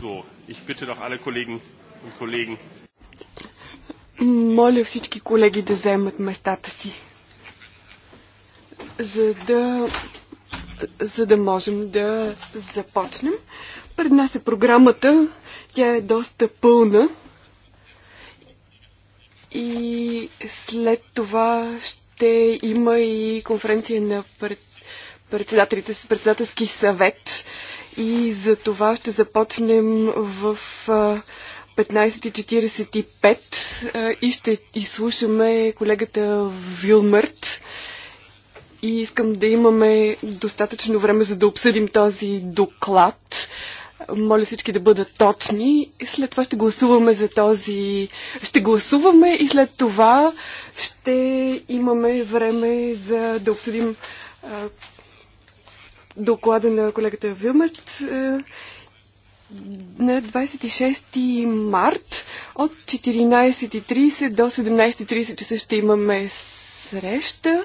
So, ich bitte doch alle Kollegen und Kollegen. Моля всички колеги да вземат местата си, за да, за да можем да започнем. Пред нас е програмата. Тя е доста пълна. И след това ще има и конференция на пред, председателите с председателски съвет и за това ще започнем в 15.45 и ще изслушаме колегата Вилмърт. И искам да имаме достатъчно време, за да обсъдим този доклад. Моля всички да бъдат точни. След това ще гласуваме за този... Ще гласуваме и след това ще имаме време за да обсъдим доклада на колегата Вилмърт е, на 26 март от 14.30 до 17.30 часа ще имаме среща.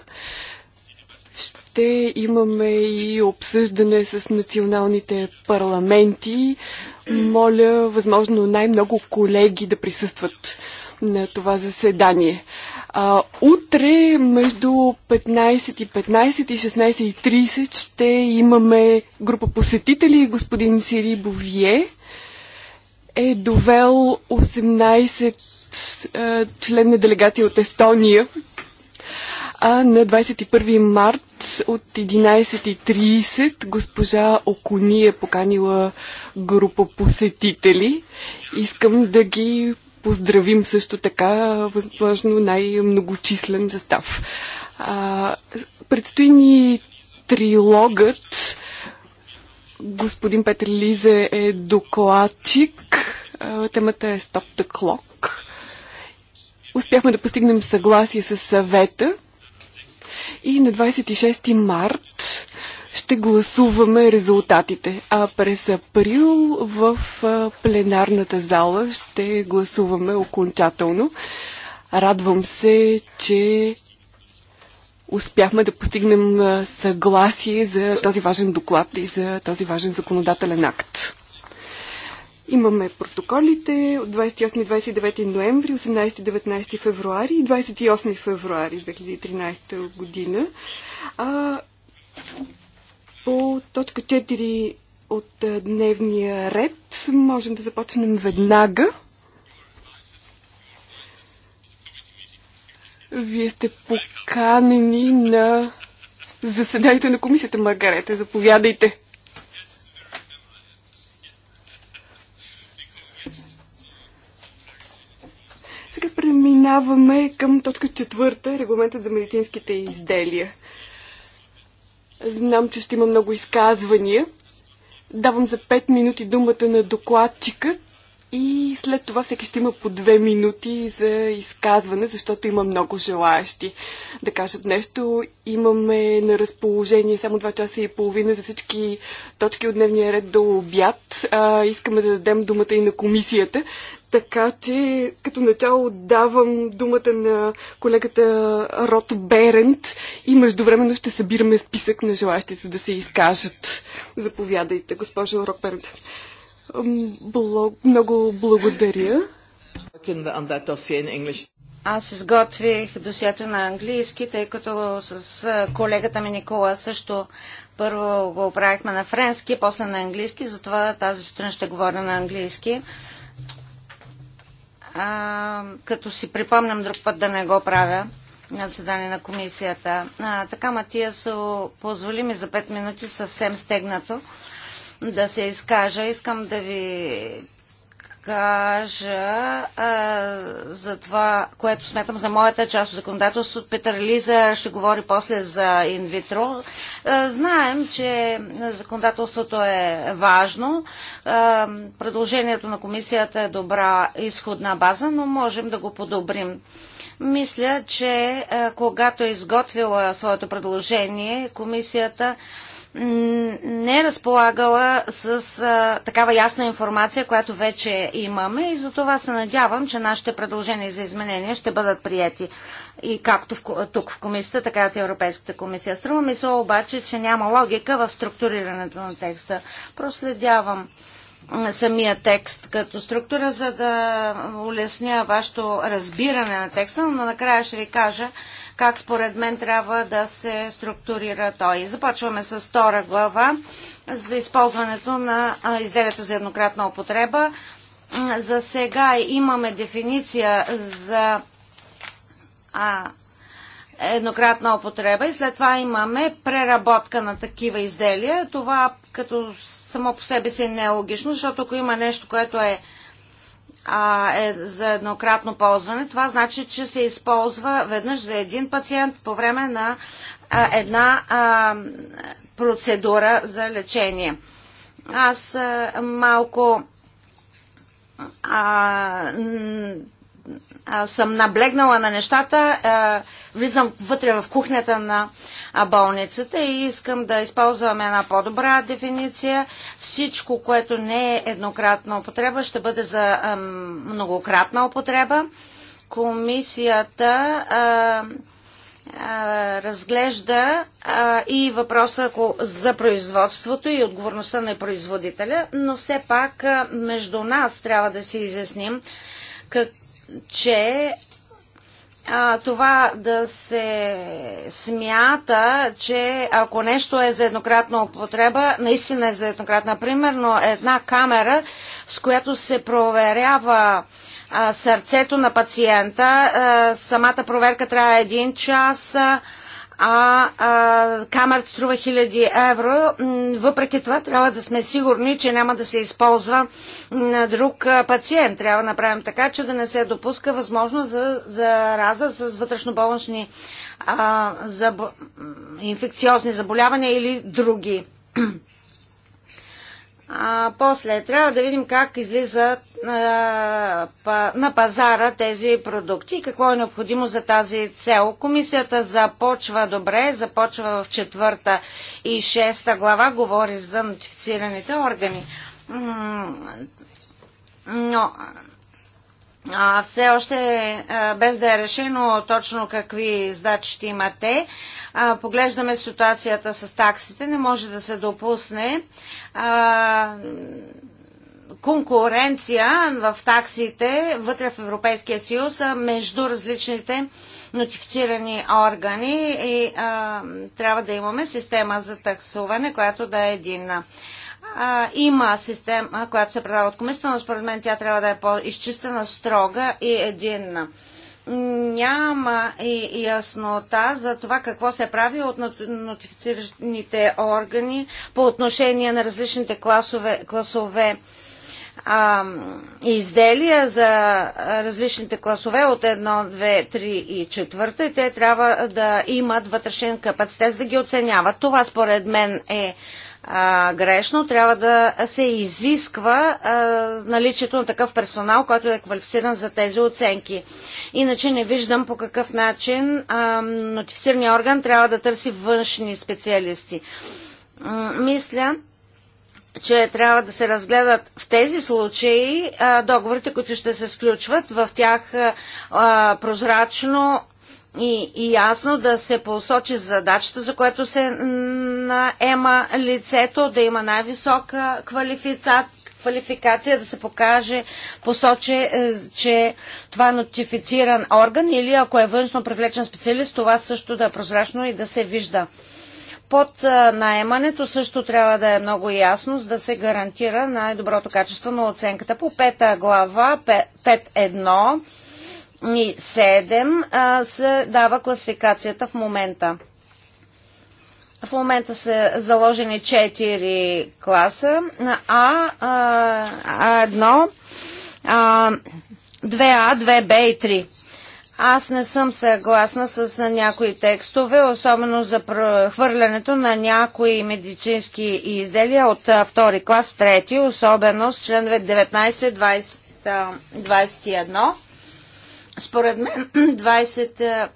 Ще имаме и обсъждане с националните парламенти. Моля, възможно най-много колеги да присъстват на това заседание. А, утре между 15 и 15 и 16 и 30 ще имаме група посетители. Господин Сири Бовие е довел 18 а, член на делегация от Естония. А на 21 март от 11.30 госпожа Окуни е поканила група посетители. Искам да ги поздравим също така възможно най-многочислен състав. А, предстои ни трилогът. Господин Петър Лизе е докладчик. А, темата е Stop the Clock. Успяхме да постигнем съгласие с съвета и на 26 март ще гласуваме резултатите. А през април в пленарната зала ще гласуваме окончателно. Радвам се, че успяхме да постигнем съгласие за този важен доклад и за този важен законодателен акт. Имаме протоколите от 28-29 ноември, 18-19 февруари и 28 февруари 2013 година. А, по точка 4 от дневния ред можем да започнем веднага. Вие сте поканени на заседанието на комисията, Маргарета. Заповядайте. Сега преминаваме към точка четвърта, регламентът за медицинските изделия. Знам, че ще има много изказвания. Давам за 5 минути думата на докладчика и след това всеки ще има по две минути за изказване, защото има много желаящи да кажат нещо. Имаме на разположение само два часа и половина за всички точки от дневния ред до обяд. А, искаме да дадем думата и на комисията. Така че като начало давам думата на колегата Рот Берент и междувременно ще събираме списък на желащите да се изкажат. Заповядайте, госпожо Рот Берент. Много благодаря. Аз изготвих досието на английски, тъй като с колегата ми Никола също първо го правихме на френски, после на английски, затова тази сутрин ще говоря на английски. А, като си припомням друг път да не го правя на заседание на комисията. А, така, Матия, позволи ми за 5 минути съвсем стегнато да се изкажа. Искам да ви кажа а, за това, което сметам за моята част от законодателството. Петър Лиза ще говори после за инвитро. знаем, че законодателството е важно. А, предложението на комисията е добра изходна база, но можем да го подобрим. Мисля, че а, когато е изготвила своето предложение, комисията а, не е разполагала с а, такава ясна информация, която вече имаме и за това се надявам, че нашите предложения за изменения ще бъдат прияти и както в, тук в комисията, така и от Европейската комисия. Струва мисъл обаче, че няма логика в структурирането на текста. Проследявам самия текст като структура, за да улесня вашето разбиране на текста, но накрая ще ви кажа как според мен трябва да се структурира той. Започваме с втора глава за използването на изделията за еднократна употреба. За сега имаме дефиниция за а, еднократна употреба и след това имаме преработка на такива изделия. Това като само по себе си не е логично, защото ако има нещо, което е, а, е за еднократно ползване, това значи, че се използва веднъж за един пациент по време на а, една а, процедура за лечение. Аз а, малко а, а, съм наблегнала на нещата, а, влизам вътре в кухнята на болницата и искам да използвам една по-добра дефиниция. Всичко, което не е еднократна употреба, ще бъде за а, многократна употреба. Комисията а, разглежда а, и въпроса за производството и отговорността на производителя, но все пак а, между нас трябва да си изясним как, че а, това да се смята, че ако нещо е за еднократна употреба, наистина е за еднократна. Примерно една камера, с която се проверява а, сърцето на пациента, а, самата проверка трябва един час. А, а, а камерата струва хиляди евро. Въпреки това трябва да сме сигурни, че няма да се използва на друг пациент. Трябва да направим така, че да не се допуска възможност за зараза с вътрешноболнични забо... инфекциозни заболявания или други. А после трябва да видим как излизат а, па, на пазара тези продукти и какво е необходимо за тази цел. Комисията започва добре, започва в четвърта и шеста глава, говори за нотифицираните органи. Но а, все още а, без да е решено точно какви задачи ще имат те. А, поглеждаме ситуацията с таксите. Не може да се допусне а, конкуренция в таксите вътре в Европейския съюз между различните нотифицирани органи и а, трябва да имаме система за таксуване, която да е единна а, има система, която се предава от комисията, но според мен тя трябва да е по-изчистена, строга и единна. Няма и яснота за това какво се прави от нотифицираните органи по отношение на различните класове, класове а, изделия за различните класове от 1, 2, 3 и 4. И те трябва да имат вътрешен капацитет да ги оценяват. Това според мен е а, грешно, трябва да се изисква а, наличието на такъв персонал, който е квалифициран за тези оценки. Иначе не виждам по какъв начин а, нотифицирания орган трябва да търси външни специалисти. А, мисля, че трябва да се разгледат в тези случаи а, договорите, които ще се сключват в тях а, прозрачно и, и ясно да се посочи задачата, за което се наема лицето, да има най-висока квалификация квалификация да се покаже, посочи, е, че това е нотифициран орган или ако е външно привлечен специалист, това също да е прозрачно и да се вижда. Под е, наемането също трябва да е много ясно, за да се гарантира най-доброто качество на оценката. По пета глава, 5.1, ми 7 а, се дава класификацията в момента. В момента са заложени 4 класа. А, а, А1, а, 2А, 2Б и 3. Аз не съм съгласна с някои текстове, особено за хвърлянето на някои медицински изделия от втори клас трети, особено с членове 19, 20, 21 според мен 20 е,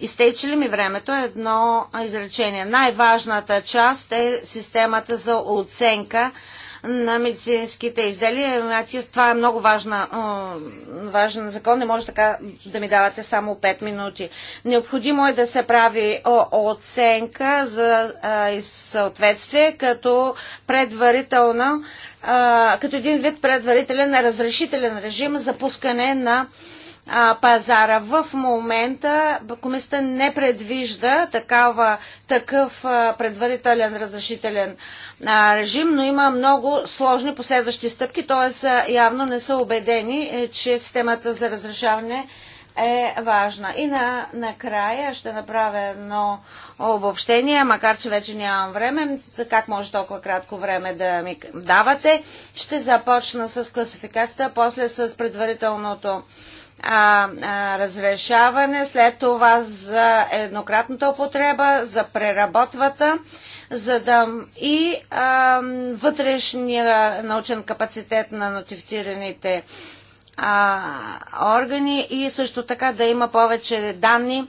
Изтече ли ми времето? Е едно изречение. Най-важната част е системата за оценка на медицинските изделия. Значи, това е много важна, важен закон. Не може така да ми давате само 5 минути. Необходимо е да се прави оценка за съответствие като предварително а, като един вид предварителен на разрешителен режим за пускане на а, пазара. В момента комисията не предвижда такава, такъв а, предварителен разрешителен а, режим, но има много сложни последващи стъпки, т.е. явно не са убедени, е, че системата за разрешаване е важна. И на, накрая ще направя едно обобщение, макар че вече нямам време, как може толкова кратко време да ми давате. Ще започна с класификацията, после с предварителното а, а, разрешаване, след това за еднократната употреба, за преработвата, за да и а, вътрешния научен капацитет на нотифицираните а, а, органи и също така да има повече данни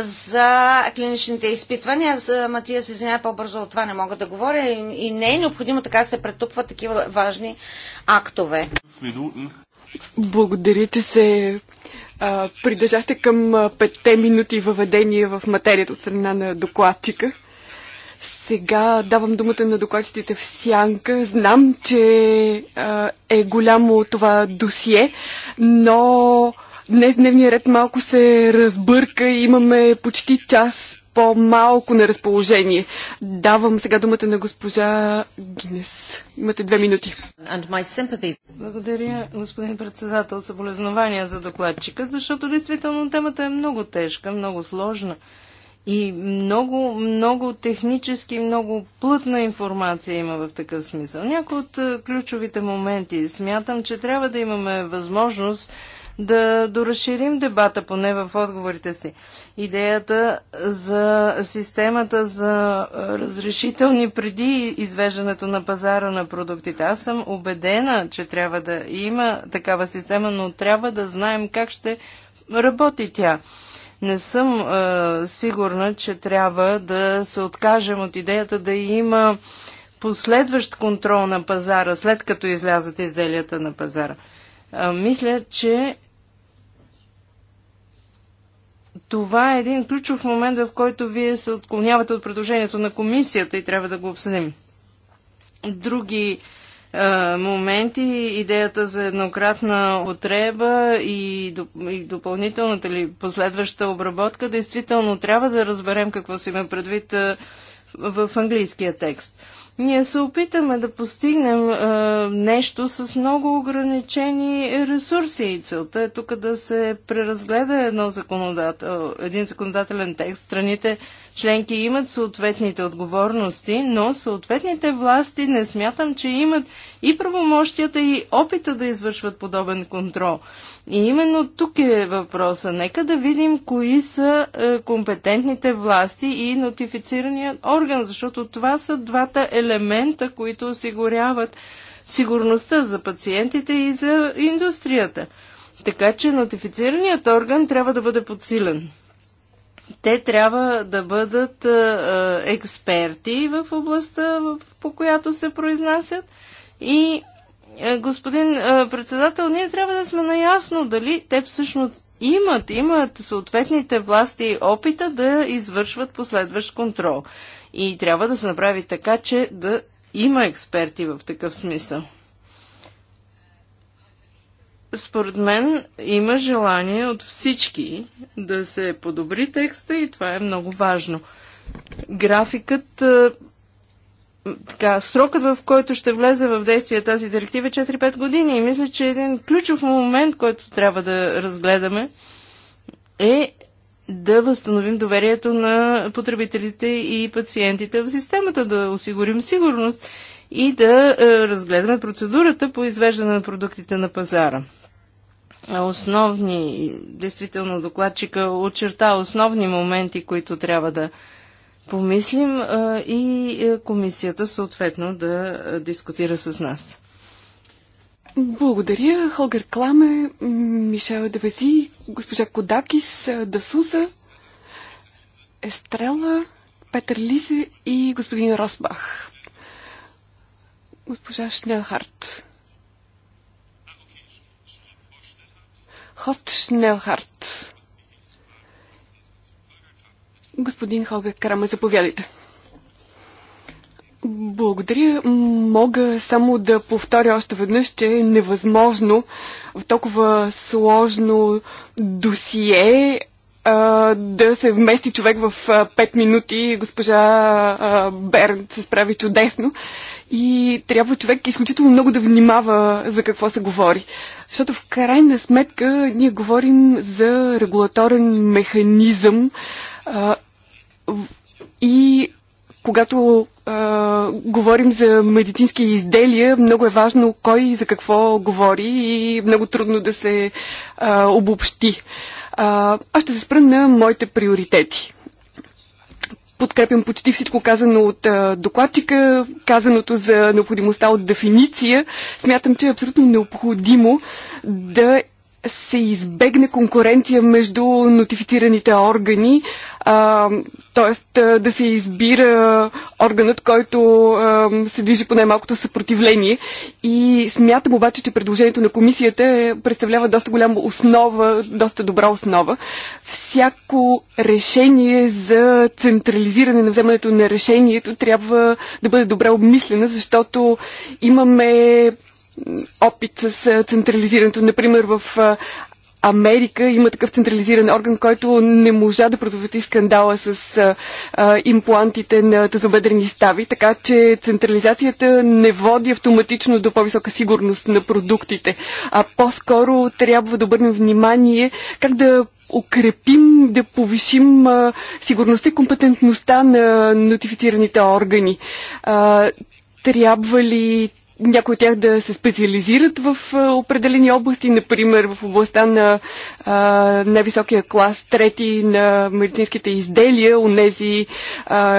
за клиничните изпитвания. За Матия се извинява по-бързо от това, не мога да говоря и, и не е необходимо така се претупват такива важни актове. Благодаря, че се а, придържахте към петте минути въведение в материята от страна на докладчика. Сега давам думата на докладчетите в Сянка. Знам, че е голямо това досие, но днес дневният ред малко се разбърка и имаме почти час по-малко на разположение. Давам сега думата на госпожа Гинес. Имате две минути. Благодаря, господин председател, съболезнования за докладчика, защото действително темата е много тежка, много сложна. И много, много технически, много плътна информация има в такъв смисъл. Някои от е, ключовите моменти. Смятам, че трябва да имаме възможност да доразширим дебата, поне в отговорите си. Идеята за системата за е, разрешителни преди извеждането на пазара на продуктите. Аз съм убедена, че трябва да има такава система, но трябва да знаем как ще работи тя не съм а, сигурна, че трябва да се откажем от идеята да има последващ контрол на пазара, след като излязат изделията на пазара. А, мисля, че това е един ключов момент, в който вие се отклонявате от предложението на комисията и трябва да го обсъдим. Други е, моменти идеята за еднократна отреба и, допълнителната или последваща обработка, действително трябва да разберем какво си има предвид е, в английския текст. Ние се опитаме да постигнем е, нещо с много ограничени ресурси и целта е тук да се преразгледа едно законодател, един законодателен текст. Страните членки имат съответните отговорности, но съответните власти не смятам, че имат и правомощията и опита да извършват подобен контрол. И именно тук е въпроса. Нека да видим кои са е, компетентните власти и нотифицираният орган, защото това са двата елемента, които осигуряват сигурността за пациентите и за индустрията. Така че нотифицираният орган трябва да бъде подсилен те трябва да бъдат експерти в областта, по която се произнасят. И, господин председател, ние трябва да сме наясно дали те всъщност имат, имат съответните власти опита да извършват последващ контрол. И трябва да се направи така, че да има експерти в такъв смисъл според мен има желание от всички да се подобри текста и това е много важно. Графикът, е, така, срокът в който ще влезе в действие тази директива е 4-5 години и мисля, че един ключов момент, който трябва да разгледаме е да възстановим доверието на потребителите и пациентите в системата, да осигурим сигурност и да е, разгледаме процедурата по извеждане на продуктите на пазара основни, действително докладчика очерта основни моменти, които трябва да помислим и е, комисията съответно да е, дискутира с нас. Благодаря. Холгер Кламе, Мишел Девези, госпожа Кодакис, е, Дасуса, Естрела, Петър Лизе и господин Росбах. Госпожа Шнелхарт. Хот Шнелхарт. Господин Холга Крама, заповядайте. Благодаря. Мога само да повторя още веднъж, че е невъзможно в толкова сложно досие да се вмести човек в 5 минути. Госпожа Бернт се справи чудесно. И трябва човек изключително много да внимава за какво се говори. Защото в крайна сметка ние говорим за регулаторен механизъм и когато а, говорим за медицински изделия, много е важно кой за какво говори и много трудно да се а, обобщи. А, аз ще се спра на моите приоритети. Подкрепям почти всичко казано от докладчика, казаното за необходимостта от дефиниция. Смятам, че е абсолютно необходимо да се избегне конкуренция между нотифицираните органи, т.е. да се избира органът, който а, се движи по най-малкото съпротивление. И смятам обаче, че предложението на комисията е, представлява доста голяма основа, доста добра основа. Всяко решение за централизиране на вземането на решението трябва да бъде добре обмислено, защото имаме опит с централизирането. Например, в Америка има такъв централизиран орган, който не можа да предотврати скандала с а, имплантите на тазобедрени стави, така че централизацията не води автоматично до по-висока сигурност на продуктите, а по-скоро трябва да обърнем внимание как да укрепим, да повишим а, сигурността и компетентността на нотифицираните органи. А, трябва ли някои от тях да се специализират в определени области, например в областта на най-високия клас, трети на медицинските изделия, онези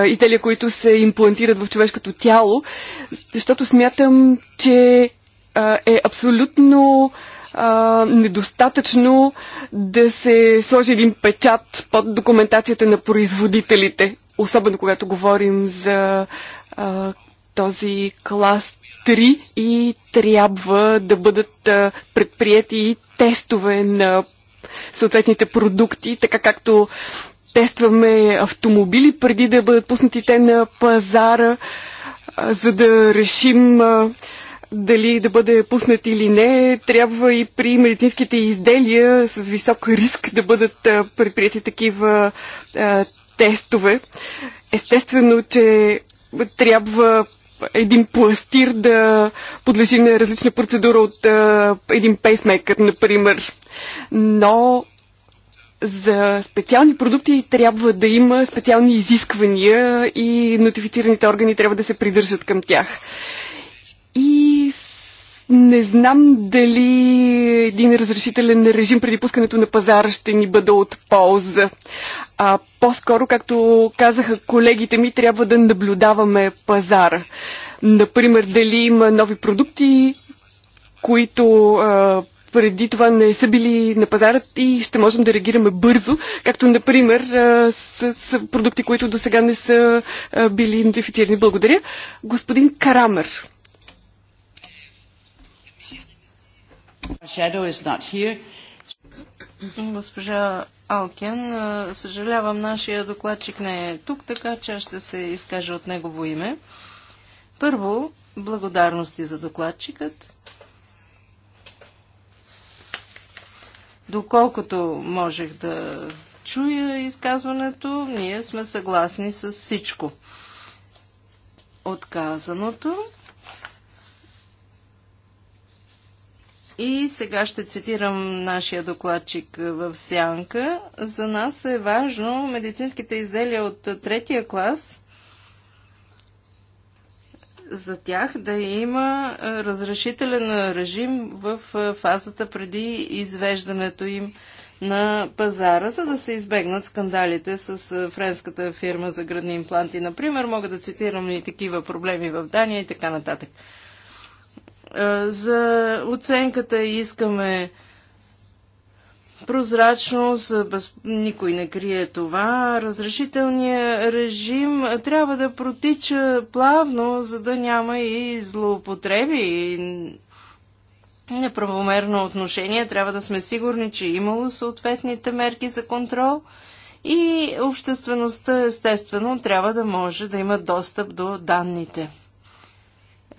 изделия, които се имплантират в човешкото тяло, защото смятам, че а, е абсолютно недостатъчно да се сложи един печат под документацията на производителите, особено когато говорим за този клас 3 и трябва да бъдат предприяти и тестове на съответните продукти, така както тестваме автомобили преди да бъдат пуснати те на пазара, за да решим дали да бъде пуснат или не, трябва и при медицинските изделия с висок риск да бъдат предприяти такива тестове. Естествено, че трябва един пластир да подлежи на различна процедура от а, един пейсмейкър, например. Но за специални продукти трябва да има специални изисквания и нотифицираните органи трябва да се придържат към тях. И не знам дали един разрешителен режим преди пускането на пазара ще ни бъде от полза. А, по-скоро, както казаха колегите ми, трябва да наблюдаваме пазара. Например, дали има нови продукти, които а, преди това не са били на пазара и ще можем да реагираме бързо, както например с, с продукти, които до сега не са били идентифицирани. Благодаря. Господин Карамер. Госпожа Алкен. Съжалявам, нашия докладчик не е тук, така че ще се изкажа от негово име. Първо, благодарности за докладчикът. Доколкото можех да чуя изказването, ние сме съгласни с всичко отказаното. И сега ще цитирам нашия докладчик в Сянка. За нас е важно медицинските изделия от третия клас за тях да има разрешителен режим в фазата преди извеждането им на пазара, за да се избегнат скандалите с френската фирма за градни импланти. Например, мога да цитирам и такива проблеми в Дания и така нататък. Е, за оценката искаме прозрачност, без... никой не крие това. Разрешителният режим трябва да протича плавно, за да няма и злоупотреби и неправомерно отношение. Трябва да сме сигурни, че е имало съответните мерки за контрол и обществеността естествено трябва да може да има достъп до данните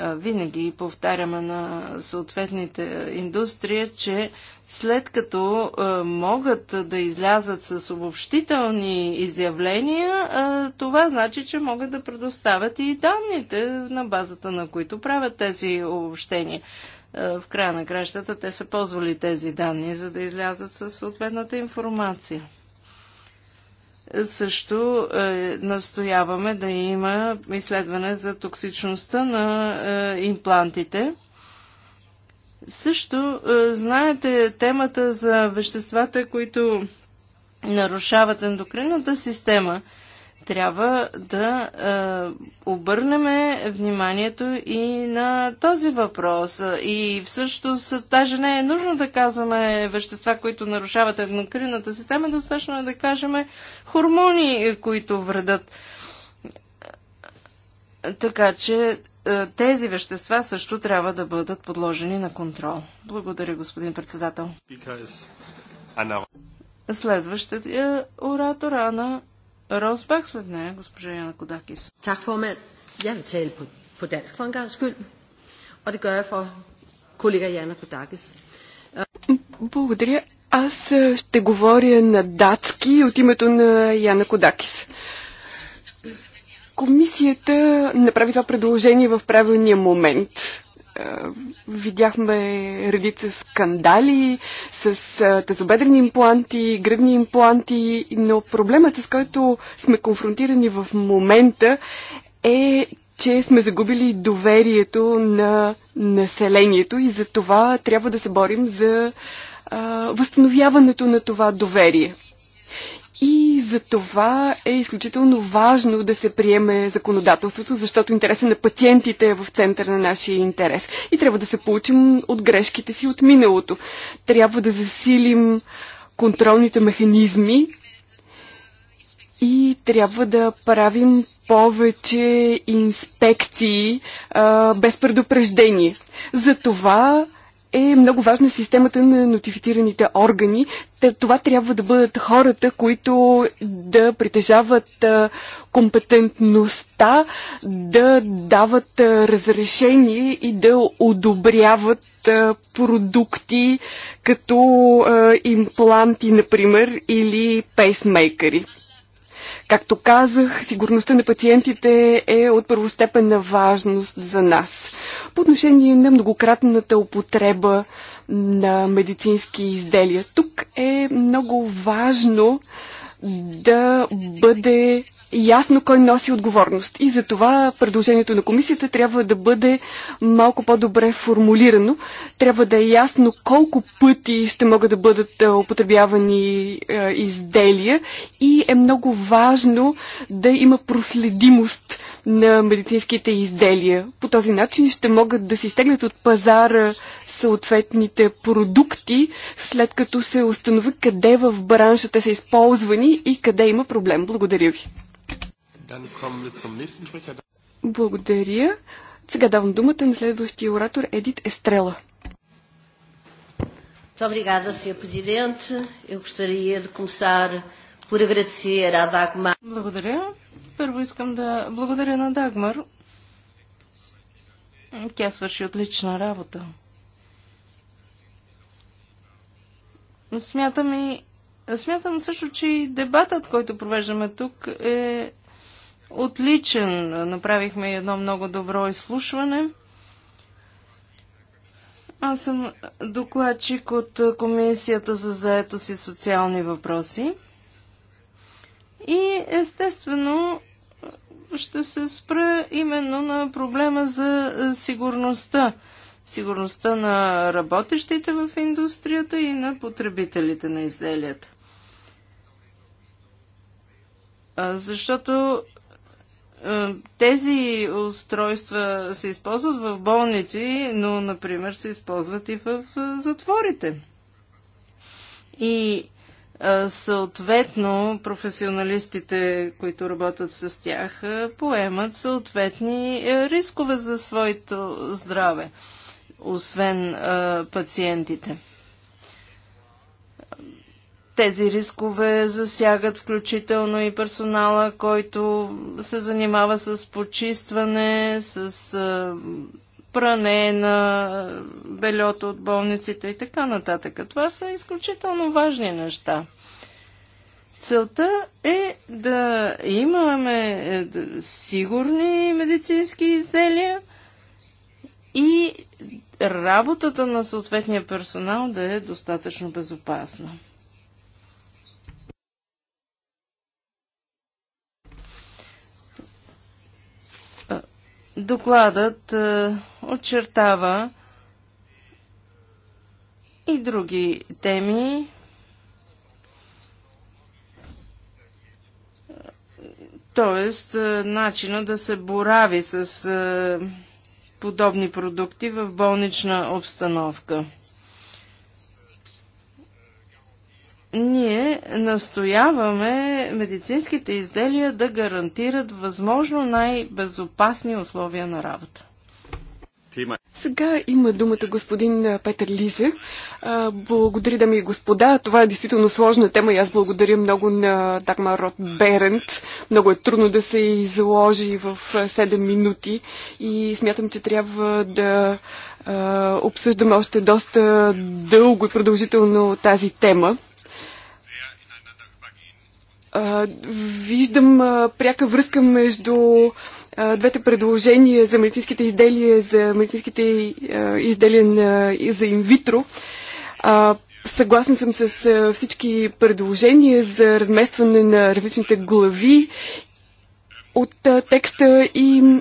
винаги повтаряме на съответните индустрия, че след като могат да излязат с обобщителни изявления, това значи, че могат да предоставят и данните, на базата на които правят тези обобщения. В края на кращата те са ползвали тези данни, за да излязат с съответната информация. Също е, настояваме да има изследване за токсичността на е, имплантите. Също е, знаете темата за веществата, които нарушават ендокринната система – трябва да е, обърнем вниманието и на този въпрос. И всъщност даже не е нужно да казваме вещества, които нарушават еднокринната система, достатъчно е да кажем хормони, които вредат. Така че е, тези вещества също трябва да бъдат подложени на контрол. Благодаря, господин председател. Because... Следващия е оратор Ана Росбах след нея, госпожа Яна Кодакис. Так, формат. Jeg vil tale på, dansk for en gang skyld, og det gør jeg for kollega Jana Kodakis. Благодаря. Аз е, ще говоря на датски от името на Яна Кодакис. Комисията направи това предложение в правилния момент видяхме редица скандали с тазобедрени импланти, гръдни импланти, но проблемът, с който сме конфронтирани в момента е, че сме загубили доверието на населението и за това трябва да се борим за а, възстановяването на това доверие. И за това е изключително важно да се приеме законодателството, защото интересът на пациентите е в центъра на нашия интерес. И трябва да се получим от грешките си от миналото. Трябва да засилим контролните механизми и трябва да правим повече инспекции а, без предупреждение. За това е много важна системата на нотифицираните органи. Това трябва да бъдат хората, които да притежават компетентността, да дават разрешение и да одобряват продукти като импланти, например, или пейсмейкери. Както казах, сигурността на пациентите е от първостепенна важност за нас. По отношение на многократната употреба на медицински изделия, тук е много важно да бъде ясно кой носи отговорност. И за това предложението на комисията трябва да бъде малко по-добре формулирано. Трябва да е ясно колко пъти ще могат да бъдат е, употребявани е, изделия и е много важно да има проследимост на медицинските изделия. По този начин ще могат да се изтеглят от пазара съответните продукти, след като се установи къде в браншата са използвани и къде има проблем. Благодаря ви. Благодаря. Сега давам думата на следващия оратор Едит Естрела. Благодаря. Първо искам да благодаря на Дагмар. Тя свърши отлична работа. Смятам и Смятам също, че дебатът, който провеждаме тук е отличен. Направихме едно много добро изслушване. Аз съм докладчик от Комисията за заетост и социални въпроси. И естествено ще се спра именно на проблема за сигурността. Сигурността на работещите в индустрията и на потребителите на изделията. Защото е, тези устройства се използват в болници, но, например, се използват и в е, затворите. И е, съответно професионалистите, които работят с тях, поемат съответни рискове за своето здраве, освен пациентите. Тези рискове засягат включително и персонала, който се занимава с почистване, с пране на белето от болниците и така нататък. Това са изключително важни неща. Целта е да имаме е, сигурни медицински изделия и работата на съответния персонал да е достатъчно безопасна. Докладът е, очертава и други теми. Тоест, е, начина да се борави с е, подобни продукти в болнична обстановка. ние настояваме медицинските изделия да гарантират възможно най-безопасни условия на работа. Сега има думата господин Петър Лизе. Благодаря, дами и господа. Това е действително сложна тема и аз благодаря много на Дагмар Рот Берент. Много е трудно да се изложи в 7 минути и смятам, че трябва да обсъждаме още доста дълго и продължително тази тема виждам пряка връзка между двете предложения за медицинските изделия, за медицинските изделия на, за инвитро. Съгласна съм с всички предложения за разместване на различните глави от текста и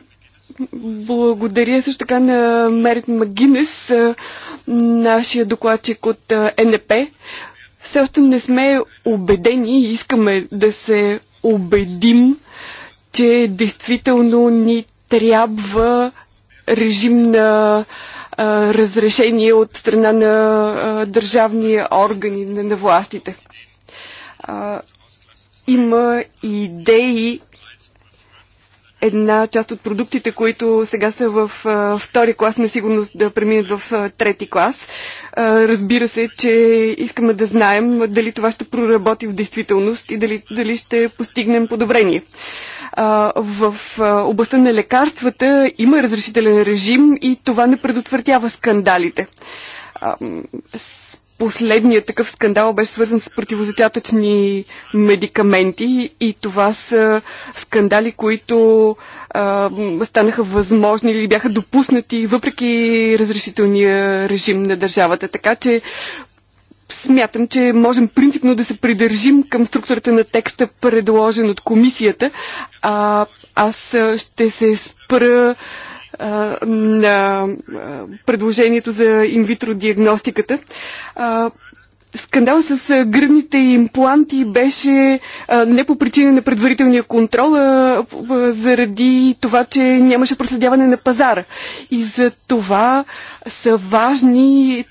благодаря също така на Мерит Магинес, нашия докладчик от НП все още не сме убедени и искаме да се убедим, че действително ни трябва режим на а, разрешение от страна на а, държавни органи на, на властите. А, има идеи една част от продуктите, които сега са в а, втори клас, на сигурност да преминат в а, трети клас. А, разбира се, че искаме да знаем дали това ще проработи в действителност и дали, дали ще постигнем подобрение. А, в а, областта на лекарствата има разрешителен режим и това не предотвратява скандалите. А, Последният такъв скандал беше свързан с противозачатъчни медикаменти и това са скандали, които а, станаха възможни или бяха допуснати въпреки разрешителния режим на държавата. Така че смятам, че можем принципно да се придържим към структурата на текста, предложен от комисията. А, аз ще се спра на предложението за инвитро диагностиката. Скандал с гръдните импланти беше не по причина на предварителния контрол, а заради това, че нямаше проследяване на пазара. И за това са важни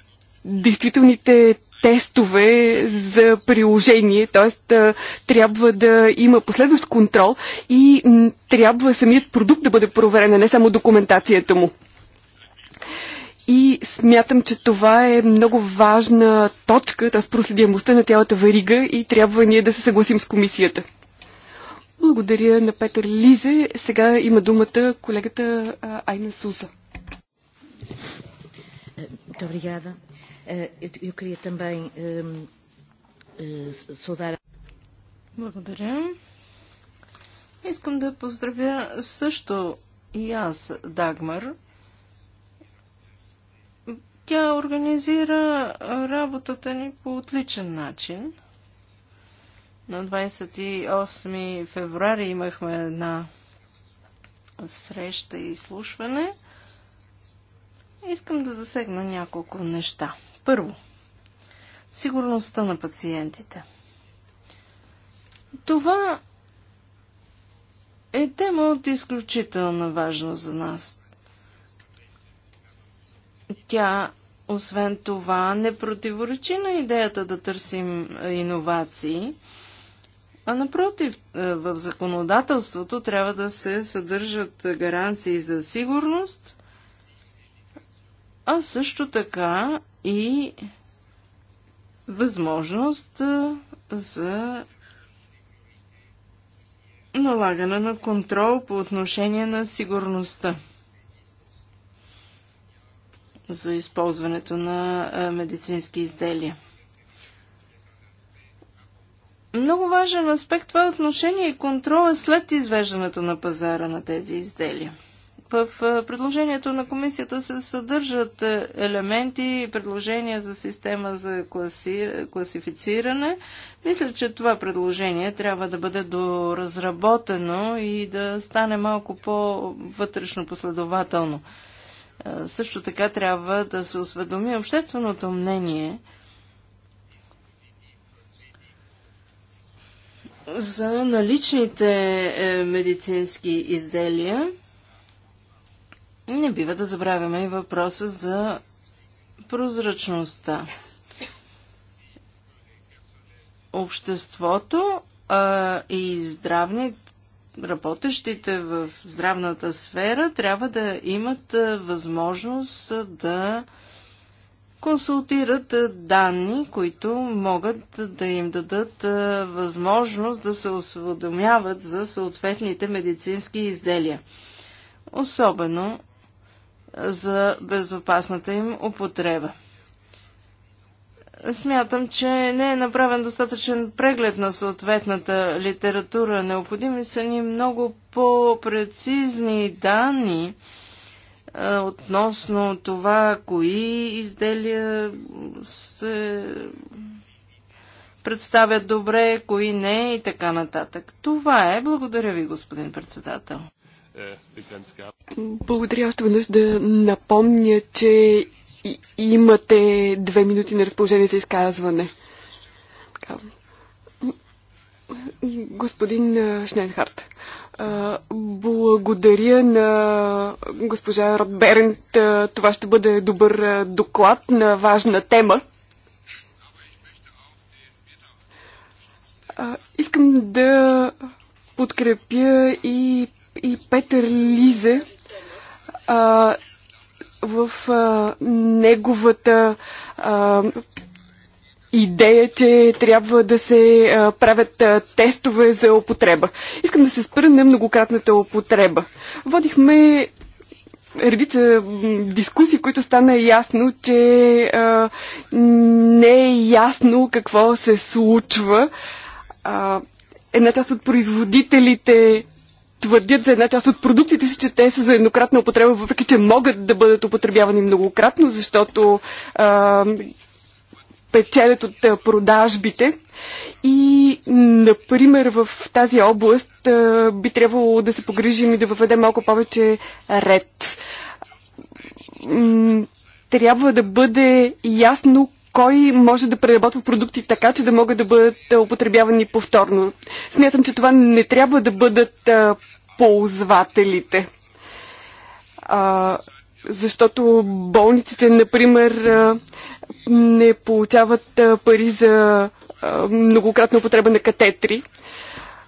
действителните тестове за приложение, т.е. трябва да има последващ контрол и трябва самият продукт да бъде проверен, а не само документацията му. И смятам, че това е много важна точка, т.е. проследимостта на цялата варига и трябва ние да се съгласим с комисията. Благодаря на Петър Лизе. Сега има думата колегата Айна Суза. Добре, Eh, eu queria também ehm, eh, saudar. Благодаря. Искам да поздравя също и аз Дагмар. Тя организира работата ни по отличен начин. На 28 февруари имахме една среща и изслушване. Искам да засегна няколко неща. Първо, сигурността на пациентите. Това е тема от изключителна важност за нас. Тя, освен това, не противоречи на идеята да търсим е, иновации, а напротив, е, в законодателството трябва да се съдържат гаранции за сигурност, а също така и възможност за налагане на контрол по отношение на сигурността за използването на медицински изделия. Много важен аспект това отношение и контрола след извеждането на пазара на тези изделия. В предложението на комисията се съдържат е, елементи и предложения за система за класи... класифициране. Мисля, че това предложение трябва да бъде доразработено и да стане малко по-вътрешно последователно. Е, също така трябва да се осведоми общественото мнение за наличните е, медицински изделия – не бива да забравяме и въпроса за прозрачността. Обществото а, и здравни, работещите в здравната сфера трябва да имат а, възможност а, да консултират а, данни, които могат да им дадат а, възможност да се осведомяват за съответните медицински изделия. Особено за безопасната им употреба. Смятам, че не е направен достатъчен преглед на съответната литература. Необходими са ни много по-прецизни данни относно това, кои изделия се представят добре, кои не и така нататък. Това е. Благодаря ви, господин председател. Е, е благодаря още веднъж да напомня, че имате две минути на разположение за изказване. Господин Шненхарт, благодаря на госпожа Родберент. Това ще бъде добър доклад на важна тема. Искам да подкрепя и и Петър Лизе а, в а, неговата а, идея, че трябва да се а, правят а, тестове за употреба. Искам да се спра на многократната употреба. Водихме редица дискусии, които стана ясно, че а, не е ясно какво се случва. А, една част от производителите твърдят за една част от продуктите си, че те са за еднократна употреба, въпреки че могат да бъдат употребявани многократно, защото а, печелят от продажбите. И, например, в тази област а, би трябвало да се погрижим и да въведем малко повече ред. Трябва да бъде ясно кой може да преработва продукти така, че да могат да бъдат е, употребявани повторно. Смятам, че това не трябва да бъдат а, е, ползвателите. А, защото болниците, например, а, е, не получават а, пари за а, многократна употреба на катетри,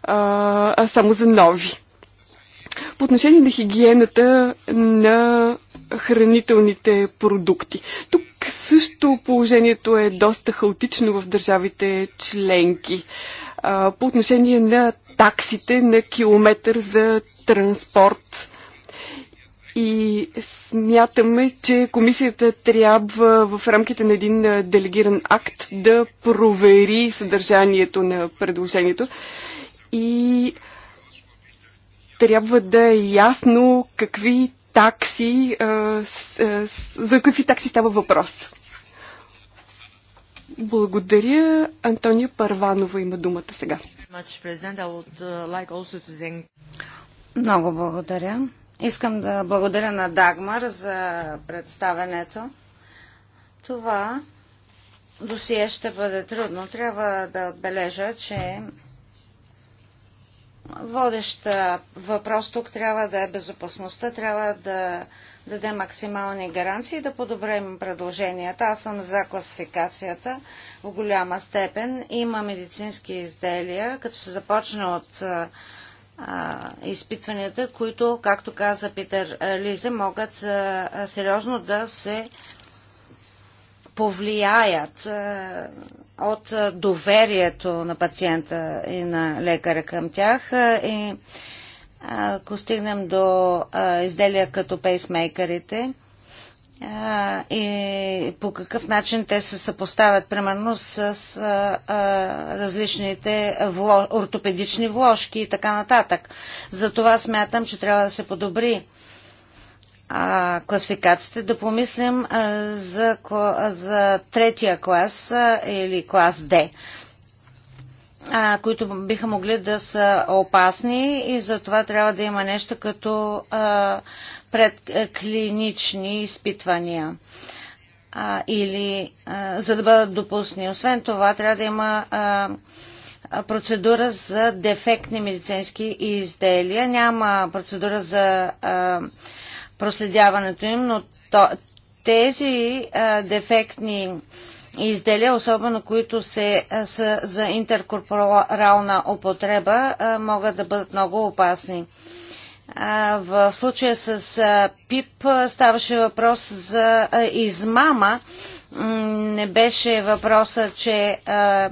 а, а само за нови. По отношение на хигиената на хранителните продукти. Тук също положението е доста хаотично в държавите членки а, по отношение на таксите на километър за транспорт. И смятаме, че комисията трябва в рамките на един делегиран акт да провери съдържанието на предложението и трябва да е ясно какви такси, за какви такси става въпрос? Благодаря. Антония Парванова има думата сега. Много благодаря. Искам да благодаря на Дагмар за представенето. Това досие ще бъде трудно. Трябва да отбележа, че Водеща въпрос тук трябва да е безопасността, трябва да даде максимални гаранции и да подобрим предложенията. Аз съм за класификацията в голяма степен. Има медицински изделия, като се започне от а, изпитванията, които, както каза Питер Лизе, могат а, сериозно да се повлияят. А, от доверието на пациента и на лекаря към тях. И ако стигнем до изделия като пейсмейкерите, и по какъв начин те се съпоставят, примерно, с а, различните вло, ортопедични вложки и така нататък. За това смятам, че трябва да се подобри а, класификацията, да помислим а, за, за третия клас а, или клас Д, а, които биха могли да са опасни и за това трябва да има нещо като а, предклинични изпитвания а, или а, за да бъдат допусни. Освен това, трябва да има а, процедура за дефектни медицински изделия. Няма процедура за а, проследяването им, но то, тези а, дефектни изделия, особено които се, са за интеркорпорална употреба, а, могат да бъдат много опасни. в случая с а, ПИП ставаше въпрос за а, измама. Не беше въпроса, че а,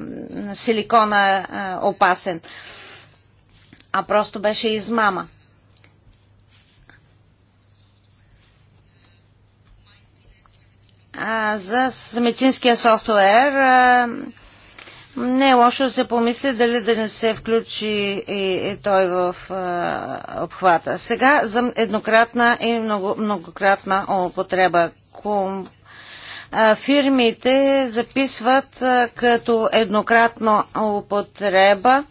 силикона е опасен, а просто беше измама. за медицинския софтуер не е лошо да се помисли дали да не се включи и, и той в а, обхвата. Сега за еднократна и много, многократна употреба. Ком, а, фирмите записват а, като еднократно употреба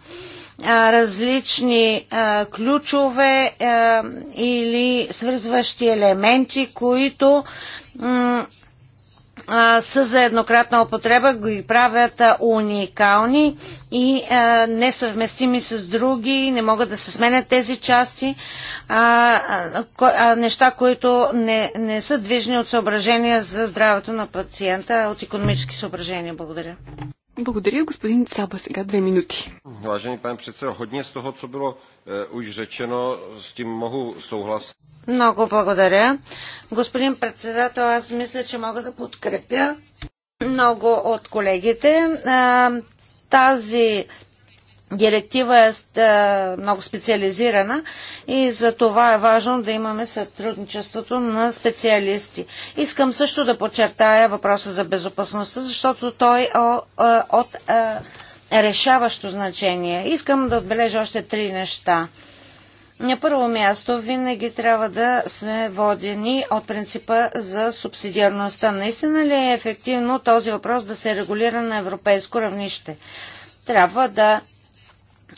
различни а, ключове а, или свързващи елементи, които са за еднократна употреба, го и правят уникални и а, несъвместими с други, не могат да се сменят тези части, а, а, неща, които не, не са движни от съображения за здравето на пациента, а от економически съображения. Благодаря. Благодаря, господин Саба. Сега две минути. Важен пан председател, hodně с това, което било Eh, už řečeno, s tím mohu souhlasit. Много благодаря. Господин председател, аз мисля, че мога да подкрепя много от колегите. Е, тази директива е, е много специализирана и за това е важно да имаме сътрудничеството на специалисти. Искам също да подчертая въпроса за безопасността, защото той е, е от решаващо значение. Искам да отбележа още три неща. На първо място винаги трябва да сме водени от принципа за субсидиарността. Наистина ли е ефективно този въпрос да се регулира на европейско равнище? Трябва да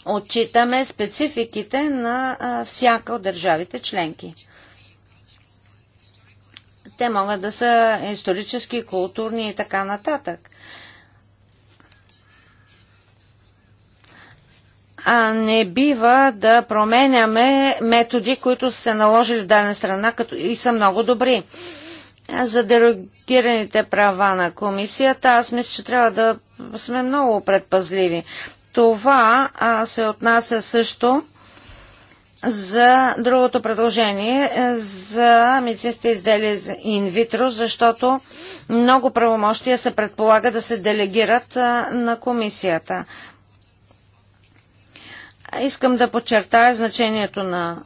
отчитаме спецификите на всяка от държавите членки. Те могат да са исторически, културни и така нататък. а не бива да променяме методи, които са се наложили в дадена страна като и са много добри. За дерогираните права на комисията, аз мисля, че трябва да сме много предпазливи. Това а, се отнася също за другото предложение е, за медицинските изделия инвитро, защото много правомощия се предполага да се делегират а, на комисията. Искам да подчертая значението на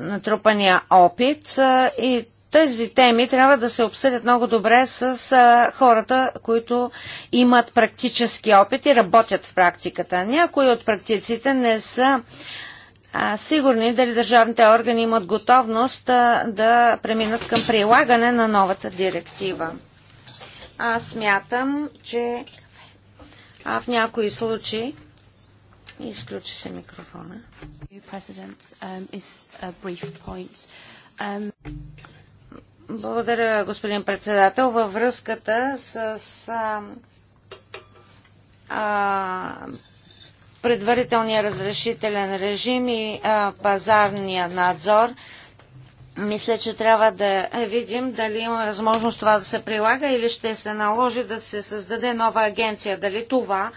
натрупания опит и тези теми трябва да се обсъдят много добре с хората, които имат практически опит и работят в практиката. Някои от практиците не са сигурни дали държавните органи имат готовност да преминат към прилагане на новата директива. Аз смятам, че в някои случаи Изключи се микрофона. Um, um, Благодаря, господин председател. Във връзката с а, а, предварителния разрешителен режим и а, пазарния надзор, мисля, че трябва да видим дали има възможност това да се прилага или ще се наложи да се създаде нова агенция. Дали това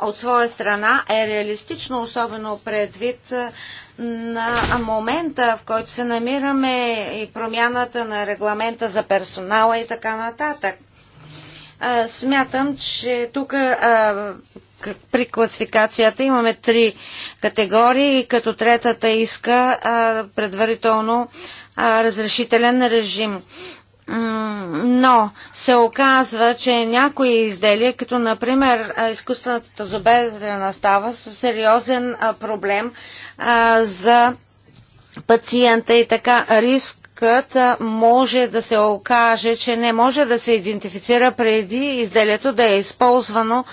от своя страна е реалистично, особено предвид на момента, в който се намираме и промяната на регламента за персонала и така нататък. Смятам, че тук при класификацията имаме три категории, като третата иска предварително разрешителен режим но се оказва, че някои изделия, като например изкуствената тазобедрена става, са сериозен проблем за пациента и така риск Токът може да се окаже, че не може да се идентифицира преди изделието да е използвано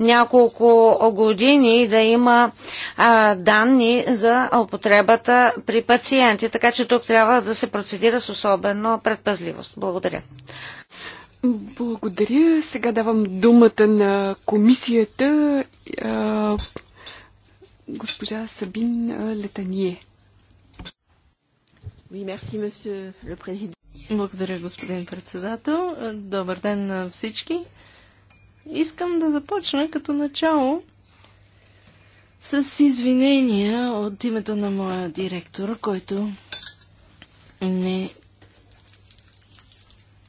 няколко години и да има а, данни за употребата при пациенти. Така че тук трябва да се процедира с особено предпазливост. Благодаря. Благодаря. Сега давам думата на комисията. госпожа Сабин Летание. Благодаря, господин председател. Добър ден на всички. Искам да започна като начало с извинения от името на моя директор, който не,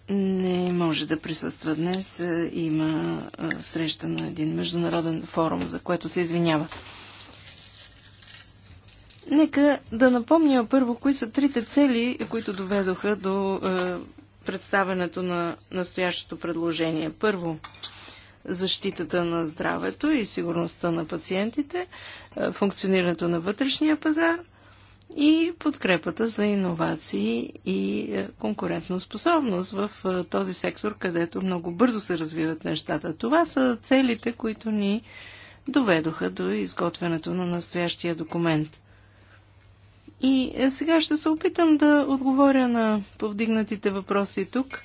не може да присъства днес. Има среща на един международен форум, за което се извинява. Нека да напомня първо, кои са трите цели, които доведоха до е, представенето на настоящото предложение. Първо, защитата на здравето и сигурността на пациентите, е, функционирането на вътрешния пазар и подкрепата за иновации и е, конкурентоспособност в е, този сектор, където много бързо се развиват нещата. Това са целите, които ни доведоха до изготвянето на настоящия документ. И е, сега ще се опитам да отговоря на повдигнатите въпроси тук,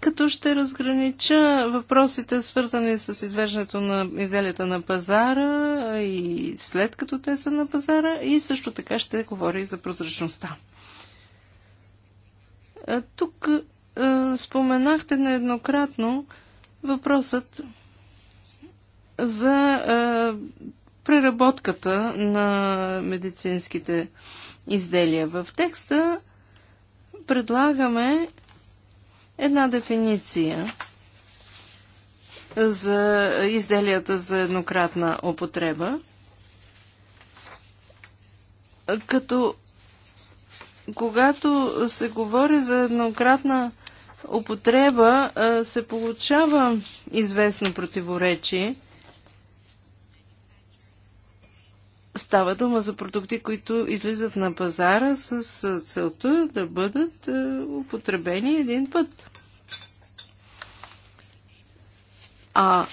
като ще разгранича въпросите свързани с извеждането на изделията на пазара и след като те са на пазара и също така ще говоря и за прозрачността. Тук споменахте нееднократно въпросът за преработката на медицинските изделия. В текста предлагаме една дефиниция за изделията за еднократна употреба, като когато се говори за еднократна употреба, се получава известно противоречие – Става дума за продукти, които излизат на пазара с целта да бъдат употребени един път. А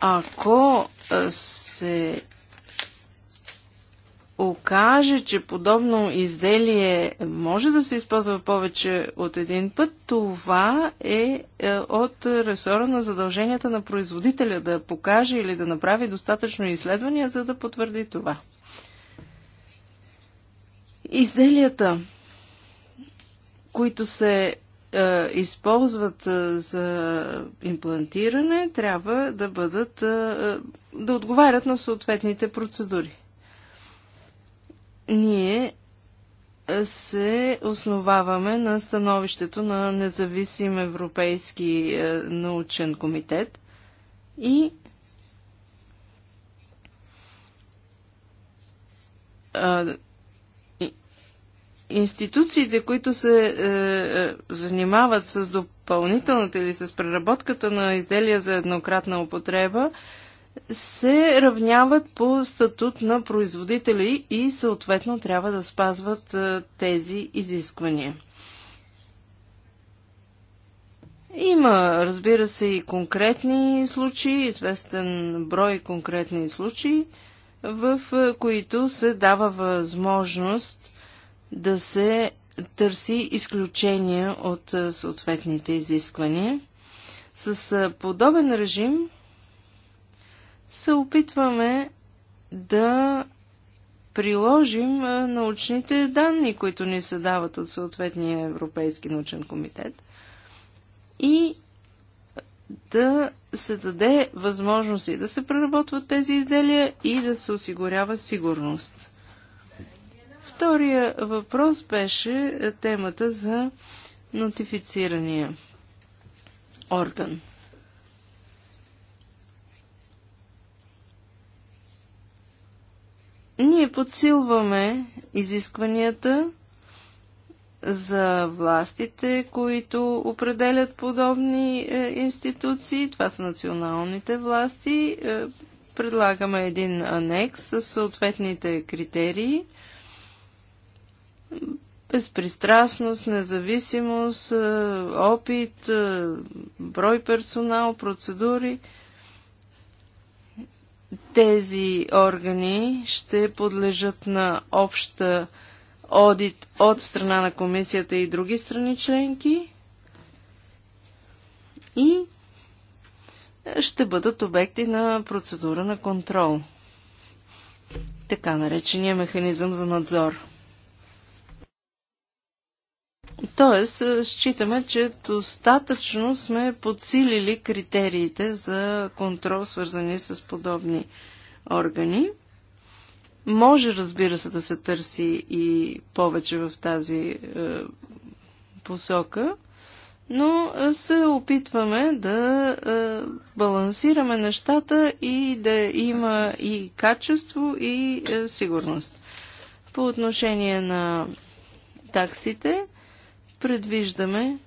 ако се окаже, че подобно изделие може да се използва повече от един път, това е, е от ресора на задълженията на производителя да покаже или да направи достатъчно изследвания, за да потвърди това. Изделията, които се е, използват е, за имплантиране, трябва да бъдат е, е да отговарят на съответните процедури ние се основаваме на становището на независим европейски научен комитет и институциите, които се е, е, занимават с допълнителната или с преработката на изделия за еднократна употреба, е, се равняват по статут на производители и съответно трябва да спазват е, тези изисквания. Има, разбира се, и конкретни случаи, известен брой конкретни случаи, в е, които се дава възможност да се търси изключения от е, съответните изисквания. С подобен режим се опитваме да приложим научните данни, които ни се дават от съответния Европейски научен комитет и да се даде възможност и да се преработват тези изделия и да се осигурява сигурност. Втория въпрос беше темата за нотифицирания орган. Ние подсилваме изискванията за властите, които определят подобни е, институции. Това са националните власти. Е, предлагаме един анекс с съответните критерии. Безпристрастност, независимост, е, опит, е, брой персонал, процедури – тези органи ще подлежат на обща одит от страна на комисията и други страни членки и ще бъдат обекти на процедура на контрол. Така наречения механизъм за надзор. Тоест, считаме, че достатъчно сме подсилили критериите за контрол, свързани с подобни органи. Може, разбира се, да се търси и повече в тази е, посока, но се опитваме да е, балансираме нещата и да има и качество, и е, сигурност. По отношение на таксите, предвиждаме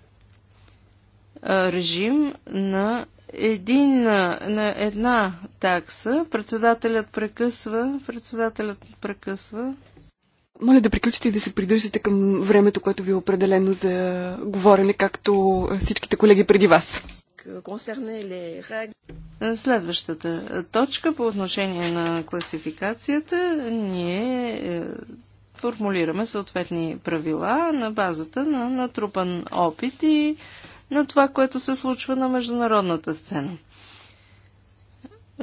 режим на един, на една такса. Председателят прекъсва. Председателят прекъсва. Моля да приключите и да се придържате към времето, което ви е определено за говорене, както всичките колеги преди вас. Следващата точка по отношение на класификацията, ние е, формулираме съответни правила на базата на натрупан опит и на това, което се случва на международната сцена.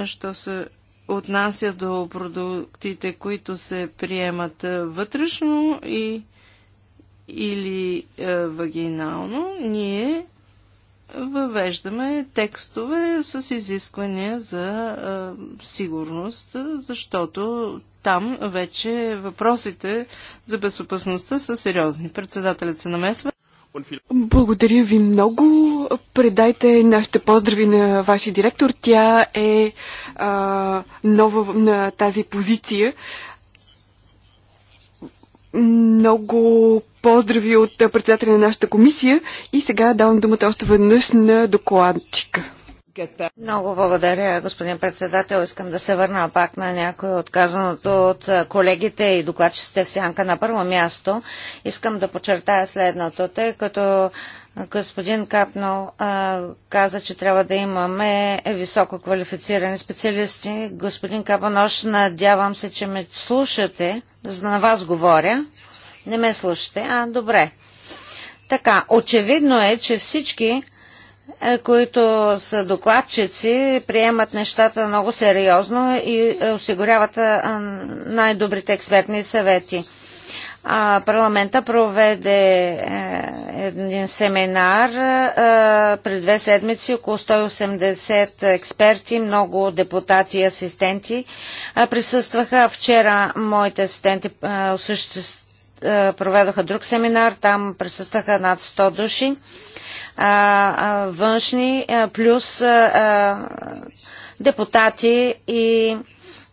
Що се отнася до продуктите, които се приемат вътрешно и или е, вагинално, ние въвеждаме текстове с изисквания за а, сигурност, защото там вече въпросите за безопасността са сериозни. Председателят се намесва. Благодаря ви много. Предайте нашите поздрави на вашия директор. Тя е а, нова на тази позиция. Много поздрави от председателя на нашата комисия и сега давам думата още веднъж на докладчика. Много благодаря, господин председател. Искам да се върна пак на някой от казаното от колегите и докладчиците в сянка. На първо място искам да подчертая следното, тъй като Господин Капнал а, каза, че трябва да имаме високо квалифицирани специалисти. Господин Капанош, надявам се, че ме слушате. За на вас говоря. Не ме слушате. А, добре. Така, очевидно е, че всички, е, които са докладчици, приемат нещата много сериозно и е, осигуряват е, най-добрите експертни съвети а, парламента проведе е, един семинар е, пред две седмици, около 180 експерти, много депутати и асистенти е, присъстваха. Вчера моите асистенти е, осъществ... е, проведоха друг семинар, там присъстваха над 100 души е, е, външни, е, плюс е, е депутати и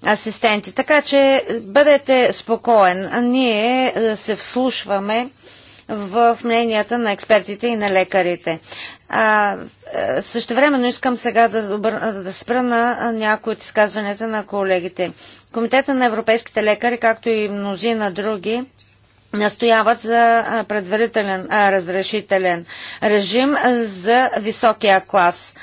асистенти. Така че бъдете спокоен. Ние е, се вслушваме в мненията на експертите и на лекарите. А, е, също времено искам сега да, да спра на някои от изказванията на колегите. Комитета на европейските лекари, както и мнози на други, настояват за предварителен а, разрешителен режим за високия клас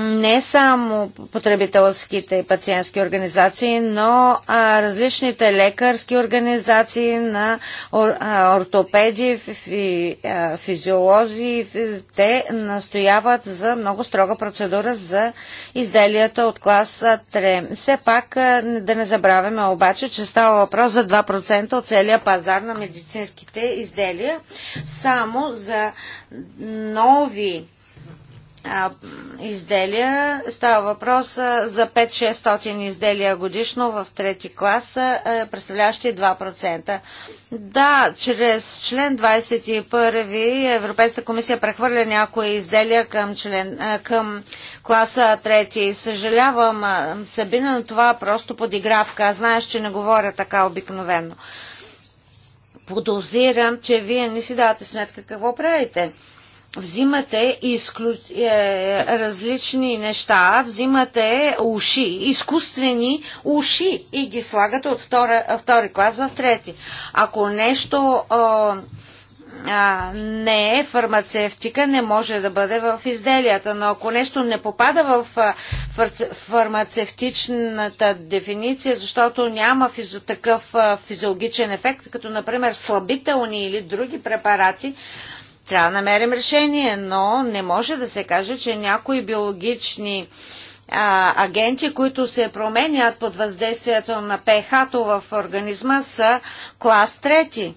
не само потребителските и пациентски организации, но а, различните лекарски организации на ортопеди, физиолози, те настояват за много строга процедура за изделията от клас 3. Все пак да не забравяме обаче, че става въпрос за 2% от целия пазар на медицинските изделия, само за нови изделия. Става въпрос за 5-600 изделия годишно в трети клас, представляващи 2%. Да, чрез член 21 Европейската комисия прехвърля някои изделия към, член, към класа трети. Съжалявам, Сабина, но това е просто подигравка. Знаеш, че не говоря така обикновено. Подозирам, че вие не си давате сметка какво правите взимате изклю... е, различни неща, взимате уши, изкуствени уши и ги слагате от втора, втори клас в трети. Ако нещо е, не е фармацевтика, не може да бъде в изделията, но ако нещо не попада в фармацевтичната дефиниция, защото няма физо, такъв физиологичен ефект, като например слабителни или други препарати, трябва да намерим решение, но не може да се каже, че някои биологични а, агенти, които се променят под въздействието на пх в организма, са клас трети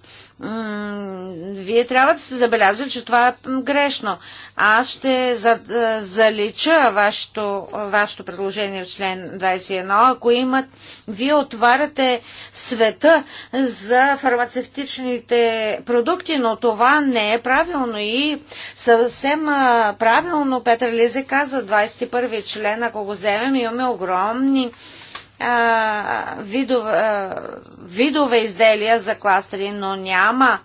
вие трябва да се забелязвате, че това е грешно. Аз ще за, е, залича вашето, вашето предложение в член 21. Ако имат, вие отваряте света за фармацевтичните продукти, но това не е правилно. И съвсем е, правилно Петър Лизе каза 21 член, ако го вземем, имаме огромни а, видове, а, видове изделия за кластери, но няма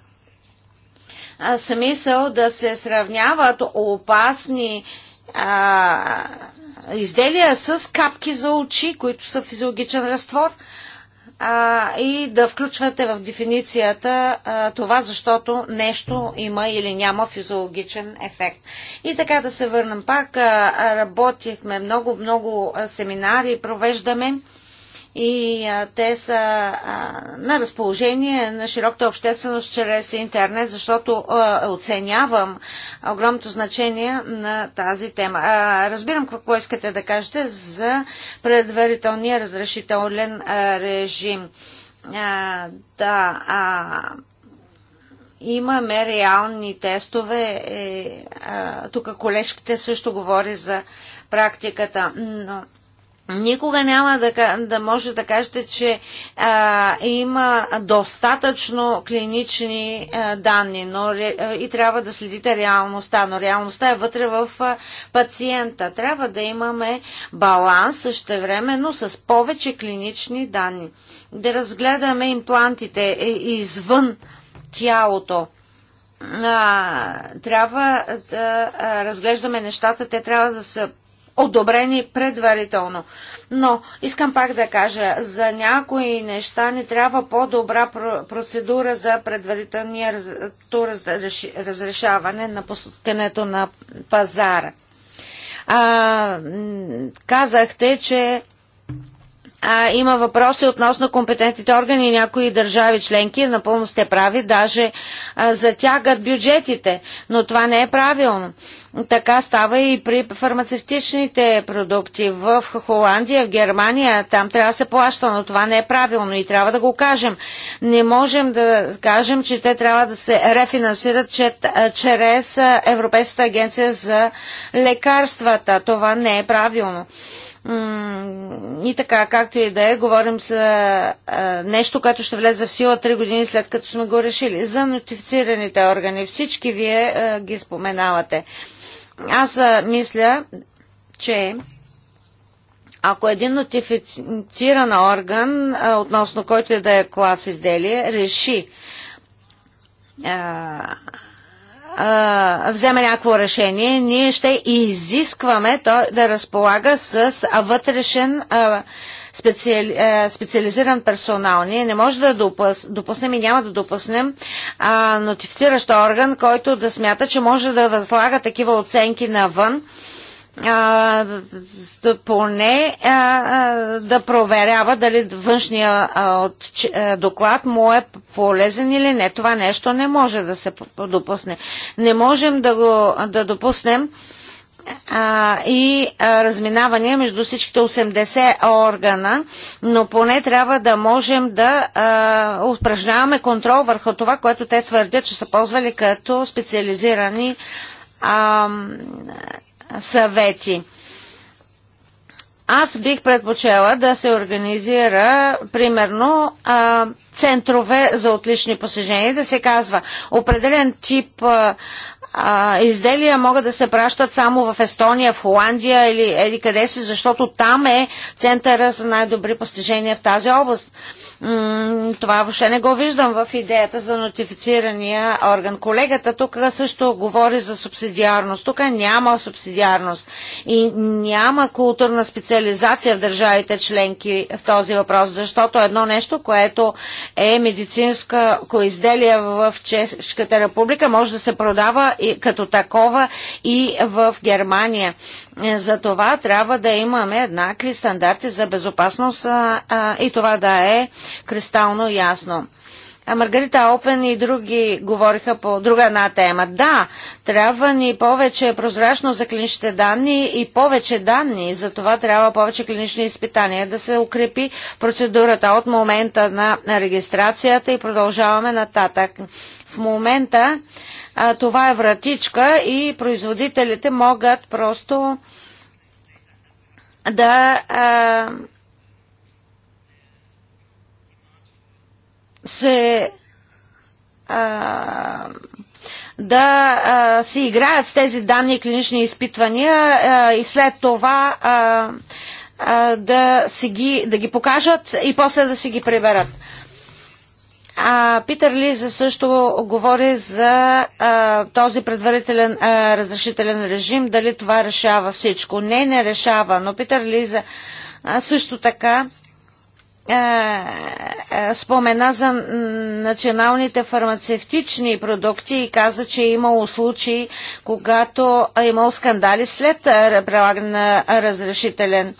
а, смисъл да се сравняват опасни а, изделия с капки за очи, които са физиологичен разтвор а, и да включвате в дефиницията а, това, защото нещо има или няма физиологичен ефект. И така да се върнем пак, а, работихме много-много семинари, провеждаме и а, те са а, на разположение на широката общественост чрез интернет, защото а, оценявам огромното значение на тази тема. А, разбирам какво искате да кажете за предварителния разрешителен а, режим. А, да, а, имаме реални тестове. Е, а, тук колежките също говори за практиката. Но Никога няма да, да може да кажете, че а, има достатъчно клинични а, данни но, ре, и трябва да следите реалността, но реалността е вътре в а, пациента. Трябва да имаме баланс същевременно с повече клинични данни. Да разгледаме имплантите е, извън тялото а, трябва да а, разглеждаме нещата, те трябва да са одобрени предварително. Но искам пак да кажа, за някои неща не трябва по-добра процедура за предварителното разрешаване на пускането на пазара. А, казахте, че а, има въпроси относно компетентните органи някои държави членки, напълно сте прави, даже а, затягат бюджетите, но това не е правилно. Така става и при фармацевтичните продукти в Холандия, в Германия. Там трябва да се плаща, но това не е правилно и трябва да го кажем. Не можем да кажем, че те трябва да се рефинансират чрез Европейската агенция за лекарствата. Това не е правилно и така, както и да е, говорим за нещо, което ще влезе в сила 3 години след като сме го решили. За нотифицираните органи всички вие ги споменавате. Аз мисля, че ако един нотифициран орган, относно който и да е клас изделие, реши вземе някакво решение, ние ще изискваме той да разполага с вътрешен специали, специализиран персонал. Ние не може да допуснем и няма да допуснем а, нотифициращ орган, който да смята, че може да възлага такива оценки навън а, поне а, а, да проверява дали външния а, от, а, доклад му е полезен или не. Това нещо не може да се допусне. Не можем да, го, да допуснем а, и а, разминавания между всичките 80 органа, но поне трябва да можем да а, упражняваме контрол върху това, което те твърдят, че са ползвали като специализирани а, съвети. Аз бих предпочела да се организира, примерно, центрове за отлични посещения, да се казва определен тип изделия могат да се пращат само в Естония, в Холандия или, къде си, защото там е центъра за най-добри постижения в тази област. А, това въобще не го виждам в идеята за нотифицирания орган. Колегата тук също говори за субсидиарност. Тук няма субсидиарност и няма културна специализация в държавите членки в този въпрос, защото едно нещо, което е медицинско изделие в Чешката република, може да се продава и, като такова и в Германия. За това трябва да имаме еднакви стандарти за безопасност а, а, и това да е кристално ясно. А Маргарита Опен и други говориха по друга една тема. Да, трябва ни повече прозрачно за клиничните данни и повече данни. За това трябва повече клинични изпитания да се укрепи процедурата от момента на регистрацията и продължаваме нататък. В момента а, това е вратичка и производителите могат просто да а, се а, да а, си играят с тези данни клинични изпитвания а, и след това а, а, да, си ги, да ги покажат и после да си ги приберат. А, Питър Лиза също говори за а, този предварителен а, разрешителен режим, дали това решава всичко. Не, не решава, но Питър Лиза а, също така спомена за националните фармацевтични продукти и каза, че е имало случаи, когато е имало скандали след прилагане на разрешителен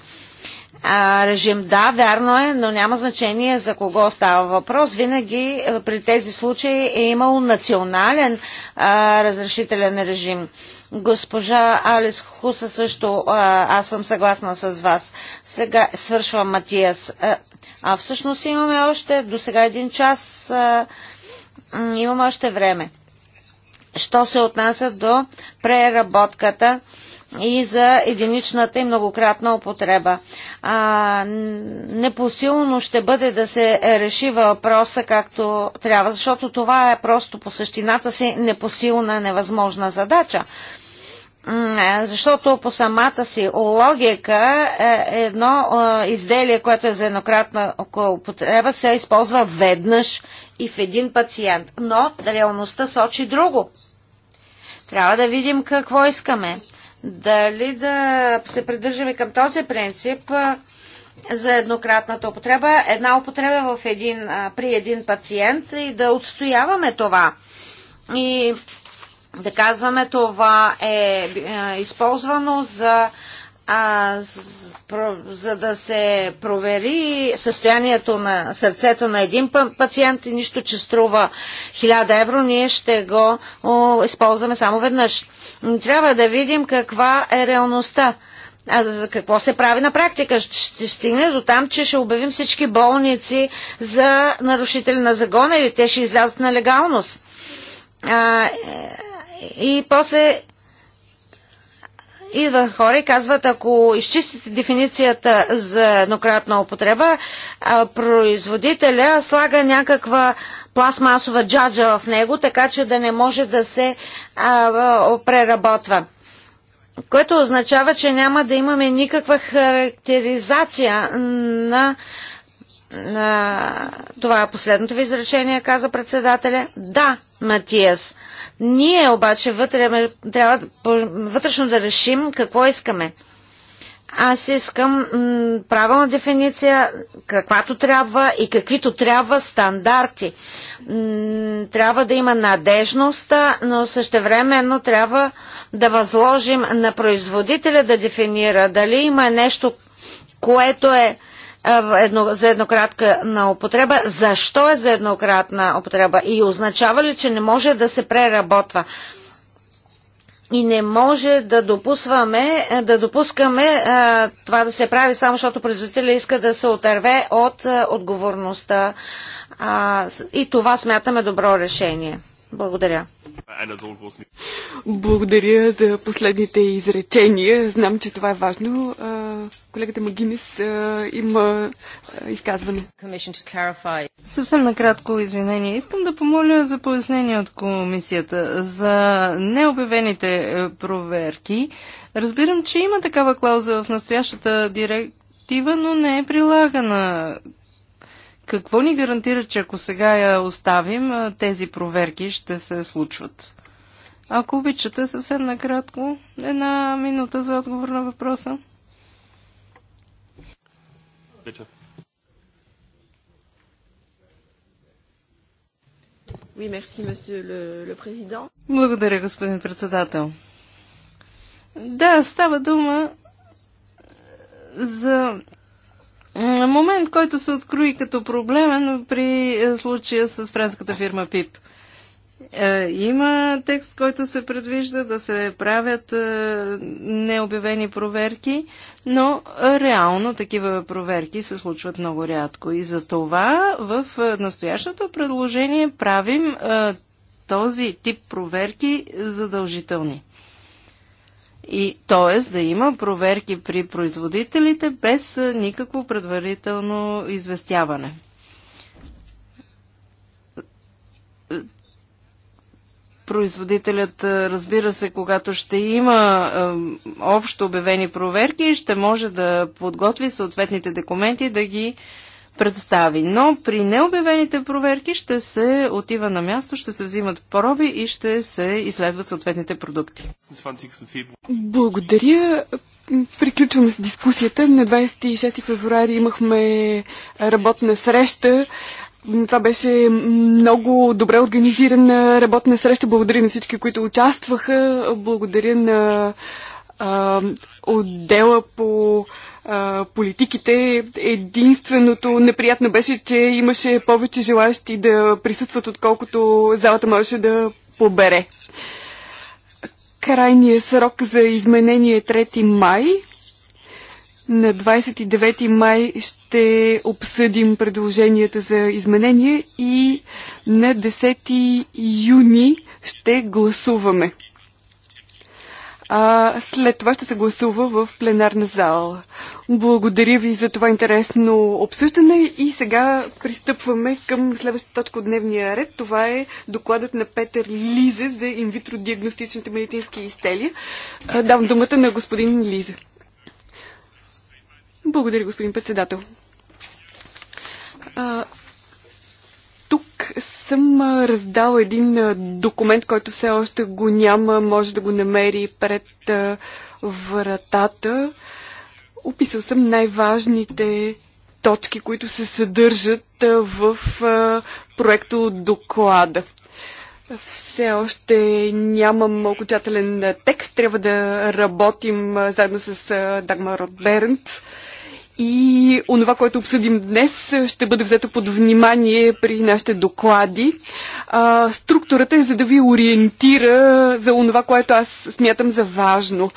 а, режим. Да, вярно е, но няма значение за кого става въпрос. Винаги е, при тези случаи е имал национален а, разрешителен режим. Госпожа Алис Хуса също, а, аз съм съгласна с вас. Сега свършва Матиас. А, а всъщност имаме още до сега един час. А, имаме още време. Що се отнася до преработката и за единичната и многократна употреба. А, непосилно ще бъде да се реши въпроса както трябва, защото това е просто по същината си непосилна, невъзможна задача. Е, защото по самата си логика е, едно изделие, което е за еднократна употреба, се използва веднъж и в един пациент. Но реалността сочи друго. Трябва да видим какво искаме дали да се придържаме към този принцип за еднократната употреба, една употреба в един, при един пациент и да отстояваме това. И да казваме това е използвано за а, за да се провери състоянието на сърцето на един пациент и нищо, че струва 1000 евро, ние ще го о, използваме само веднъж. Трябва да видим каква е реалността. А за какво се прави на практика? Ще стигне до там, че ще обявим всички болници за нарушители на загона или те ще излязат на легалност. А, е, и после идват хора и казват, ако изчистите дефиницията за еднократна употреба, производителя слага някаква пластмасова джаджа в него, така че да не може да се а, преработва. Което означава, че няма да имаме никаква характеризация на на... Това е последното ви изречение, каза председателя. Да, Матиас. Ние обаче вътре, трябва вътрешно да решим какво искаме. Аз искам правилна дефиниция, каквато трябва и каквито трябва стандарти. трябва да има надежност, но същевременно трябва да възложим на производителя да дефинира дали има нещо, което е едно, за еднократка на употреба. Защо е за еднократна употреба? И означава ли, че не може да се преработва? И не може да, допусваме, да допускаме а, това да се прави само защото производителя иска да се отърве от а, отговорността. А, и това смятаме добро решение. Благодаря. Благодаря за последните изречения. Знам, че това е важно. Колегата Магинис има изказване. Съвсем накратко извинение. Искам да помоля за пояснение от комисията за необявените е, проверки. Разбирам, че има такава клауза в настоящата директива, но не е прилагана какво ни гарантира, че ако сега я оставим, тези проверки ще се случват? Ако обичате, съвсем накратко, една минута за отговор на въпроса. Благодаря, господин председател. Да, става дума за момент, който се открои като проблемен при е, случая с френската фирма ПИП. Е, има текст, който се предвижда да се правят е, необявени проверки, но реално такива проверки се случват много рядко. И за това в настоящото предложение правим този тип проверки задължителни. И т.е. да има проверки при производителите без никакво предварително известяване. производителят, разбира се, когато ще има е, общо обявени проверки, ще може да подготви съответните документи да ги представи. Но при необявените проверки ще се отива на място, ще се взимат проби и ще се изследват съответните продукти. Благодаря. Приключваме с дискусията. На 26 февруари имахме работна среща. Това беше много добре организирана работна среща. Благодаря на всички, които участваха. Благодаря на а, отдела по а, политиките. Единственото неприятно беше, че имаше повече желащи да присъстват, отколкото залата можеше да побере. Крайният срок за изменение е 3 май. На 29 май ще обсъдим предложенията за изменение и на 10 юни ще гласуваме а след това ще се гласува в пленарна зала. Благодаря ви за това интересно обсъждане и сега пристъпваме към следващата точка от дневния ред. Това е докладът на Петър Лизе за инвитро диагностичните медицински изтелия. Давам думата на господин Лизе. Благодаря, господин председател. А, тук съм раздала един документ, който все още го няма, може да го намери пред вратата. Описал съм най-важните точки, които се съдържат в проекто доклада. Все още нямам окончателен текст. Трябва да работим заедно с Дагмар Ротбернт. Бернт и онова, което обсъдим днес, ще бъде взето под внимание при нашите доклади. А, структурата е за да ви ориентира за онова, което аз смятам за важно.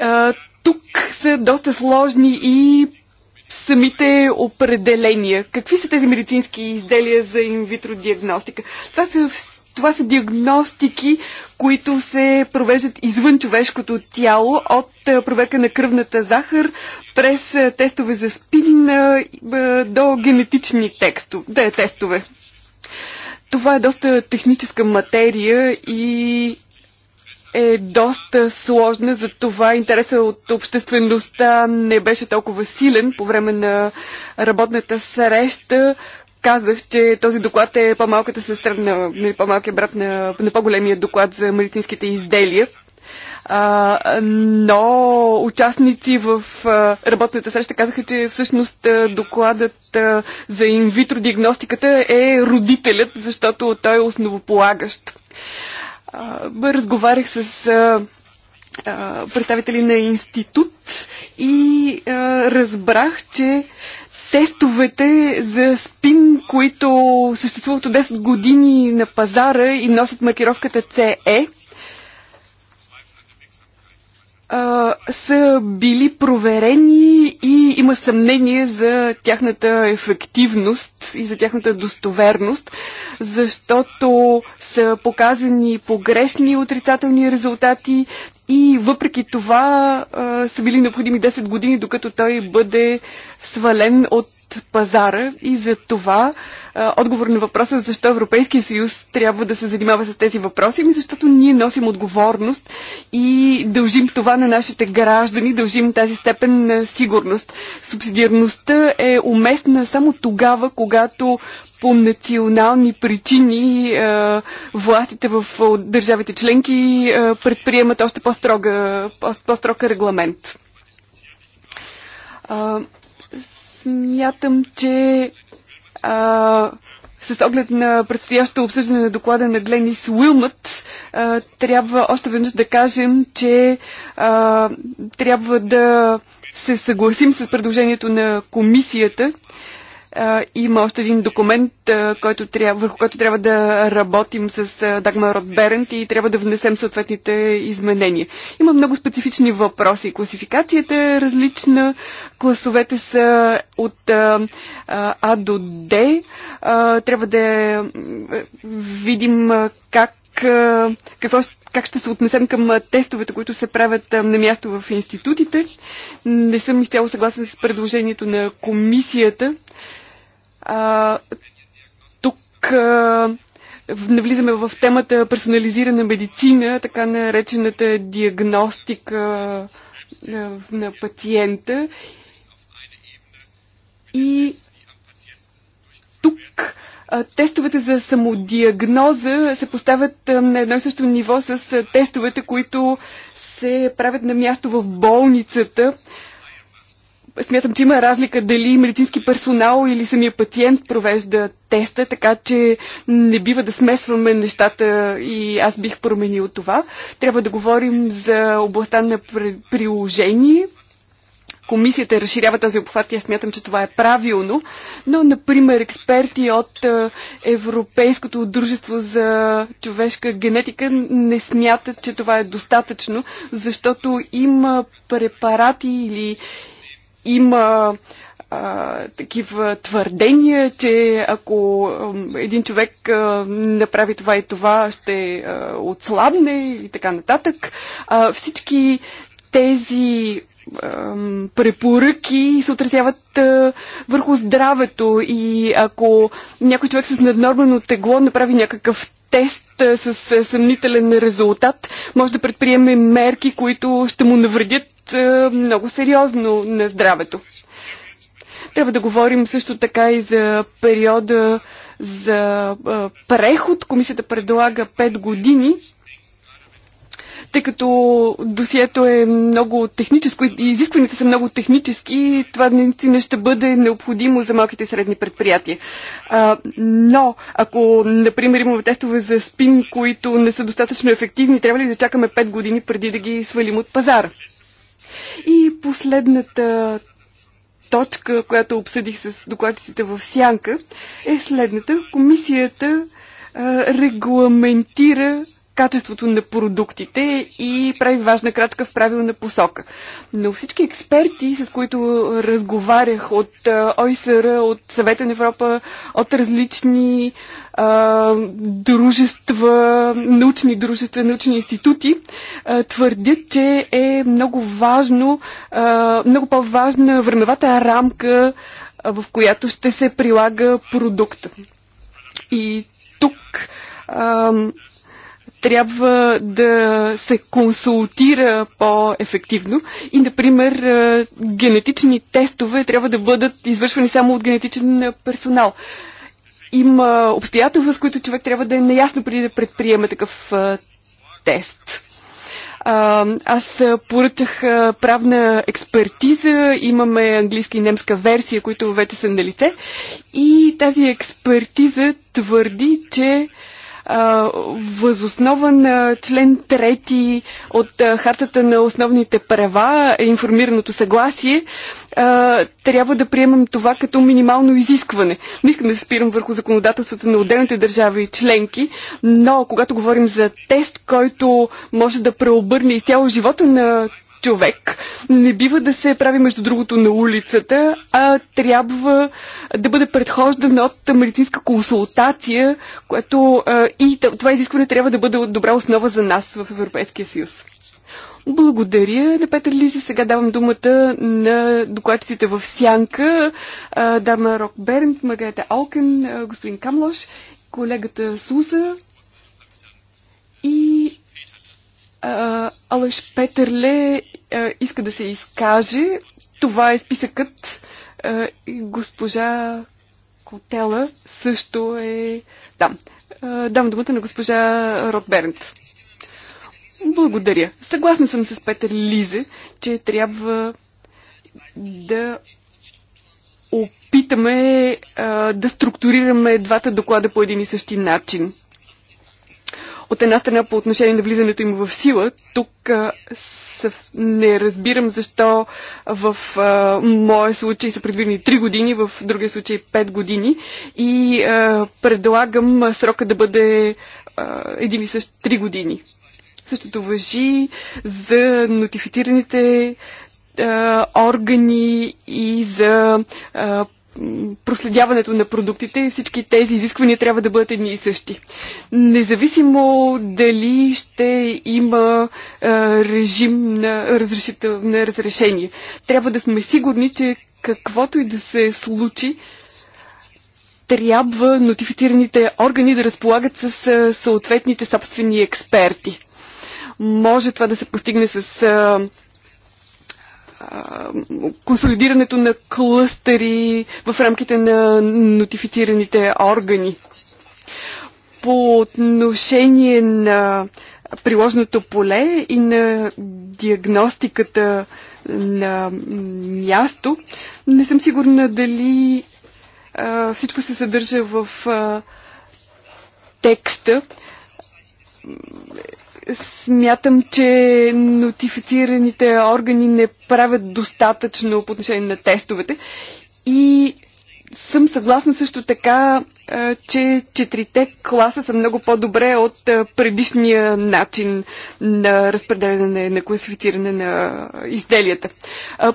А, тук са доста сложни и самите определения. Какви са тези медицински изделия за инвитро диагностика? Това са това са диагностики, които се провеждат извън човешкото тяло от е, проверка на кръвната захар през е, тестове за спин е, до генетични текстов, да, тестове. Това е доста техническа материя и е доста сложна, затова интереса от обществеността не беше толкова силен по време на работната среща казах, че този доклад е по-малката сестра на, нали, по-малкият брат на, на по-големия доклад за медицинските изделия. А, но участници в а, работната среща казаха, че всъщност а, докладът а, за инвитро диагностиката е родителят, защото той е основополагащ. А, разговарях с а, представители на институт и а, разбрах, че тестовете за спин, които съществуват от 10 години на пазара и носят маркировката CE, са били проверени и има съмнение за тяхната ефективност и за тяхната достоверност, защото са показани погрешни отрицателни резултати, и въпреки това а, са били необходими 10 години, докато той бъде свален от пазара. И за това а, отговор на въпроса защо Европейския съюз трябва да се занимава с тези въпроси, ми защото ние носим отговорност и дължим това на нашите граждани, дължим тази степен на сигурност. Субсидиарността е уместна само тогава, когато по национални причини властите в държавите членки предприемат още по строга по регламент. Смятам, че с оглед на предстоящото обсъждане на доклада на Гленис Уилмът, трябва още веднъж да кажем, че а, трябва да се съгласим с предложението на комисията има още един документ, който трябва, върху който трябва да работим с Дагмар Род Берент и трябва да внесем съответните изменения. Има много специфични въпроси. Класификацията е различна. Класовете са от А до Д. Трябва да видим как какво, как ще се отнесем към тестовете, които се правят на място в институтите. Не съм изцяло съгласна с предложението на комисията. А, тук а, навлизаме в темата персонализирана медицина, така наречената диагностика на, на пациента. И тук тестовете за самодиагноза се поставят на едно и също ниво с тестовете, които се правят на място в болницата. Смятам, че има разлика дали медицински персонал или самия пациент провежда теста, така че не бива да смесваме нещата и аз бих променил това. Трябва да говорим за областта на приложение, комисията разширява този обхват и аз смятам, че това е правилно, но, например, експерти от е, Европейското дружество за човешка генетика не смятат, че това е достатъчно, защото има препарати или има а, такива твърдения, че ако а, един човек а, направи това и това, ще а, отслабне и така нататък. А, всички тези препоръки се отразяват а, върху здравето и ако някой човек с наднормено тегло направи някакъв тест а, с а, съмнителен резултат, може да предприеме мерки, които ще му навредят е, много сериозно на здравето. Трябва да говорим също така и за периода за е, преход. Комисията предлага 5 години, тъй като досието е много техническо и изискванията са много технически, това наистина ще бъде необходимо за малките и средни предприятия. А, но, ако, например, имаме тестове за спин, които не са достатъчно ефективни, трябва ли да чакаме 5 години преди да ги свалим от пазара? И последната точка, която обсъдих с докладчиците в Сянка, е следната. Комисията регламентира качеството на продуктите и прави важна крачка в правилна посока. Но всички експерти, с които разговарях от ОИСР, от Съвета на Европа, от различни а, дружества, научни дружества, научни институти, а, твърдят, че е много важно, а, много по-важна времевата рамка, а, в която ще се прилага продукт. И тук а, трябва да се консултира по-ефективно и, например, е, генетични тестове трябва да бъдат извършвани само от генетичен персонал. Има обстоятелства, с които човек трябва да е неясно преди да предприеме такъв е, тест. Аз поръчах е, правна експертиза, имаме английска и немска версия, които вече са на лице. И тази експертиза твърди, че възоснова на член 3 от Хартата на основните права, информираното съгласие, трябва да приемам това като минимално изискване. Не искам да се спирам върху законодателството на отделните държави и членки, но когато говорим за тест, който може да преобърне изцяло живота на човек. Не бива да се прави между другото на улицата, а трябва да бъде предхождан от медицинска консултация, което а, и това изискване трябва да бъде добра основа за нас в Европейския съюз. Благодаря на Петър Лизи. Сега давам думата на докладчиците в Сянка. Дама Рок Бернт, Маргарета Алкен, господин Камлош, колегата Суза и Алъш Петърле а, иска да се изкаже. Това е списъкът. А, госпожа Котела също е там. Да, дам думата на госпожа Ротбернт. Благодаря. Съгласна съм с Петър Лизе, че трябва да опитаме а, да структурираме двата доклада по един и същи начин. От една страна по отношение на влизането им в сила, тук а, съв... не разбирам защо в а, моя случай са предвидени 3 години, в другия случай 5 години и а, предлагам срока да бъде а, един и същ 3 години. Същото въжи за нотифицираните а, органи и за а, проследяването на продуктите и всички тези изисквания трябва да бъдат едни и същи. Независимо дали ще има а, режим на, разрешител, на разрешение, трябва да сме сигурни, че каквото и да се случи, трябва нотифицираните органи да разполагат с а, съответните собствени експерти. Може това да се постигне с а, консолидирането на клъстери в рамките на нотифицираните органи. По отношение на приложното поле и на диагностиката на място, не съм сигурна дали а, всичко се съдържа в а, текста Смятам, че нотифицираните органи не правят достатъчно по отношение на тестовете и съм съгласна също така, че четирите класа са много по-добре от предишния начин на разпределяне, на класифициране на изделията.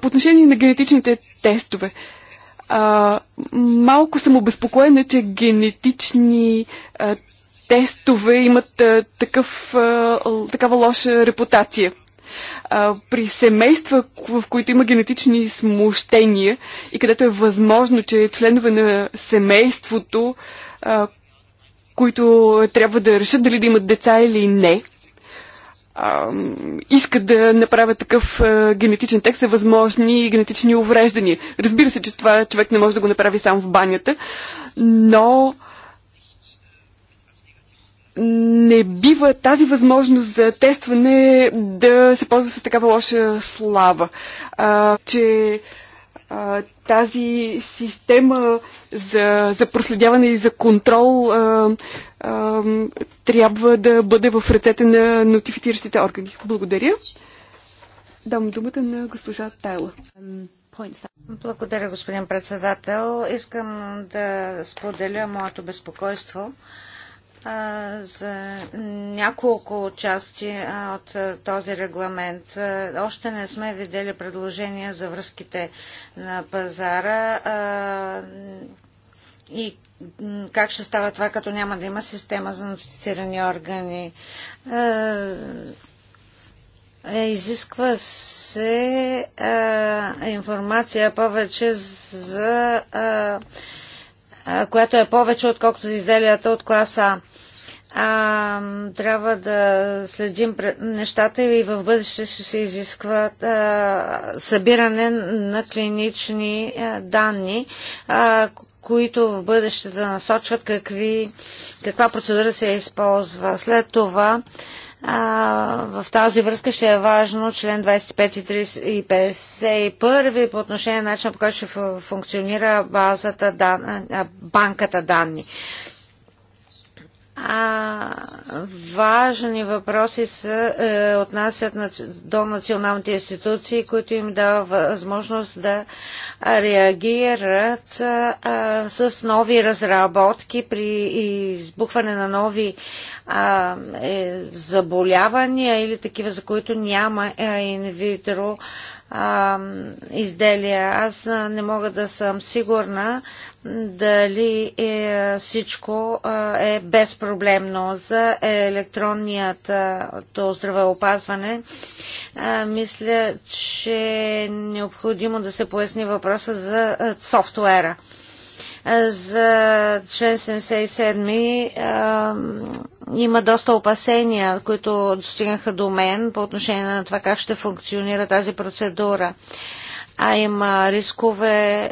По отношение на генетичните тестове, малко съм обезпокоена, че генетични тестове имат а, такъв, а, такава лоша репутация. А, при семейства, в които има генетични смущения и където е възможно, че членове на семейството, а, които трябва да решат дали да имат деца или не, а, искат да направят такъв а, генетичен текст, са възможни генетични увреждания. Разбира се, че това човек не може да го направи сам в банята, но не бива тази възможност за тестване да се ползва с такава лоша слава, а, че а, тази система за, за проследяване и за контрол а, а, трябва да бъде в ръцете на нотифициращите органи. Благодаря. Дам думата на госпожа Тайла. Благодаря, господин председател. Искам да споделя моето безпокойство за няколко части от този регламент. Още не сме видели предложения за връзките на пазара и как ще става това, като няма да има система за нотифицирани органи. Е, изисква се информация повече за която е повече отколкото за изделията от класа А а, трябва да следим нещата и в бъдеще ще се изисква а, събиране на клинични а, данни, а, които в бъдеще да насочват какви, каква процедура се използва. След това а, в тази връзка ще е важно член 25 и 51 по отношение на начина по който ще функционира базата дан... банката данни. А, важни въпроси се е, отнасят на, до националните институции, които им дава възможност да реагират а, е, с нови разработки при избухване на нови а, е, заболявания или такива, за които няма е, инвитро изделия. Аз е, не мога да съм сигурна дали е, всичко е безпроблемно за електронният то здравеопазване. мисля, че е необходимо да се поясни въпроса за софтуера. За член 77 има доста опасения, които достигнаха до мен по отношение на това как ще функционира тази процедура. А, а има рискове,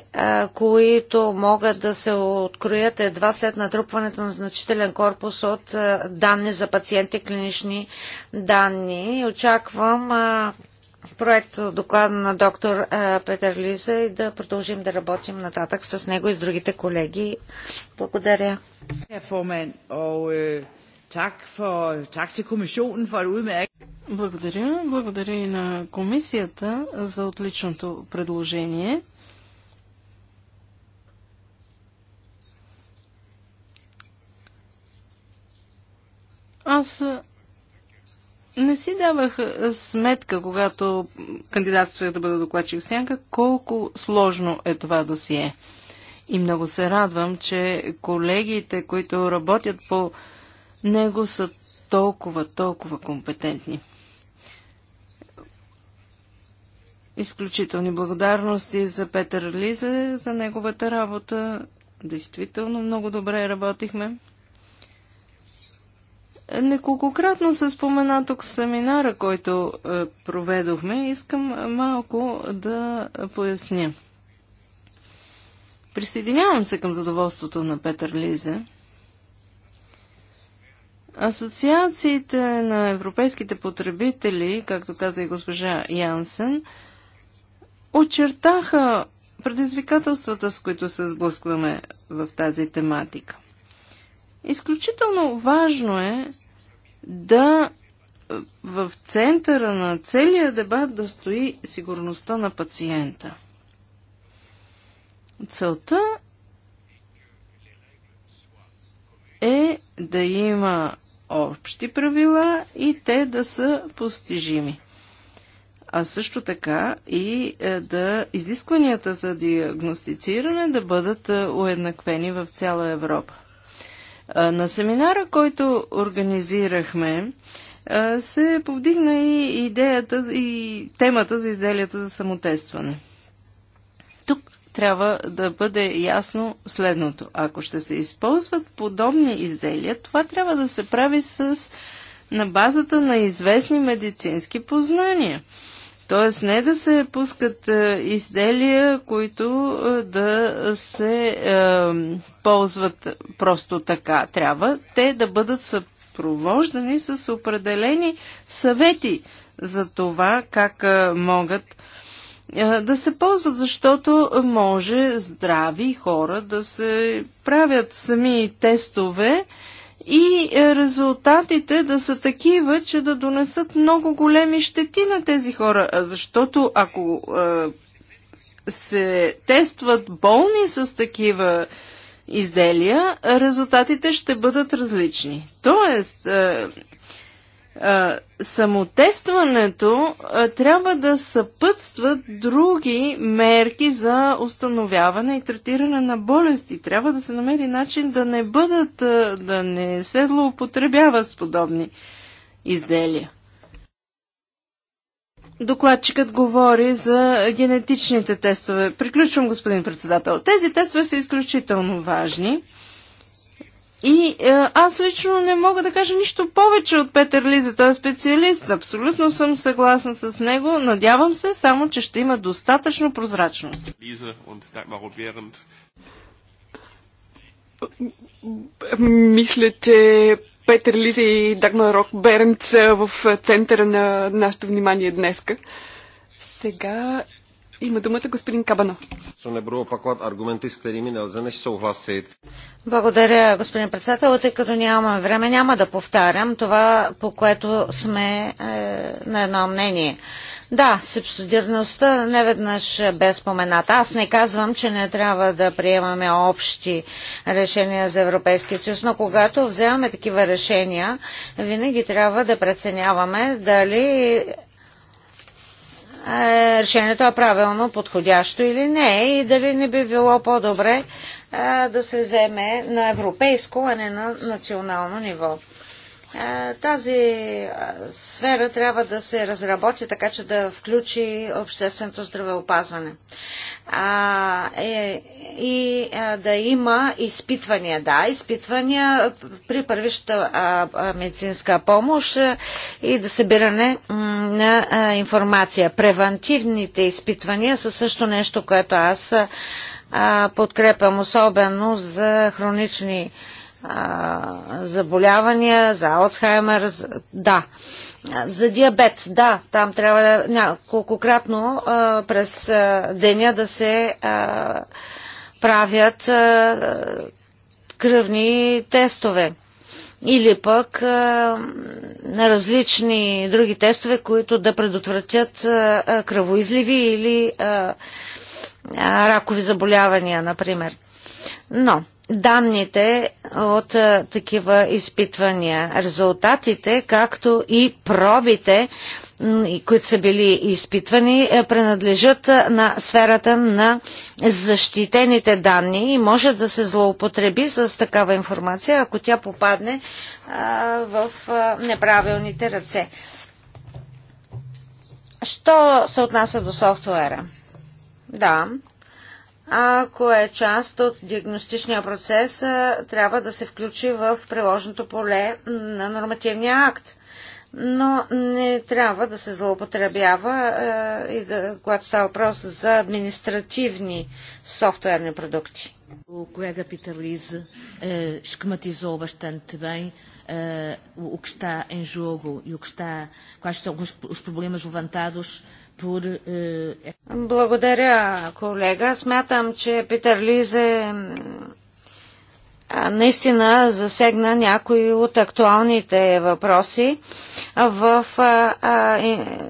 които могат да се откроят едва след натрупването на значителен корпус от данни за пациенти, клинични данни. Очаквам проект доклада на доктор Петър Лиза и да продължим да работим нататък с него и с другите колеги. Благодаря. Øh, tak for tak til kommissionen for et udmærket благодаря. Благодаря и на комисията за отличното предложение. Аз не си давах сметка, когато кандидатствах да бъда докладчик в сянка, колко сложно е това досие. И много се радвам, че колегите, които работят по него, са толкова, толкова компетентни. изключителни благодарности за Петър Лизе за неговата работа. Действително много добре работихме. Неколкократно се спомена тук семинара, който е, проведохме. Искам малко да поясня. Присъединявам се към задоволството на Петър Лизе. Асоциациите на европейските потребители, както каза и госпожа Янсен, очертаха предизвикателствата, с които се сблъскваме в тази тематика. Изключително важно е да е, в центъра на целия дебат да стои сигурността на пациента. Целта е да има общи правила и те да са постижими а също така и е, да изискванията за диагностициране да бъдат е, уеднаквени в цяла Европа. На семинара, който организирахме, е, се повдигна и идеята и темата за изделията за самотестване. Тук трябва да бъде ясно следното. Ако ще се използват подобни изделия, това трябва да се прави с, на базата на известни медицински познания. Тоест не да се пускат е, изделия, които е, да се е, ползват просто така. Трябва те да бъдат съпровождани с определени съвети за това как е, могат е, да се ползват, защото може здрави хора да се правят сами тестове, и е, резултатите да са такива, че да донесат много големи щети на тези хора. Защото ако е, се тестват болни с такива изделия, резултатите ще бъдат различни. Тоест, е, Самотестването трябва да съпътстват други мерки за установяване и третиране на болести. Трябва да се намери начин да не бъдат, да не се злоупотребяват с подобни изделия. Докладчикът говори за генетичните тестове. Приключвам, господин председател. Тези тестове са изключително важни. И е, аз лично не мога да кажа нищо повече от Петър Лиза. Той е специалист. Абсолютно съм съгласна с него. Надявам се само, че ще има достатъчно прозрачност. Лиза Мисля, че Петър Лиза и Дагма Рок Бернт са в центъра на нашето внимание днеска. Сега има думата господин Кабанов. Благодаря, господин председател. Тъй като нямаме време, няма да повтарям това, по което сме е, на едно мнение. Да, субсидиарността не веднъж е бе спомената. Аз не казвам, че не трябва да приемаме общи решения за Европейския съюз, но когато вземаме такива решения, винаги трябва да преценяваме дали решението е правилно, подходящо или не и дали не би било по-добре да се вземе на европейско, а не на национално ниво. Тази сфера трябва да се разработи така, че да включи общественото здравеопазване. А, е, и а, да има изпитвания. Да, изпитвания при първищата медицинска помощ а, и да събиране на а, информация. Превантивните изпитвания са също нещо, което аз а, подкрепям, особено за хронични а, а, заболявания, за Алцхаймер, да. За диабет, да, там трябва няколкократно а, през а, деня да се а, правят а, кръвни тестове. Или пък а, различни други тестове, които да предотвратят а, кръвоизливи или а, а, ракови заболявания, например. Но данните от а, такива изпитвания, резултатите, както и пробите, които са били изпитвани, е, принадлежат на сферата на защитените данни и може да се злоупотреби с такава информация, ако тя попадне а, в а, неправилните ръце. Що се отнася до софтуера? Да, ако е част от диагностичния процес, трябва да се включи в приложното поле на нормативния акт. Но не трябва да се злоупотребява, и да, когато става въпрос за административни софтуерни продукти. O colega Peter Lise eh, esquematizou bastante bem eh, o que está em jogo e o que está, quais são os, os problemas levantados Eh, Благодаря, колега. Смятам, че Питер Лизе наистина засегна някои от актуалните въпроси в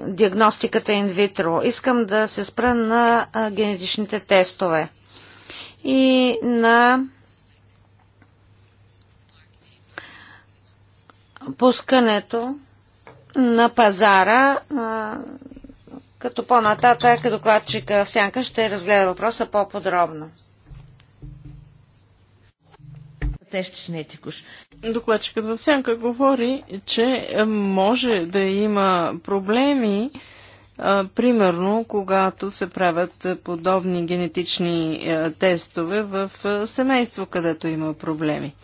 диагностиката инвитро. Искам да се спра на генетичните тестове и на пускането на пазара като по-нататък докладчика сянка ще разгледа въпроса по-подробно. Докладчикът в сянка говори, че може да има проблеми, примерно, когато се правят подобни генетични тестове в семейство, където има проблеми.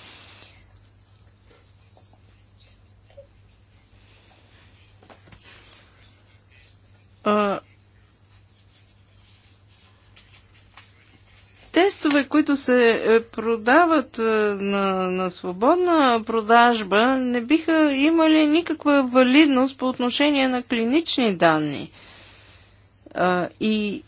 тестове, които се е, продават е, на, на свободна продажба, не биха имали никаква валидност по отношение на клинични данни. А, и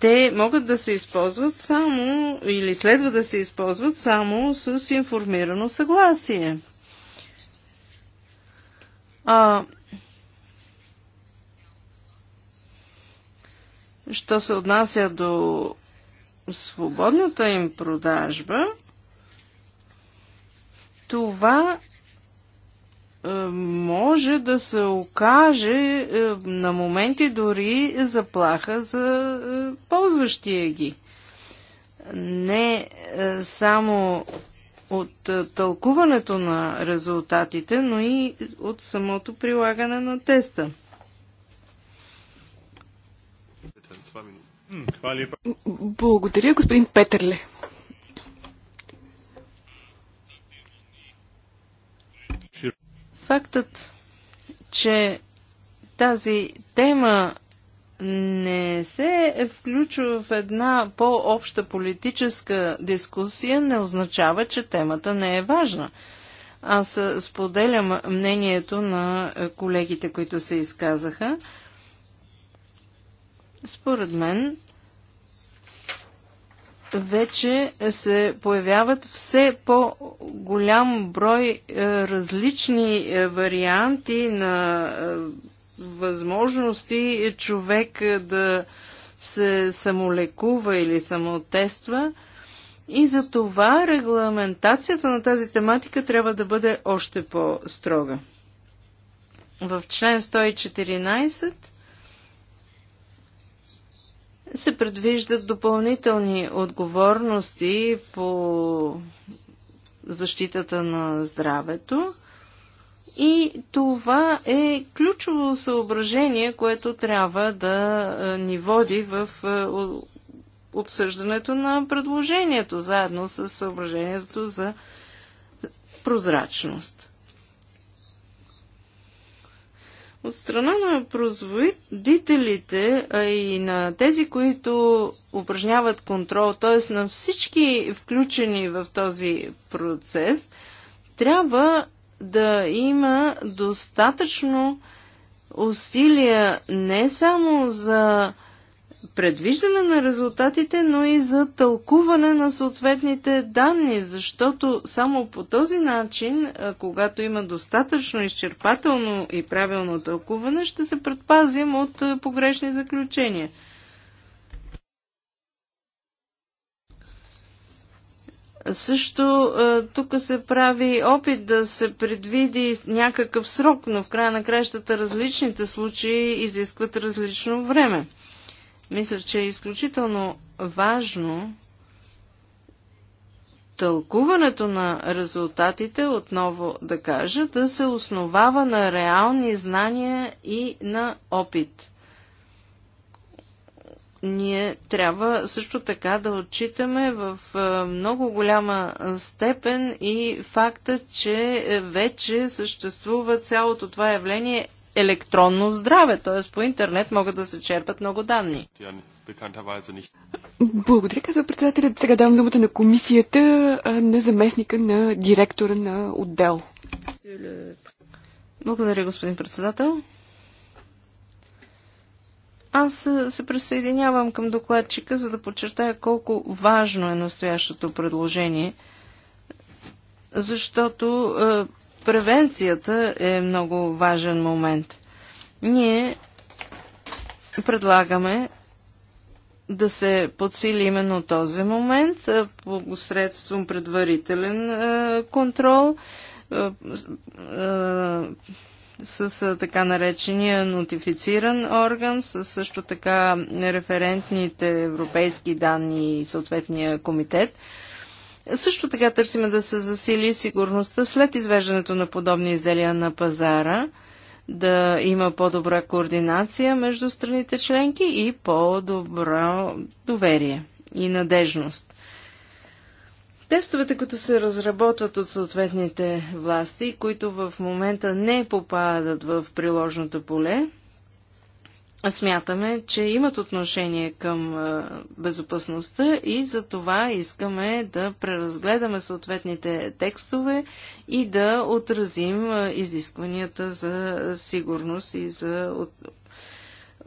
те могат да се използват само или следва да се използват само с информирано съгласие. А, Що се отнася до свободната им продажба, това е, може да се окаже е, на моменти дори заплаха за е, ползващия ги. Не само от тълкуването на резултатите, но и от самото прилагане на теста. Благодаря, господин Петърле. Фактът, че тази тема не се включва в една по-обща политическа дискусия, не означава, че темата не е важна. Аз споделям мнението на колегите, които се изказаха според мен, вече се появяват все по-голям брой е, различни е, варианти на е, възможности човек да се самолекува или самотества. И за това регламентацията на тази тематика трябва да бъде още по-строга. В член 114 се предвиждат допълнителни отговорности по защитата на здравето. И това е ключово съображение, което трябва да е, ни води в е, обсъждането на предложението, заедно с съображението за прозрачност. От страна на производителите, а и на тези, които упражняват контрол, т.е. на всички включени в този процес, трябва да има достатъчно усилия не само за предвиждане на резултатите, но и за тълкуване на съответните данни, защото само по този начин, когато има достатъчно изчерпателно и правилно тълкуване, ще се предпазим от погрешни заключения. Също тук се прави опит да се предвиди някакъв срок, но в края на кращата различните случаи изискват различно време. Мисля, че е изключително важно тълкуването на резултатите, отново да кажа, да се основава на реални знания и на опит. Ние трябва също така да отчитаме в е, много голяма степен и факта, че е, вече съществува цялото това явление електронно здраве, т.е. по интернет могат да се черпат много данни. Благодаря, казва председателят. Сега давам думата на комисията, на заместника на директора на отдел. Благодаря, господин председател. Аз се присъединявам към докладчика, за да подчертая колко важно е настоящото предложение, защото Превенцията е много важен момент. Ние предлагаме да се подсили именно този момент посредством предварителен контрол с така наречения нотифициран орган, с също така референтните европейски данни и съответния комитет. Също така търсиме да се засили сигурността след извеждането на подобни изделия на пазара, да има по-добра координация между страните членки и по-добро доверие и надежност. Тестовете, които се разработват от съответните власти, които в момента не попадат в приложното поле, смятаме, че имат отношение към безопасността и за това искаме да преразгледаме съответните текстове и да отразим изискванията за сигурност и за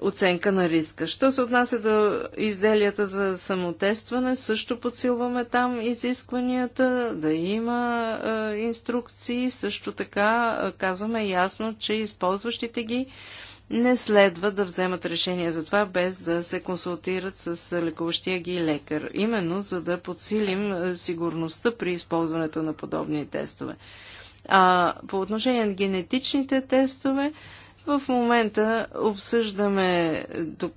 оценка на риска. Що се отнася до изделията за самотестване, също подсилваме там изискванията, да има е, инструкции, също така е, казваме ясно, че използващите ги не следва да вземат решение за това, без да се консултират с лекуващия ги лекар, именно за да подсилим е, сигурността при използването на подобни тестове. А по отношение на генетичните тестове, в момента обсъждаме док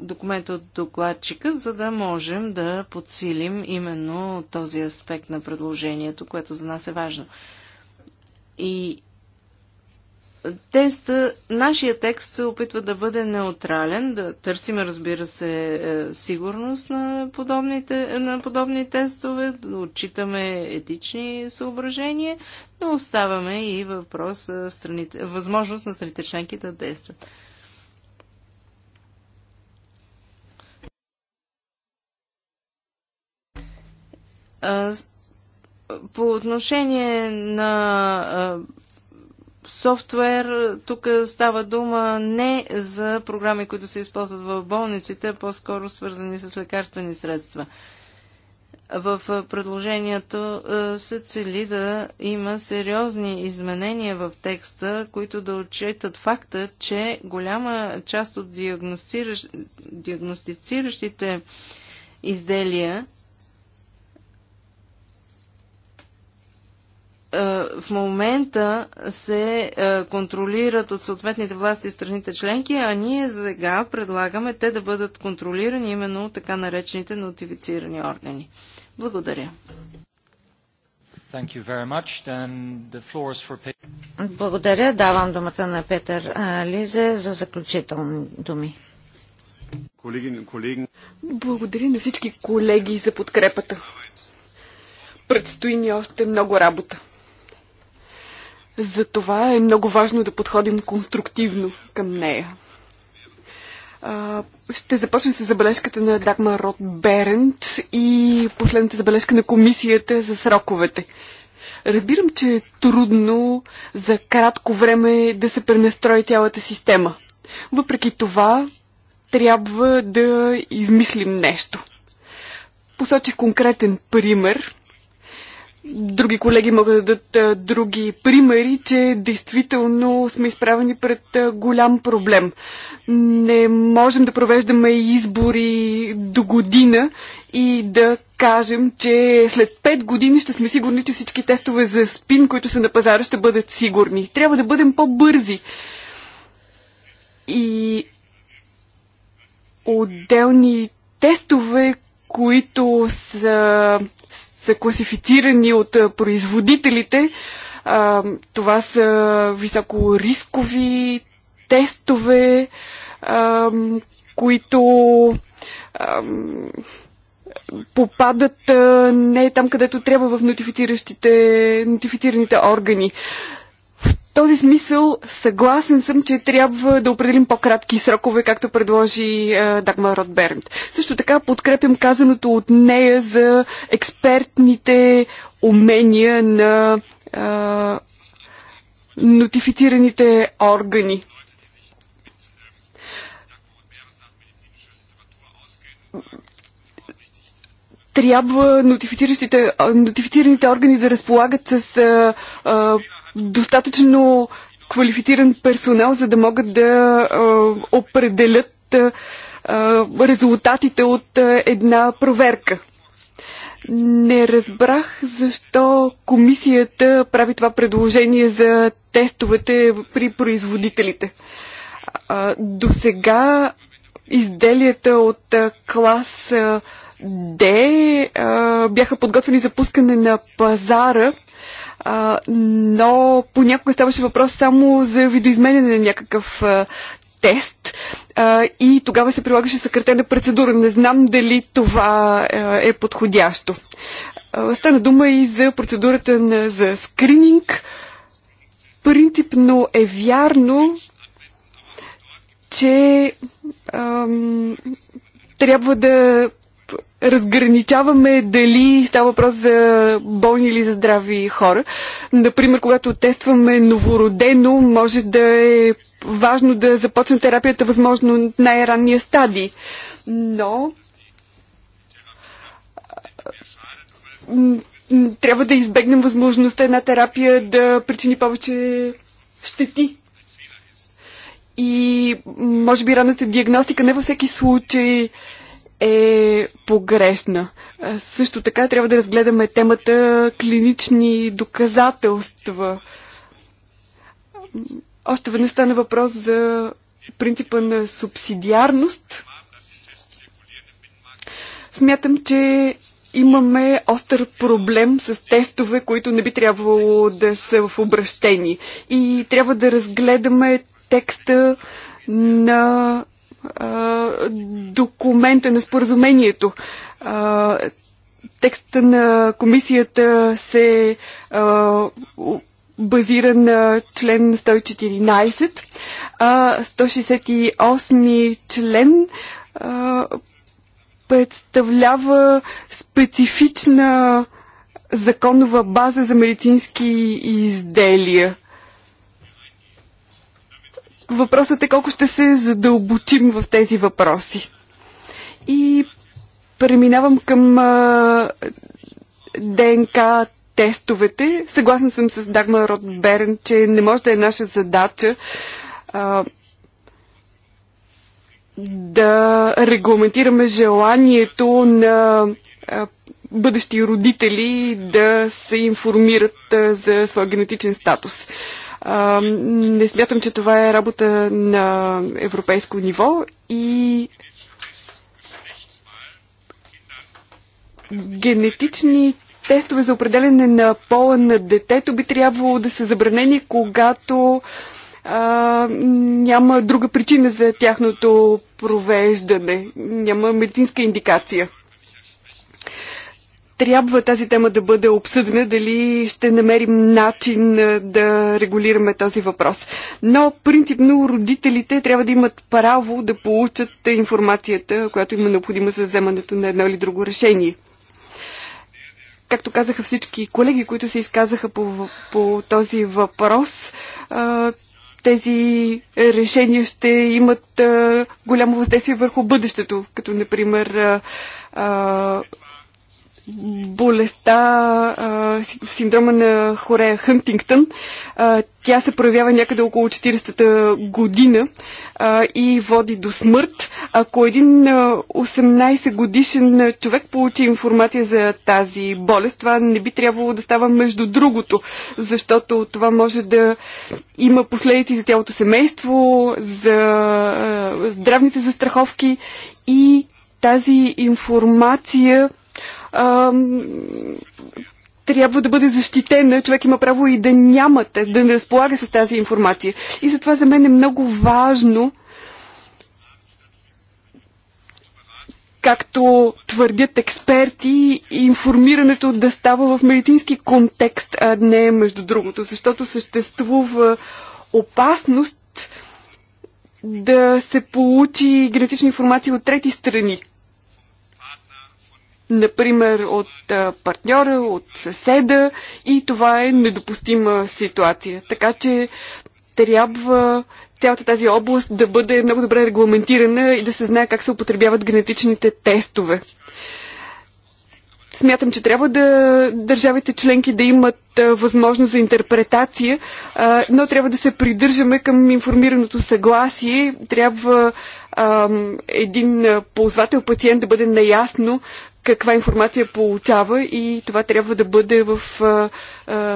документ от докладчика, за да можем да подсилим именно този аспект на предложението, което за нас е важно. И Тест. нашия текст се опитва да бъде неутрален, да търсиме, разбира се, е, сигурност на, подобните, на подобни тестове, да отчитаме етични съображения, но оставаме и въпрос, е, страните, възможност на страните членки да действат. По отношение на софтуер, тук става дума не за програми, които се използват в болниците, а по-скоро свързани с лекарствени средства. В предложението се цели да има сериозни изменения в текста, които да отчитат факта, че голяма част от диагностициращите изделия Е, в момента се е, контролират от съответните власти страните членки, а ние сега предлагаме те да бъдат контролирани именно от така наречените нотифицирани органи. Благодаря. For... Благодаря. Давам думата на Петър Лизе за заключителни думи. Благодаря на всички колеги за подкрепата. Предстои ни още много работа. Затова е много важно да подходим конструктивно към нея. Ще започна с забележката на Дагма Рот Берент и последната забележка на комисията за сроковете. Разбирам, че е трудно за кратко време да се пренастрои цялата система. Въпреки това, трябва да измислим нещо. Посочих конкретен пример – Други колеги могат да дадат други примери, че действително сме изправени пред голям проблем. Не можем да провеждаме избори до година и да кажем, че след 5 години ще сме сигурни, че всички тестове за спин, които са на пазара, ще бъдат сигурни. Трябва да бъдем по-бързи. И отделни тестове, които са са класифицирани от производителите. Това са високорискови тестове, които попадат не там, където трябва в нотифициращите, нотифицираните органи този смисъл съгласен съм, че трябва да определим по-кратки срокове, както предложи е, Дагма Род Бернт. Също така подкрепям казаното от нея за експертните умения на е, нотифицираните органи. Трябва нотифицираните органи да разполагат с е, е, достатъчно квалифициран персонал, за да могат да а, определят а, резултатите от а, една проверка. Не разбрах защо комисията прави това предложение за тестовете при производителите. До сега изделията от клас D бяха подготвени за пускане на пазара а, но понякога ставаше въпрос само за видоизменяне на някакъв а, тест а, и тогава се прилагаше съкратена процедура. Не знам дали това а, е подходящо. А, стана дума и за процедурата на, за скрининг. Принципно е вярно, че ам, трябва да разграничаваме дали става въпрос за болни или за здрави хора. Например, когато тестваме новородено, може да е важно да започне терапията възможно най-ранния стадий. Но трябва да избегнем възможността една терапия да причини повече щети. И може би ранната диагностика не във всеки случай е погрешна. Също така трябва да разгледаме темата клинични доказателства. Още веднъж стана въпрос за принципа на субсидиарност. Смятам, че имаме остър проблем с тестове, които не би трябвало да са в обращени. И трябва да разгледаме текста на документа на споразумението. Текста на комисията се базира на член 114, а 168 член представлява специфична законова база за медицински изделия. Въпросът е колко ще се задълбочим в тези въпроси. И преминавам към а, ДНК тестовете. Съгласна съм с Дагма Род Берн, че не може да е наша задача а, да регламентираме желанието на а, бъдещи родители да се информират а, за своя генетичен статус. А, не смятам, че това е работа на европейско ниво и генетични тестове за определене на пола на детето би трябвало да са забранени, когато а, няма друга причина за тяхното провеждане. Няма медицинска индикация трябва тази тема да бъде обсъдена, дали ще намерим начин да регулираме този въпрос. Но принципно родителите трябва да имат право да получат информацията, която има е необходима за вземането на едно или друго решение. Както казаха всички колеги, които се изказаха по, по този въпрос, тези решения ще имат голямо въздействие върху бъдещето, като например болестта, синдрома на хорея Хънтингтън. Тя се проявява някъде около 40-та година и води до смърт. Ако един 18 годишен човек получи информация за тази болест, това не би трябвало да става между другото, защото това може да има последици за цялото семейство, за здравните застраховки и тази информация трябва да бъде защитена. Човек има право и да нямате, да не разполага с тази информация. И затова за мен е много важно, както твърдят експерти, информирането да става в медицински контекст, а не между другото, защото съществува опасност да се получи генетична информация от трети страни, например, от партньора, от съседа и това е недопустима ситуация. Така че трябва цялата тази област да бъде много добре регламентирана и да се знае как се употребяват генетичните тестове. Смятам, че трябва да държавите членки да имат възможност за интерпретация, но трябва да се придържаме към информираното съгласие. Трябва един ползвател, пациент да бъде наясно каква информация получава и това трябва да бъде в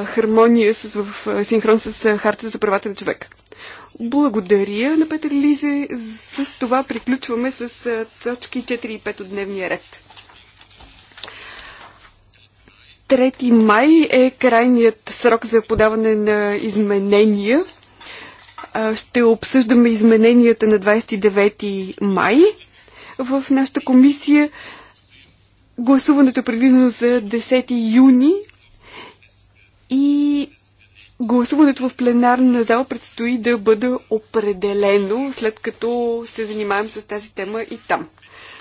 хармония, с, в синхрон с Хартата за правата на човека. Благодаря на Петър Лизе. С това приключваме с точки 4 и 5 от дневния ред. 3 май е крайният срок за подаване на изменения. Ще обсъждаме измененията на 29 май в нашата комисия. Гласуването е предвидено за 10 юни и гласуването в пленарна зала предстои да бъде определено, след като се занимаем с тази тема и там.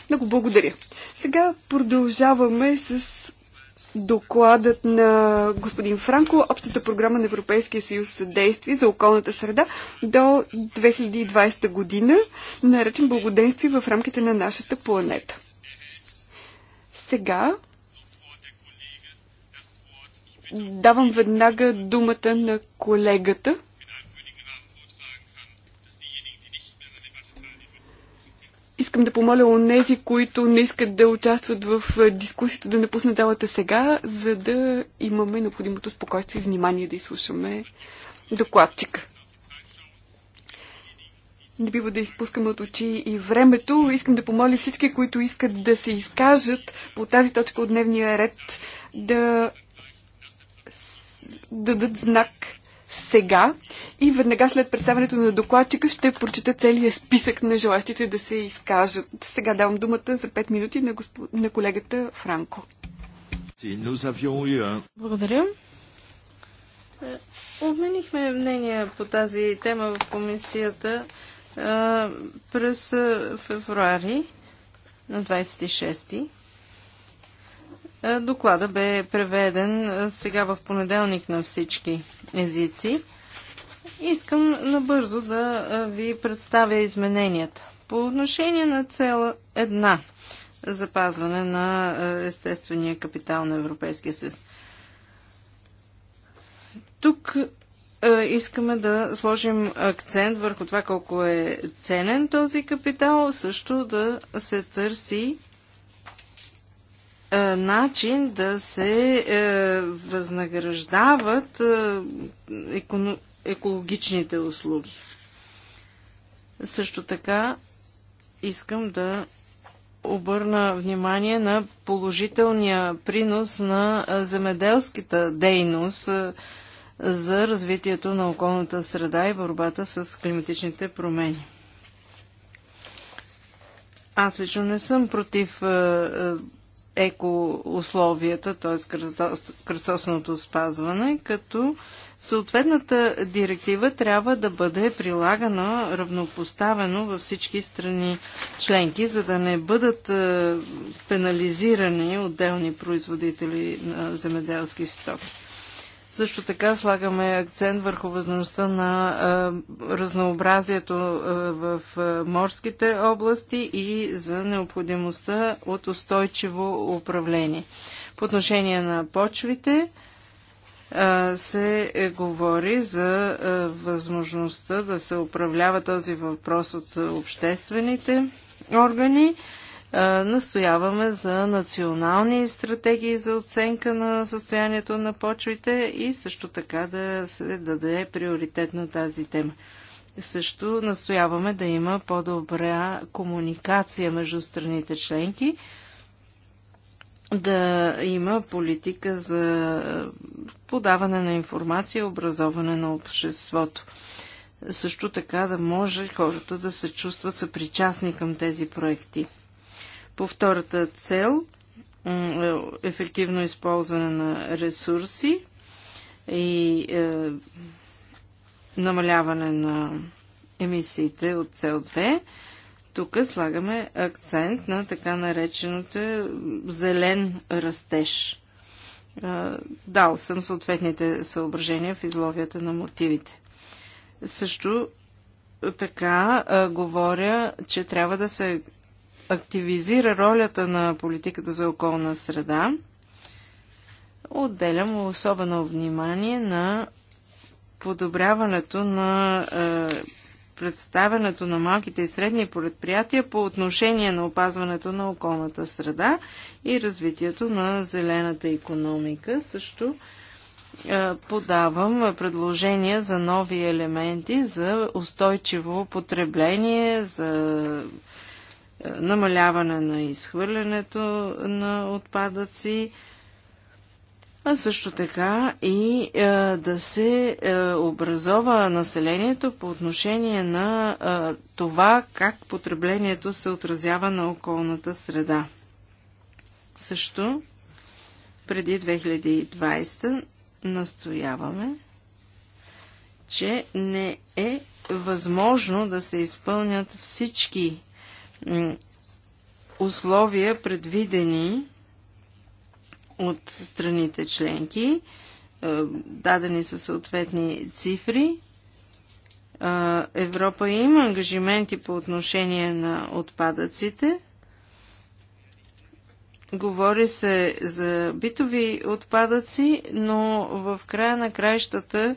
Много благодаря. Сега продължаваме с докладът на господин Франко, Общата програма на Европейския съюз съдействие за околната среда до 2020 година, наречен благоденствие в рамките на нашата планета. Сега давам веднага думата на колегата, Искам да помоля нези, които не искат да участват в дискусията, да напуснат залата сега, за да имаме необходимото спокойствие и внимание да изслушаме докладчика. Не бива да изпускаме от очи и времето. Искам да помоля всички, които искат да се изкажат по тази точка от дневния ред, да дадат знак сега и веднага след представянето на докладчика ще прочита целият списък на желащите да се изкажат. Сега давам думата за 5 минути на, госп... на колегата Франко. Благодаря. Е, обменихме мнения по тази тема в комисията е, през е, февруари на 26 е, доклада бе преведен е, сега в понеделник на всички езици. Искам набързо да е, ви представя измененията. По отношение на цела една запазване на естествения капитал на Европейския съюз. Тук искаме да сложим акцент върху това колко е ценен този капитал, също да се търси е, начин да се е, възнаграждават е, екологичните услуги. Също така искам да обърна внимание на положителния принос на земеделската дейност за развитието на околната среда и борбата с климатичните промени. Аз лично не съм против екоусловията, т.е. кръстосното спазване, като съответната директива трябва да бъде прилагана равнопоставено във всички страни членки, за да не бъдат е, пенализирани отделни производители на земеделски стоки. Също така слагаме акцент върху възможността на разнообразието в морските области и за необходимостта от устойчиво управление. По отношение на почвите, се е говори за възможността да се управлява този въпрос от обществените органи. Е, настояваме за национални стратегии за оценка на състоянието на почвите и също така да се даде приоритет на тази тема. Също настояваме да има по-добра комуникация между страните членки, да има политика за подаване на информация и образоване на обществото също така да може хората да се чувстват съпричастни към тези проекти. По втората цел е, ефективно използване на ресурси и е, намаляване на емисиите от со 2 Тук слагаме акцент на така нареченото зелен растеж. Е, дал съм съответните съображения в изловията на мотивите. Също така е, говоря, че трябва да се активизира ролята на политиката за околна среда, отделям особено внимание на подобряването на е, представянето на малките и средни предприятия по отношение на опазването на околната среда и развитието на зелената економика. Също е, подавам предложения за нови елементи за устойчиво потребление, за намаляване на изхвърлянето на отпадъци, а също така и е, да се е, образова населението по отношение на е, това как потреблението се отразява на околната среда. Също преди 2020 настояваме, че не е възможно да се изпълнят всички условия, предвидени от страните членки, е, дадени са съответни цифри. Е, Европа има ангажименти по отношение на отпадъците. Говори се за битови отпадъци, но в края на краищата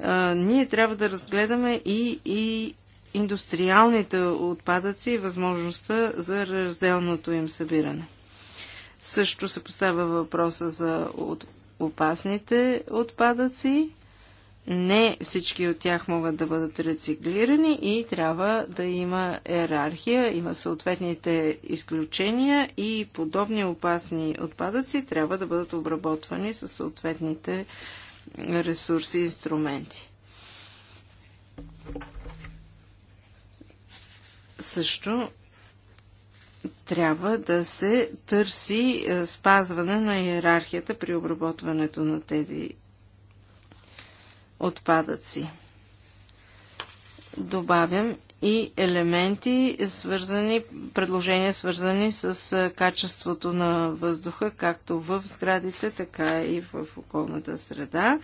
е, ние трябва да разгледаме и, и индустриалните отпадъци и възможността за разделното им събиране. Също се поставя въпроса за от, опасните отпадъци. Не всички от тях могат да бъдат рециклирани и трябва да има иерархия, има съответните изключения и подобни опасни отпадъци трябва да бъдат обработвани със съответните ресурси и инструменти също трябва да се търси е, спазване на иерархията при обработването на тези отпадъци. Добавям и елементи, свързани, предложения свързани с е, качеството на въздуха, както в сградите, така и в околната среда.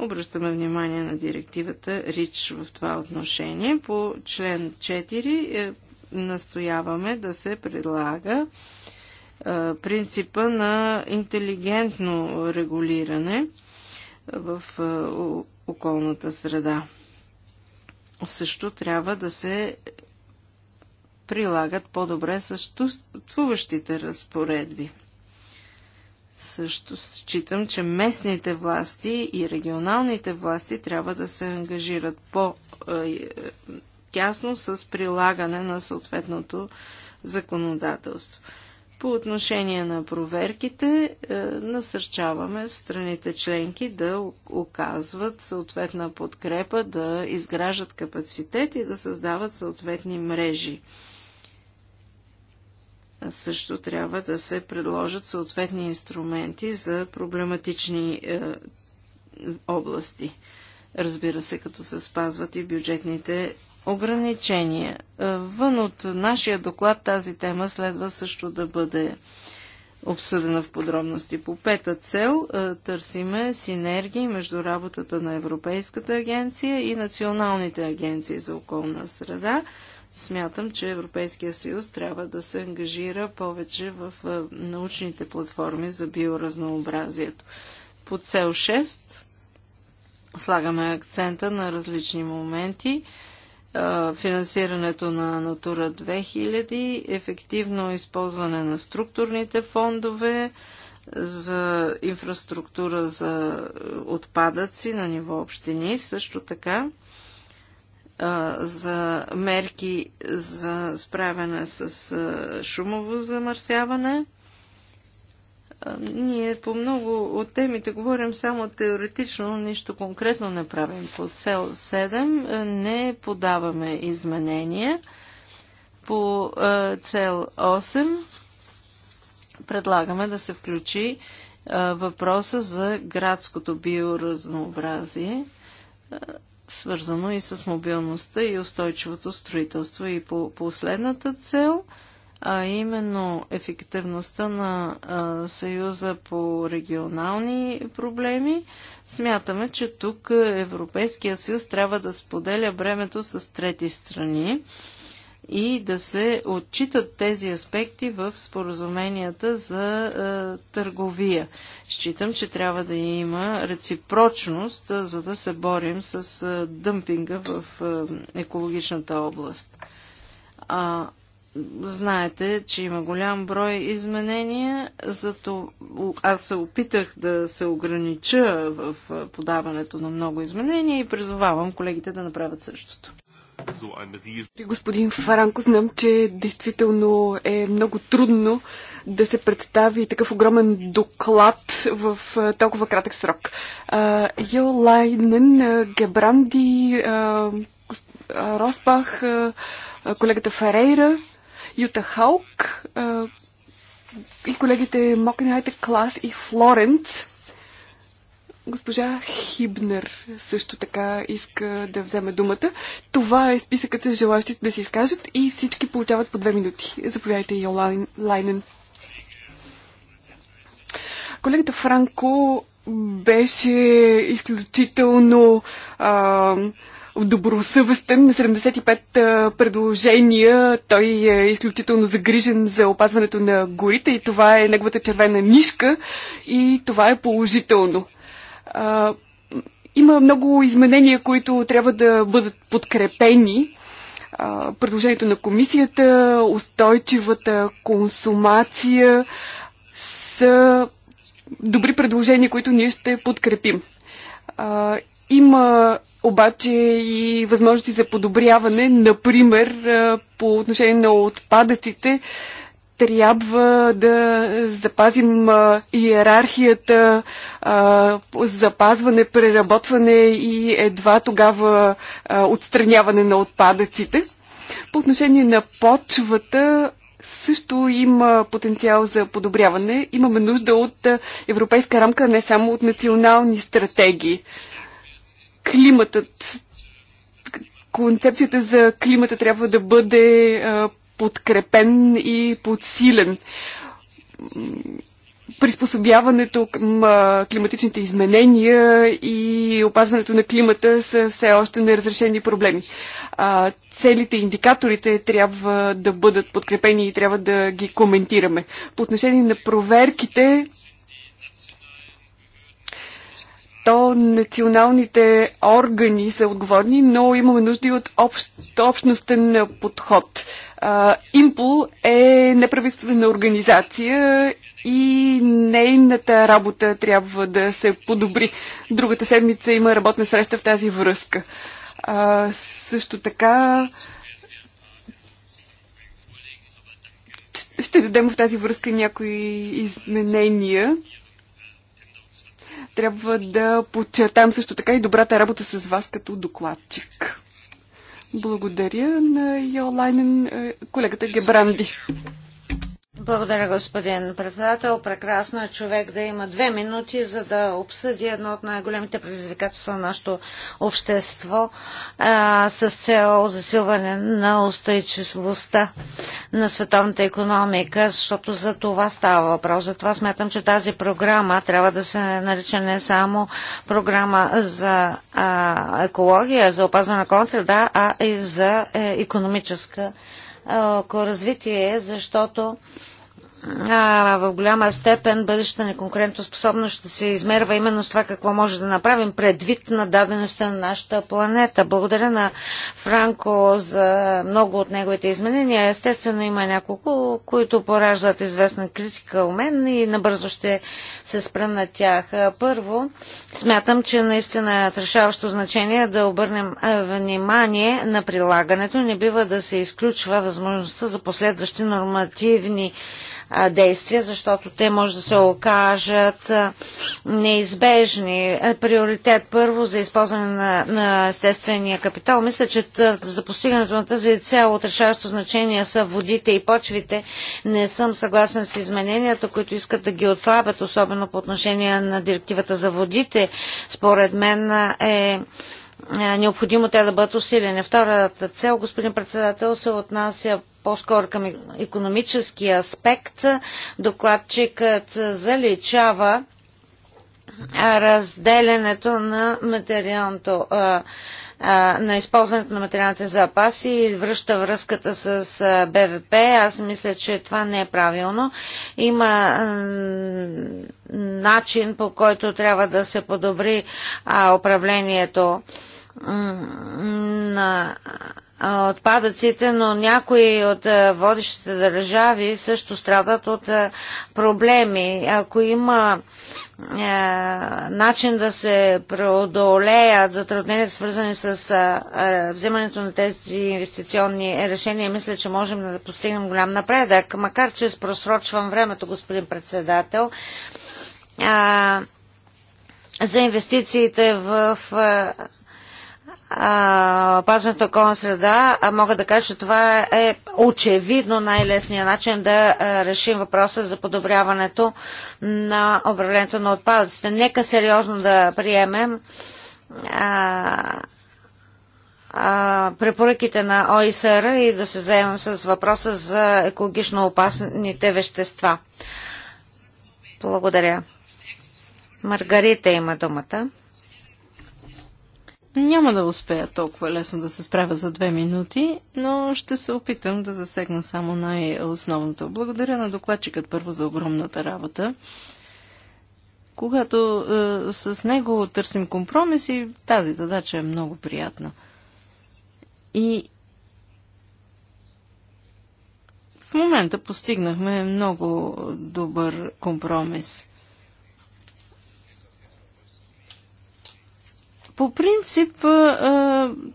Обръщаме внимание на директивата РИЧ в това отношение. По член 4 е, настояваме да се предлага е, принципа на интелигентно регулиране в е, околната среда. Също трябва да се прилагат по-добре съществуващите разпоредби. Също считам, че местните власти и регионалните власти трябва да се ангажират по-тясно е, е, с прилагане на съответното законодателство. По отношение на проверките, е, насърчаваме страните членки да оказват съответна подкрепа, да изграждат капацитет и да създават съответни мрежи също трябва да се предложат съответни инструменти за проблематични е, области. Разбира се, като се спазват и бюджетните ограничения. Е, вън от нашия доклад тази тема следва също да бъде обсъдена в подробности. По пета цел е, търсиме синергии между работата на Европейската агенция и националните агенции за околна среда Смятам, че Европейския съюз трябва да се ангажира повече в научните платформи за биоразнообразието. По цел 6 слагаме акцента на различни моменти финансирането на Натура 2000, ефективно използване на структурните фондове за инфраструктура за отпадъци на ниво общини, също така за мерки за справяне с шумово замърсяване. Ние по много от темите говорим само теоретично, нищо конкретно не правим. По цел 7 не подаваме изменения. По цел 8 предлагаме да се включи въпроса за градското биоразнообразие свързано и с мобилността и устойчивото строителство. И по последната цел, а именно ефективността на а, Съюза по регионални проблеми, смятаме, че тук Европейския съюз трябва да споделя бремето с трети страни и да се отчитат тези аспекти в споразуменията за а, е, търговия. Считам, че трябва да има реципрочност, а, е, за да се борим с а, е, дъмпинга в а, екологичната област. А, знаете, че има голям брой изменения, зато аз се опитах да се огранича в подаването на много изменения и призовавам колегите да направят същото. Господин Фаранко, знам, че действително е много трудно да се представи такъв огромен доклад в толкова кратък срок. Йо Лайнен, Гебранди, Роспах, колегата Ферейра, Юта Хаук и колегите Мокенхайте, Клас и Флоренц Госпожа Хибнер също така иска да вземе думата. Това е списъкът с желащите да се изкажат и всички получават по две минути. Заповядайте, Йолайн Лайнен. Колегата Франко беше изключително а, добросъвестен на 75 предложения. Той е изключително загрижен за опазването на горите и това е неговата червена нишка и това е положително. А, има много изменения, които трябва да бъдат подкрепени. А, предложението на комисията, устойчивата консумация са добри предложения, които ние ще подкрепим. А, има обаче и възможности за подобряване, например, по отношение на отпадъците трябва да запазим иерархията, запазване, преработване и едва тогава отстраняване на отпадъците. По отношение на почвата, също има потенциал за подобряване. Имаме нужда от европейска рамка, не само от национални стратегии. Климатът, концепцията за климата трябва да бъде подкрепен и подсилен. Приспособяването към климатичните изменения и опазването на климата са все още неразрешени проблеми. Целите, индикаторите трябва да бъдат подкрепени и трябва да ги коментираме. По отношение на проверките, то националните органи са отговорни, но имаме нужда и от общ, общностен подход. Импул е неправителствена организация и нейната работа трябва да се подобри. Другата седмица има работна среща в тази връзка. А, също така ще дадем в тази връзка някои изменения. Трябва да подчертаем също така и добрата работа с вас като докладчик. Благодаря на Йолайнен, е, колегата Гебранди. Благодаря, господин председател. Прекрасно е човек да има две минути, за да обсъди едно от най-големите предизвикателства на нашето общество а, с цел засилване на устойчивостта на световната економика, защото за това става въпрос. Затова смятам, че тази програма трябва да се нарича не само програма за а, екология, за опазване на контра, да, а и за е, економическа око развитие, защото в голяма степен бъдещата неконкурентоспособност ще се измерва именно с това какво може да направим предвид на дадеността на нашата планета. Благодаря на Франко за много от неговите изменения. Естествено има няколко, които пораждат известна критика у мен и набързо ще се спра на тях. Първо, смятам, че наистина е решаващо значение да обърнем внимание на прилагането. Не бива да се изключва възможността за последващи нормативни действия, защото те може да се окажат неизбежни. Е, приоритет първо за използване на, на естествения капитал. Мисля, че за постигането на тази цел от решаващо значение са водите и почвите. Не съм съгласен с измененията, които искат да ги отслабят, особено по отношение на директивата за водите. Според мен е необходимо те да бъдат усилени. Втората цел, господин председател, се отнася по-скоро към е- економически аспект, докладчикът заличава разделянето на материалното на използването на материалните запаси и връща връзката с БВП. Аз мисля, че това не е правилно. Има начин по който трябва да се подобри управлението на отпадъците, но някои от водещите държави също страдат от проблеми. Ако има начин да се преодолеят затрудненията, свързани с вземането на тези инвестиционни решения, мисля, че можем да постигнем голям напредък, макар че спросрочвам времето, господин председател. за инвестициите в опазването на околна среда, а мога да кажа, че това е очевидно най-лесният начин да решим въпроса за подобряването на управлението на отпадъците. Нека сериозно да приемем а, а, препоръките на ОИСР и да се заемем с въпроса за екологично опасните вещества. Благодаря. Маргарита има думата. Няма да успея толкова лесно да се справя за две минути, но ще се опитам да засегна само най-основното. Благодаря на докладчикът първо за огромната работа. Когато е, с него търсим компромиси, тази задача е много приятна. И в момента постигнахме много добър компромис. По принцип,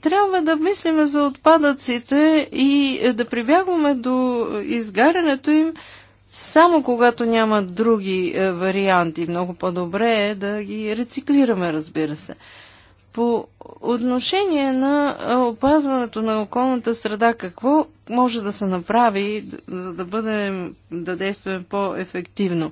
трябва да мислим за отпадъците и да прибягваме до изгарянето им само когато няма други варианти. Много по-добре е да ги рециклираме, разбира се. По отношение на опазването на околната среда, какво може да се направи, за да бъдем, да действаме по-ефективно?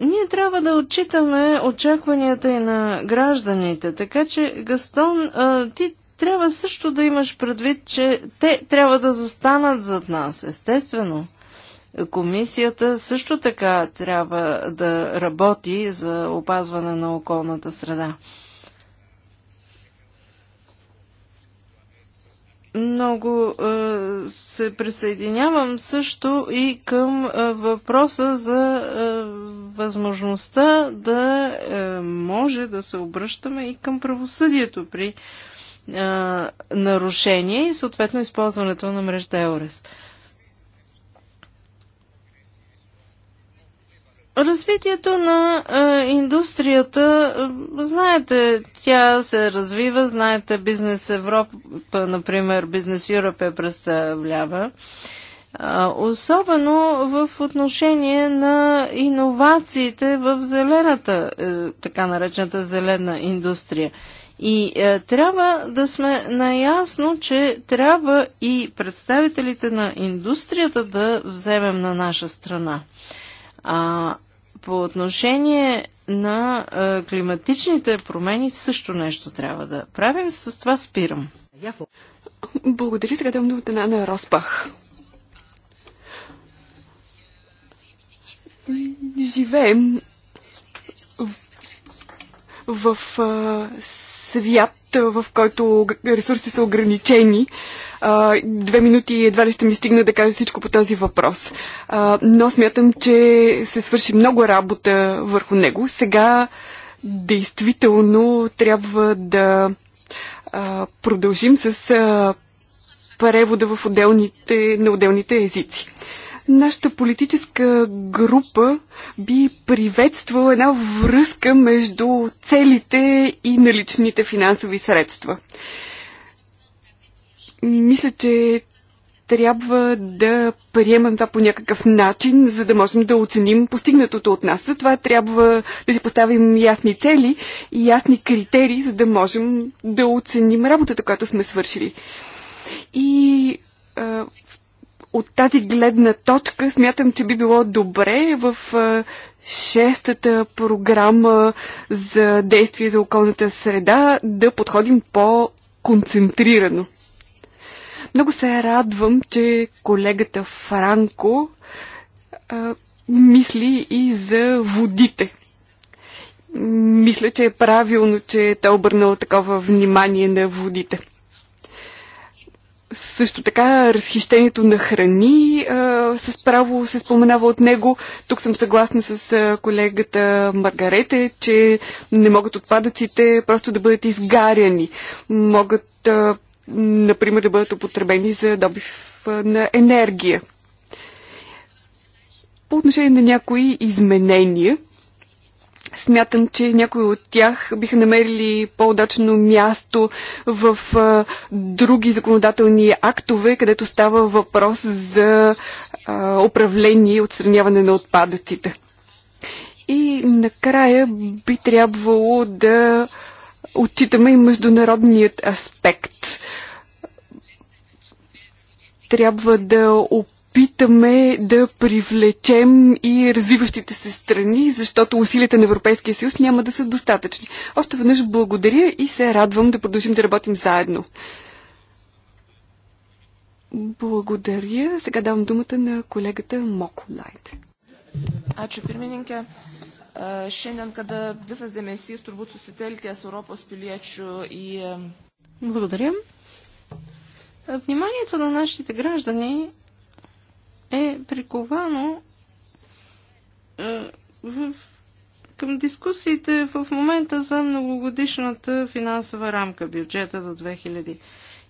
Ние трябва да отчитаме очакванията и на гражданите, така че, Гастон, ти трябва също да имаш предвид, че те трябва да застанат зад нас, естествено. Комисията също така трябва да работи за опазване на околната среда. много е, се присъединявам също и към е, въпроса за е, възможността да може да се обръщаме и към правосъдието при нарушение и съответно използването на мрежда ЕОРЕС. Развитието на а, индустрията, знаете, тя се развива, знаете, Бизнес Европа, например, Бизнес Европа я представлява. А, особено в отношение на иновациите в зелената, е, така наречената зелена индустрия. И е, трябва да сме наясно, че трябва и представителите на индустрията да вземем на наша страна. А, по отношение на климатичните промени също нещо трябва да правим. С това спирам. Благодаря. Сега да думата на Ана Роспах. Живеем в, в, в свят, в който ресурси са ограничени. Две минути едва ли ще ми стигна да кажа всичко по този въпрос. Но смятам, че се свърши много работа върху него. Сега действително трябва да продължим с превода в отделните, на отделните езици. Нашата политическа група би приветствала една връзка между целите и наличните финансови средства. Мисля, че трябва да приемам това по някакъв начин, за да можем да оценим постигнатото от нас. Затова трябва да си поставим ясни цели и ясни критерии, за да можем да оценим работата, която сме свършили. И от тази гледна точка смятам, че би било добре в шестата програма за действие за околната среда да подходим по-концентрирано. Много се радвам, че колегата Франко а, мисли и за водите. Мисля, че е правилно, че е обърнал такова внимание на водите. Също така, разхищението на храни а, с право се споменава от него. Тук съм съгласна с а, колегата Маргарете, че не могат отпадъците просто да бъдат изгаряни. Могат, а, например, да бъдат употребени за добив а, на енергия. По отношение на някои изменения, Смятам, че някои от тях биха намерили по-удачно място в а, други законодателни актове, където става въпрос за а, управление и отстраняване на отпадъците. И накрая би трябвало да отчитаме и международният аспект. Трябва да опитаме опитаме да привлечем и развиващите се страни, защото усилията на Европейския съюз няма да са достатъчни. Още веднъж благодаря и се радвам да продължим да работим заедно. Благодаря. Сега давам думата на колегата Моколайт. Ačiū pirmininkė. Šiandien, kada visas dėmesys с Европа с piliečių и... Е, благодаря. Вниманието на нашите граждани е приковано е, в, към дискусиите в момента за многогодишната финансова рамка, бюджета до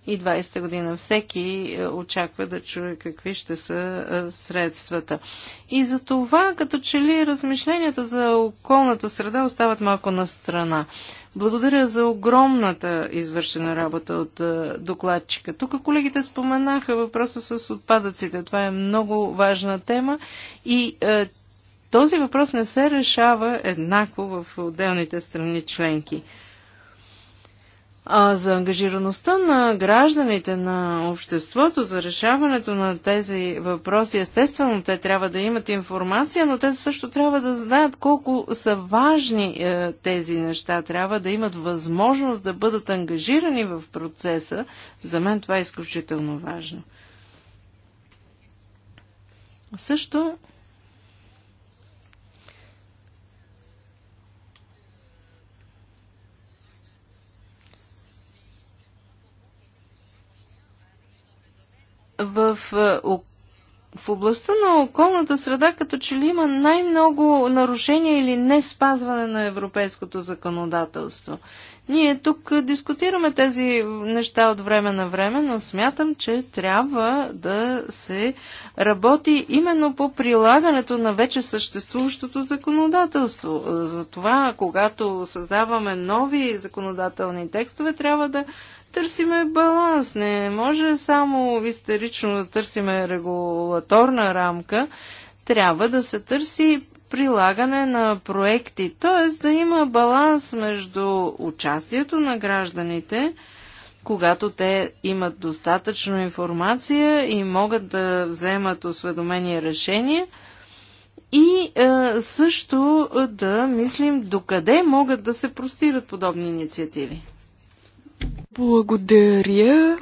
2020 година. Всеки е, очаква да чуе какви ще са е, средствата. И за това, като че ли размишленията за околната среда остават малко на страна. Благодаря за огромната извършена работа от е, докладчика. Тук колегите споменаха въпроса с отпадъците. Това е много важна тема и е, този въпрос не се решава еднакво в отделните страни членки. А за ангажираността на гражданите на обществото за решаването на тези въпроси, естествено, те трябва да имат информация, но те също трябва да знаят колко са важни е, тези неща. Трябва да имат възможност да бъдат ангажирани в процеса. За мен това е изключително важно. Също в, е, в областта на околната среда като че ли има най-много нарушения или не спазване на европейското законодателство. Ние тук дискутираме тези неща от време на време, но смятам, че трябва да се работи именно по прилагането на вече съществуващото законодателство. Затова, когато създаваме нови законодателни текстове, трябва да търсиме баланс. Не може само истерично да търсиме регулаторна рамка. Трябва да се търси прилагане на проекти, т.е. да има баланс между участието на гражданите, когато те имат достатъчно информация и могат да вземат осведомени решения, и е, също да мислим докъде могат да се простират подобни инициативи. Благодаря.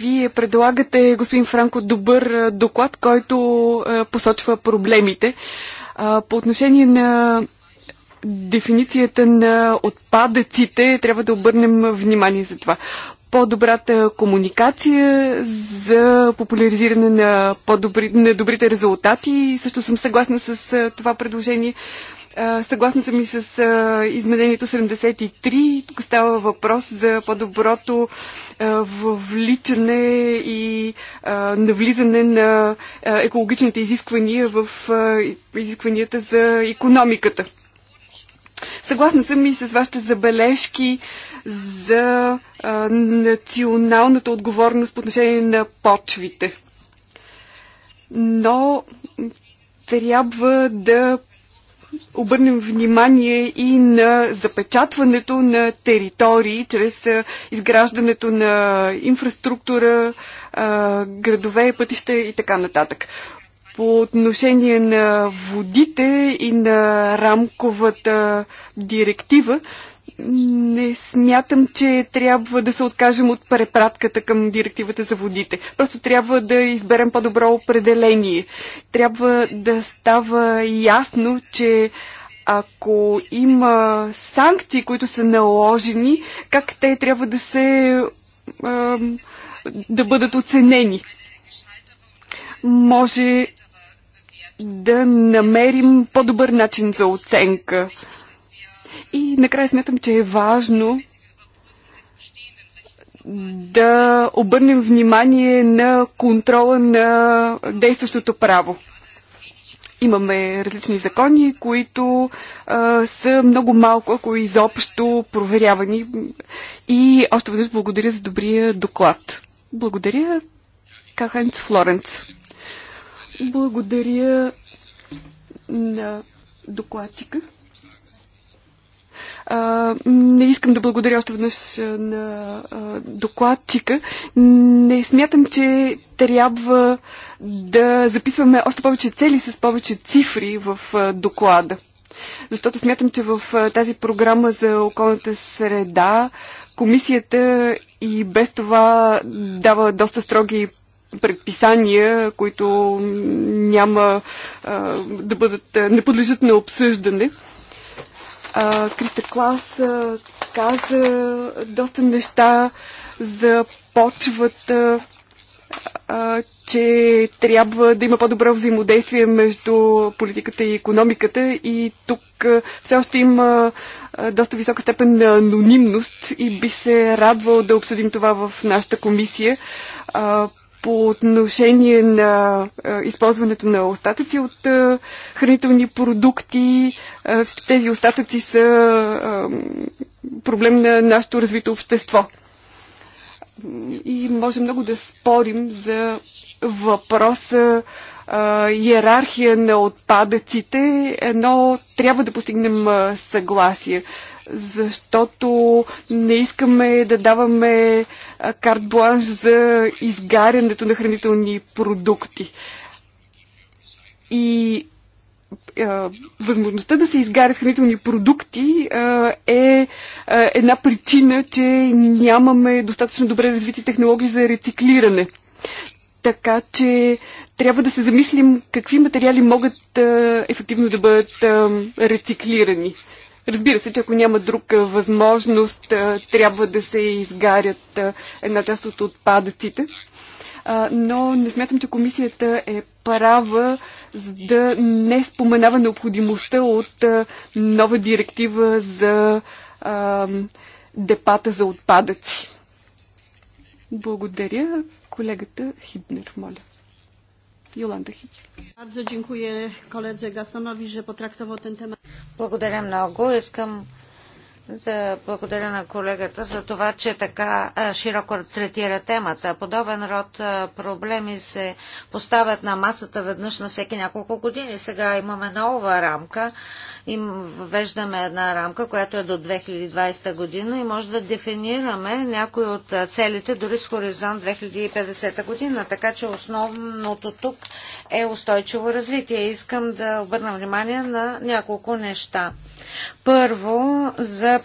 Вие предлагате, господин Франко, добър доклад, който посочва проблемите. По отношение на дефиницията на отпадъците, трябва да обърнем внимание за това. По-добрата комуникация за популяризиране на, на добрите резултати. Също съм съгласна с това предложение. Съгласна съм и с изменението 73. Тук става въпрос за по-доброто вличане и навлизане на екологичните изисквания в изискванията за економиката. Съгласна съм и с вашите забележки за националната отговорност по отношение на почвите. Но трябва да обърнем внимание и на запечатването на територии чрез изграждането на инфраструктура, градове, пътища и така нататък. По отношение на водите и на рамковата директива, не смятам, че трябва да се откажем от препратката към директивата за водите. Просто трябва да изберем по-добро определение. Трябва да става ясно, че ако има санкции, които са наложени, как те трябва да се да бъдат оценени. Може да намерим по-добър начин за оценка. И накрая смятам, че е важно да обърнем внимание на контрола на действащото право. Имаме различни закони, които а, са много малко, ако изобщо проверявани. И още веднъж благодаря за добрия доклад. Благодаря, Каханц Флоренц. Благодаря на докладчика. Не искам да благодаря още веднъж на докладчика. Не смятам, че трябва да записваме още повече цели с повече цифри в доклада. Защото смятам, че в тази програма за околната среда комисията и без това дава доста строги предписания, които няма а, да бъдат, не подлежат на обсъждане. А, Криста Клас каза доста неща за почвата, а, че трябва да има по-добро взаимодействие между политиката и економиката и тук а, все още има а, доста висока степен на анонимност и би се радвал да обсъдим това в нашата комисия. А, по отношение на използването на остатъци от хранителни продукти. Всички тези остатъци са проблем на нашето развито общество. И може много да спорим за въпроса иерархия на отпадъците, но трябва да постигнем съгласие защото не искаме да даваме карт-бланш за изгарянето на хранителни продукти. И възможността да се изгарят хранителни продукти е една причина, че нямаме достатъчно добре развити технологии за рециклиране. Така че трябва да се замислим какви материали могат ефективно да бъдат рециклирани. Разбира се, че ако няма друга възможност, трябва да се изгарят една част от отпадъците. Но не смятам, че комисията е права за да не споменава необходимостта от нова директива за депата за отпадъци. Благодаря. Колегата Хибнер, моля. Хич. Благодаря много. Искам да благодаря на колегата за това, че така широко третира темата. Подобен род проблеми се поставят на масата веднъж на всеки няколко години. Сега имаме нова рамка им въвеждаме една рамка, която е до 2020 година и може да дефинираме някои от целите дори с хоризонт 2050 година. Така че основното тук е устойчиво развитие. Искам да обърна внимание на няколко неща. Първо, за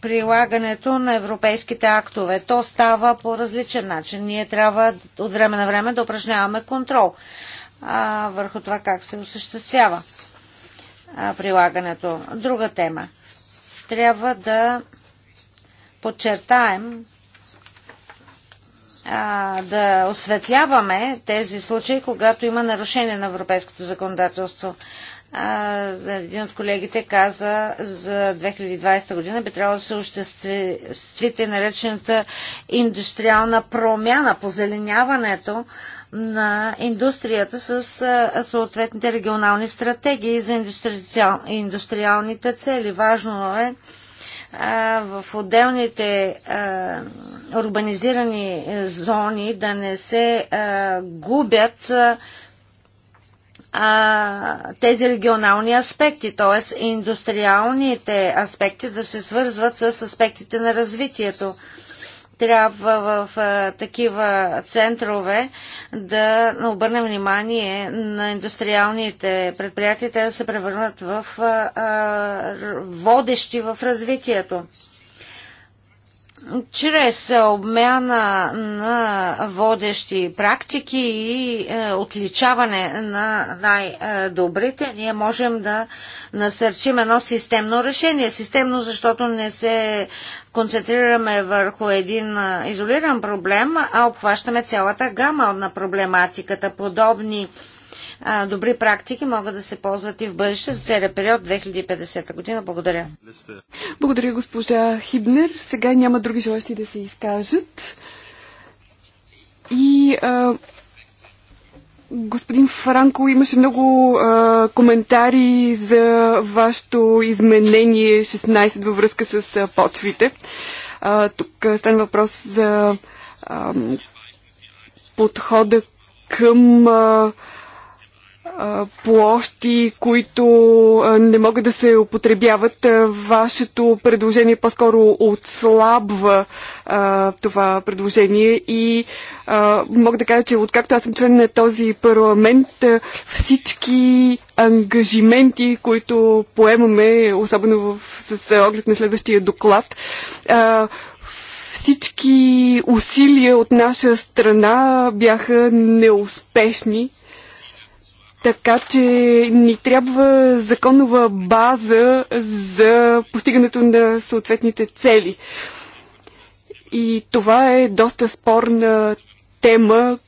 прилагането на европейските актове. То става по различен начин. Ние трябва от време на време да упражняваме контрол а, върху това как се осъществява прилагането. Друга тема. Трябва да подчертаем, да осветляваме тези случаи, когато има нарушение на европейското законодателство. един от колегите каза за 2020 година би трябвало да се осъществите наречената индустриална промяна, позеленяването на индустрията с съответните регионални стратегии за индустриал, индустриалните цели. Важно е в отделните а, урбанизирани зони да не се а, губят тези регионални аспекти, т.е. индустриалните аспекти да се свързват с аспектите на развитието трябва в а, такива центрове да обърнем внимание на индустриалните предприятия, те да се превърнат в а, а, водещи в развитието чрез обмяна на водещи практики и е, отличаване на най-добрите, ние можем да насърчим едно системно решение. Системно, защото не се концентрираме върху един е, изолиран проблем, а обхващаме цялата гама на проблематиката. Подобни добри практики могат да се ползват и в бъдеще за целия период 2050 година. Благодаря. Благодаря, госпожа Хибнер. Сега няма други желащи да се изкажат. И а, господин Франко, имаше много а, коментари за вашето изменение 16 във връзка с а, почвите. А, тук стана въпрос за а, подхода към а, площи, които не могат да се употребяват. Вашето предложение по-скоро отслабва а, това предложение и а, мога да кажа, че откакто аз съм член на този парламент, всички ангажименти, които поемаме, особено в, с оглед на следващия доклад, а, всички усилия от наша страна бяха неуспешни така че ни трябва законова база за постигането на съответните цели. И това е доста спорна тема,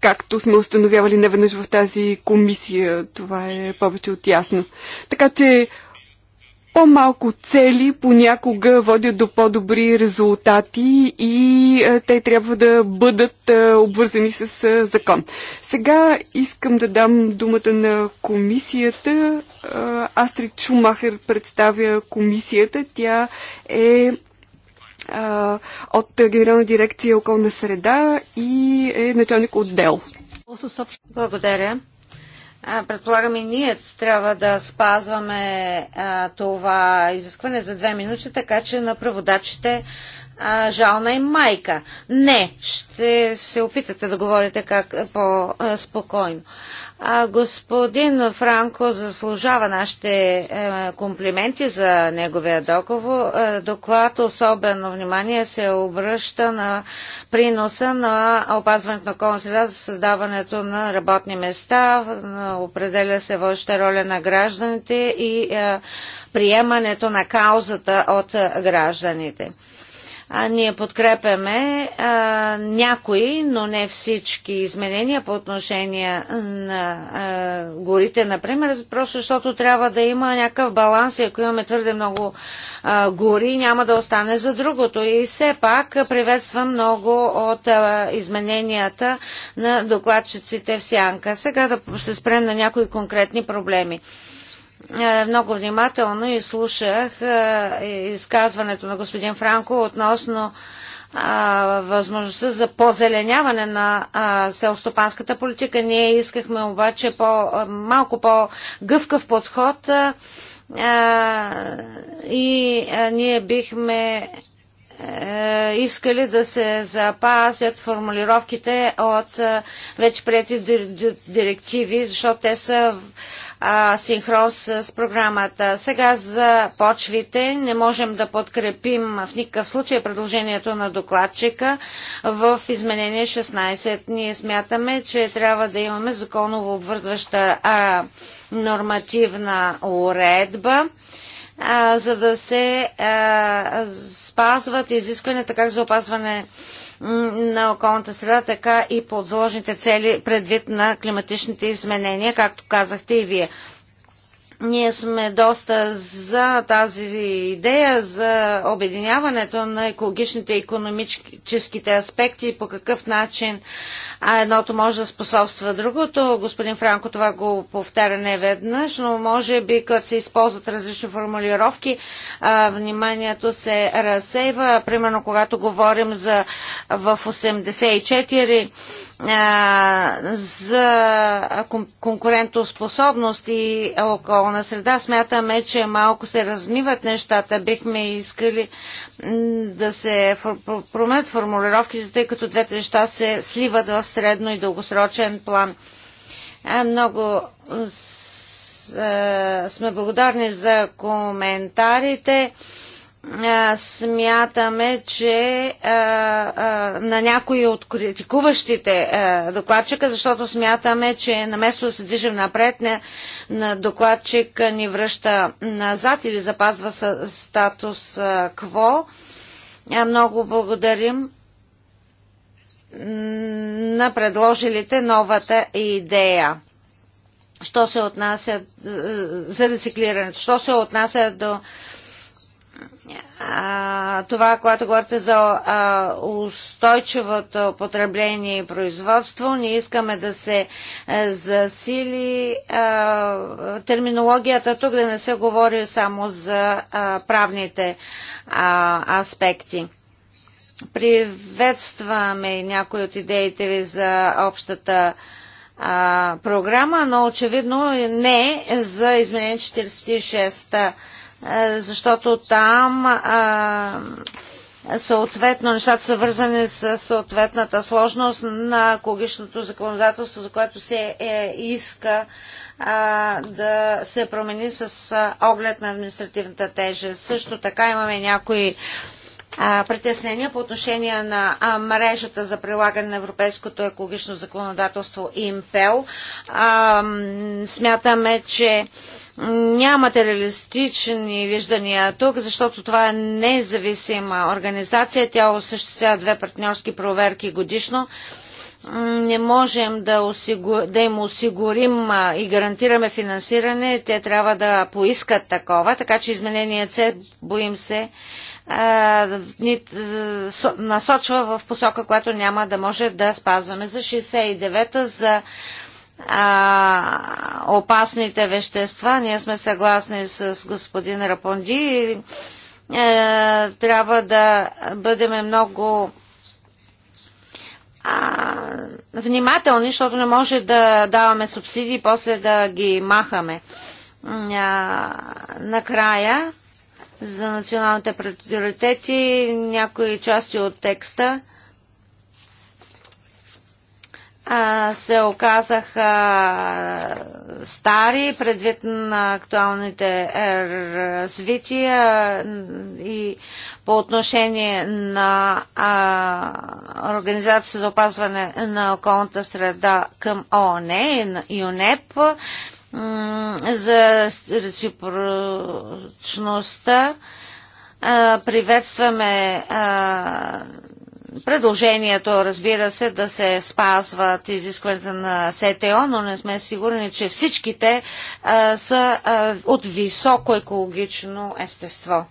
както сме установявали неведнъж в тази комисия. Това е повече от ясно. Така че по-малко цели понякога водят до по-добри резултати и а, е, те трябва да бъдат а, е, обвързани с а, е, закон. Сега искам да дам думата на комисията. А, Астрид Шумахер представя комисията. Тя е а, от Генерална дирекция околна среда и е началник отдел. Благодаря. Предполагам и ние трябва да спазваме а, това изискване за две минути, така че на преводачите а, жална и майка. Не, ще се опитате да говорите как по-спокойно господин Франко заслужава нашите е, комплименти за неговия договор. Е, доклад особено внимание се обръща на приноса на опазването на околна среда за създаването на работни места, определя се водеща роля на гражданите и е, приемането на каузата от гражданите. А, ние подкрепяме а, някои, но не всички изменения по отношение на а, горите, например, просто защото трябва да има някакъв баланс и ако имаме твърде много а, гори, няма да остане за другото. И все пак приветствам много от а, измененията на докладчиците в Сянка. Сега да се спрем на някои конкретни проблеми. Е, много внимателно и слушах е, изказването на господин Франко относно е, възможността за позеленяване на селстопанската политика. Ние искахме обаче по, малко по-гъвкав подход и ние бихме искали да се запасят формулировките от вече прияти директиви, защото те са синхрон с програмата. Сега за почвите не можем да подкрепим в никакъв случай предложението на докладчика в изменение 16. Ние смятаме, че трябва да имаме законово обвързваща а, нормативна уредба а, за да се а, спазват изискванията как за опазване на околната среда, така и подзложните цели предвид на климатичните изменения, както казахте и вие. Ние сме доста за тази идея за обединяването на екологичните и економическите аспекти и по какъв начин едното може да способства другото. Господин Франко това го повтаря не веднъж, но може би като се използват различни формулировки, вниманието се разсейва. Примерно когато говорим за в 84 за конкурентоспособност и околна среда. Смятаме, че малко се размиват нещата. Бихме искали да се променят формулировките, тъй като двете неща се сливат в средно и дългосрочен план. Много сме благодарни за коментарите смятаме, че а, а, на някои от критикуващите а, докладчика, защото смятаме, че наместо да се движим напред, не, на докладчик ни връща назад или запазва статус кво. Много благодарим на предложилите новата идея. Що се отнася за рециклирането? Що се отнася до това, което говорите за а, устойчивото потребление и производство, ние искаме да се а, е, засили а, терминологията тук, да не се говори само за а, правните а, аспекти. Приветстваме някои от идеите ви за общата а, програма, но очевидно не за изменение 46 е, защото там е, съответно нещата са вързани с съответната сложност на екологичното законодателство, за което се е, иска а, е, да се промени с а, оглед на административната тежест. Също така имаме някои а, притеснения по отношение на а, мрежата за прилагане на европейското екологично законодателство ИМПЕЛ. А, смятаме, че а, нямате реалистични виждания тук, защото това е независима организация. Тя осъществява две партньорски проверки годишно. Не можем да, осигу... да им осигурим и гарантираме финансиране. Те трябва да поискат такова, така че изменение С, боим се, ни насочва в посока, която няма да може да спазваме. За 69-та за а, опасните вещества. Ние сме съгласни с господин Рапонди. Е, трябва да бъдем много а, внимателни, защото не може да даваме субсидии и после да ги махаме. А, накрая, за националните приоритети, някои части от текста се оказаха стари предвид на актуалните е, развития и по отношение на Организацията за опазване на околната среда към ООН и ЮНЕП за реципрочността. Приветстваме Предложението, разбира се, да се спазват изискването на СТО, но не сме сигурни, че всичките а, са а, от високо екологично естество.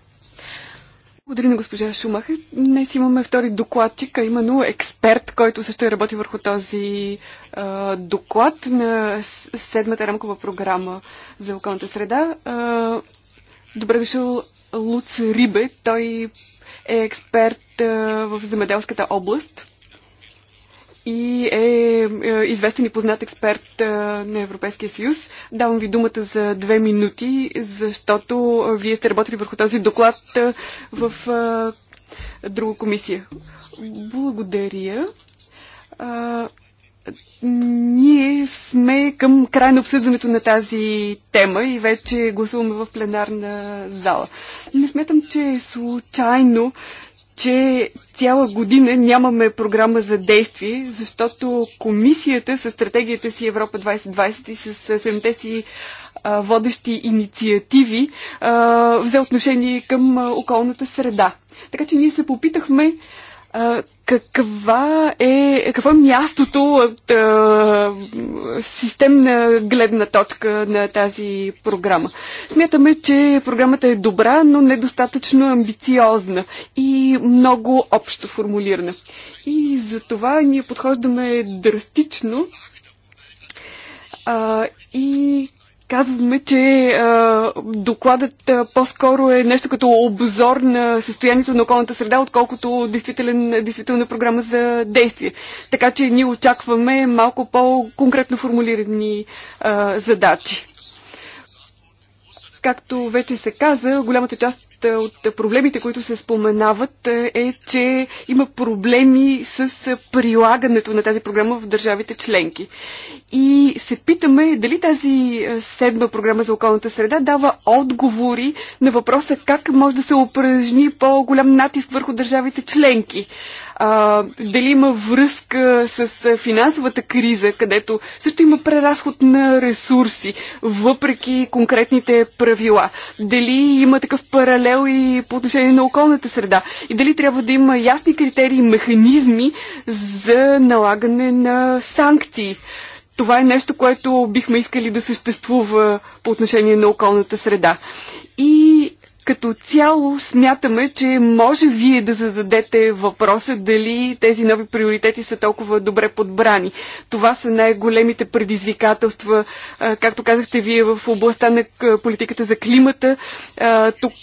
Благодаря на госпожа Шумахер. Днес имаме втори докладчик, а именно експерт, който също е работи върху този а, доклад на седмата рамкова програма за околната среда. А, добре дошъл Луц Рибе. Той е експерт в земеделската област и е, е известен и познат експерт на Европейския съюз. Давам ви думата за две минути, защото вие сте работили върху този доклад в друга комисия. Благодаря. Ние сме към край на обсъждането на тази тема и вече гласуваме в пленарна зала. Не сметам, че е случайно, че цяла година нямаме програма за действие, защото комисията с стратегията си Европа 2020 и с седемте си водещи инициативи взе отношение към околната среда. Така че ние се попитахме каква е, какво е мястото от а, системна гледна точка на тази програма? Смятаме, че програмата е добра, но недостатъчно амбициозна и много общо формулирана. И за това ние подхождаме драстично а, и Казваме, че а, докладът а, по-скоро е нещо като обзор на състоянието на околната среда, отколкото действителна програма за действие. Така че ние очакваме малко по-конкретно формулирани а, задачи. Както вече се каза, голямата част е, от проблемите, които се споменават, е, е че има проблеми с е, прилагането на тази програма в държавите членки. И се питаме дали тази седма програма за околната среда дава отговори на въпроса как може да се упражни по-голям натиск върху държавите членки а, дали има връзка с финансовата криза, където също има преразход на ресурси, въпреки конкретните правила. Дали има такъв паралел и по отношение на околната среда. И дали трябва да има ясни критерии, механизми за налагане на санкции. Това е нещо, което бихме искали да съществува по отношение на околната среда. И като цяло смятаме, че може вие да зададете въпроса дали тези нови приоритети са толкова добре подбрани. Това са най-големите предизвикателства, както казахте вие, в областта на политиката за климата. Тук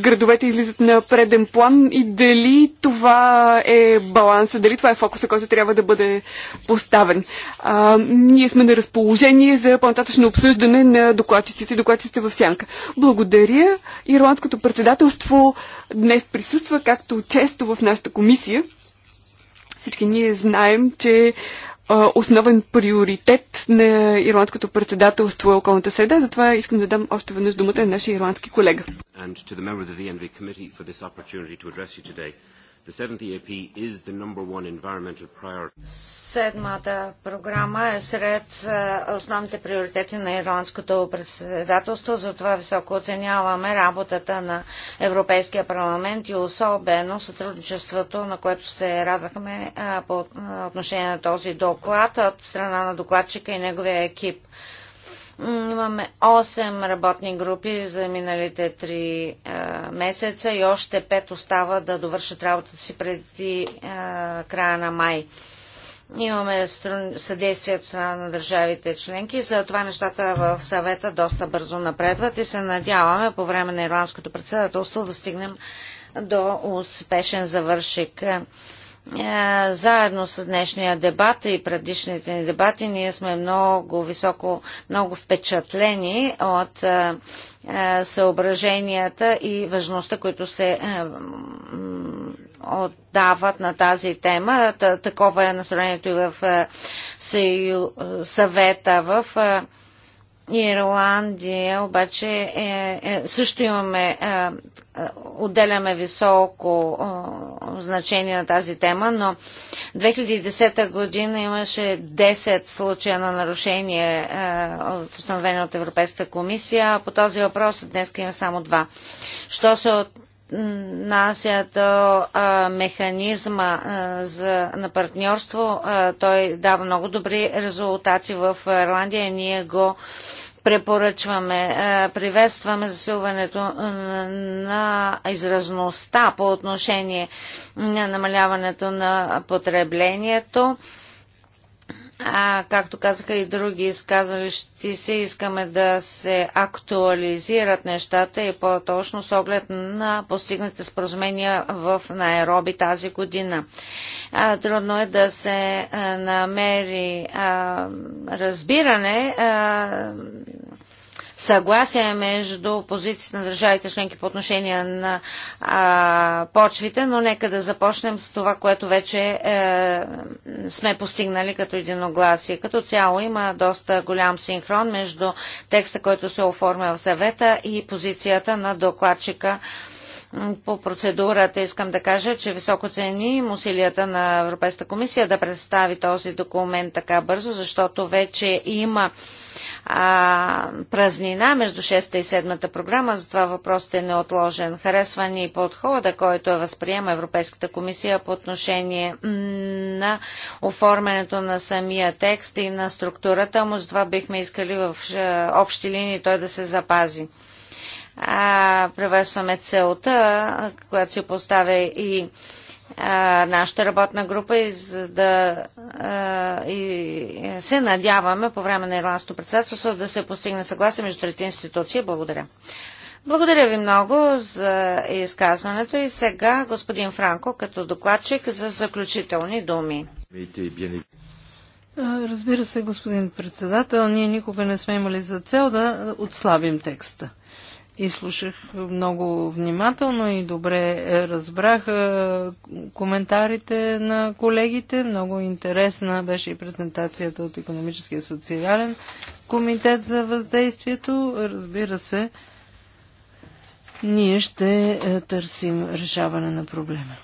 градовете излизат на преден план и дали това е баланса, дали това е фокуса, който трябва да бъде поставен. Ние сме на разположение за по-нататъчно обсъждане на докладчиците и докладчиците в сянка. Благодаря и Ирландското председателство днес присъства, както често в нашата комисия. Всички ние знаем, че основен приоритет на ирландското председателство е околната среда, затова искам да дам още веднъж думата на нашия ирландски колега. The seventh EAP is the number one environmental priority. Седмата програма е сред основните приоритети на ирландското председателство, затова високо оценяваме работата на Европейския парламент и особено сътрудничеството, на което се радвахме по отношение на този доклад от страна на докладчика и неговия екип. Имаме 8 работни групи за миналите 3 а, е, месеца и още 5 остава да довършат работата си преди а, е, края на май. Имаме съдействие от страна на държавите членки, за това нещата в съвета доста бързо напредват и се надяваме по време на ирландското председателство да стигнем до успешен завършик. Е, заедно с днешния дебат и предишните ни дебати, ние сме много високо, много впечатлени от е, е, съображенията и важността, които се отдават на тази тема. Такова е настроението и в съвета в Ирландия обаче е, е, също имаме, е, е, отделяме високо е, значение на тази тема, но 2010 година имаше 10 случая на нарушение, е, постановени от Европейската комисия, а по този въпрос днес има само два. Що се от отнася до а, е, механизма а, е, за, на партньорство, а, е, той дава много добри резултати в Ирландия. Ние го препоръчваме. Е, приветстваме засилването на изразността по отношение на намаляването на потреблението. А, както казаха и други изказващи се, искаме да се актуализират нещата и по-точно с оглед на постигнати споразумения в Найроби тази година. А, трудно е да се намери а, разбиране а, съгласие между позициите на държавите членки по отношение на а, почвите, но нека да започнем с това, което вече е, сме постигнали като единогласие. Като цяло има доста голям синхрон между текста, който се оформя в съвета и позицията на докладчика по процедурата искам да кажа, че високо ценим усилията на Европейската комисия да представи този документ така бързо, защото вече има а, празнина между 6-та и 7-та програма, затова въпросът е неотложен. Харесва ни подхода, който е възприема Европейската комисия по отношение на оформянето на самия текст и на структурата му, затова бихме искали в общи линии той да се запази. А, превесваме целта, която си поставя и нашата работна група и за да и се надяваме по време на ирландското председателство да се постигне съгласие между трети институции. Благодаря. Благодаря ви много за изказването и сега господин Франко като докладчик за заключителни думи. Разбира се, господин председател, ние никога не сме имали за цел да отслабим текста изслушах много внимателно и добре разбрах коментарите на колегите. Много интересна беше и презентацията от Економическия и социален комитет за въздействието. Разбира се, ние ще е, търсим решаване на проблема.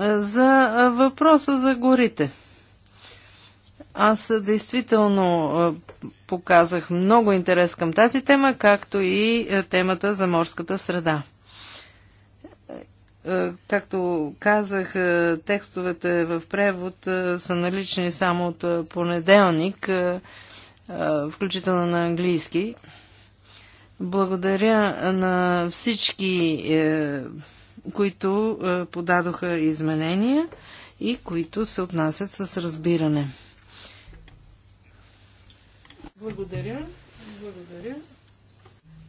За въпроса за горите – аз действително показах много интерес към тази тема, както и темата за морската среда. Както казах, текстовете в превод са налични само от понеделник, включително на английски. Благодаря на всички, е, които е, подадоха изменения и които се отнасят с разбиране. Благодаря. Благодаря.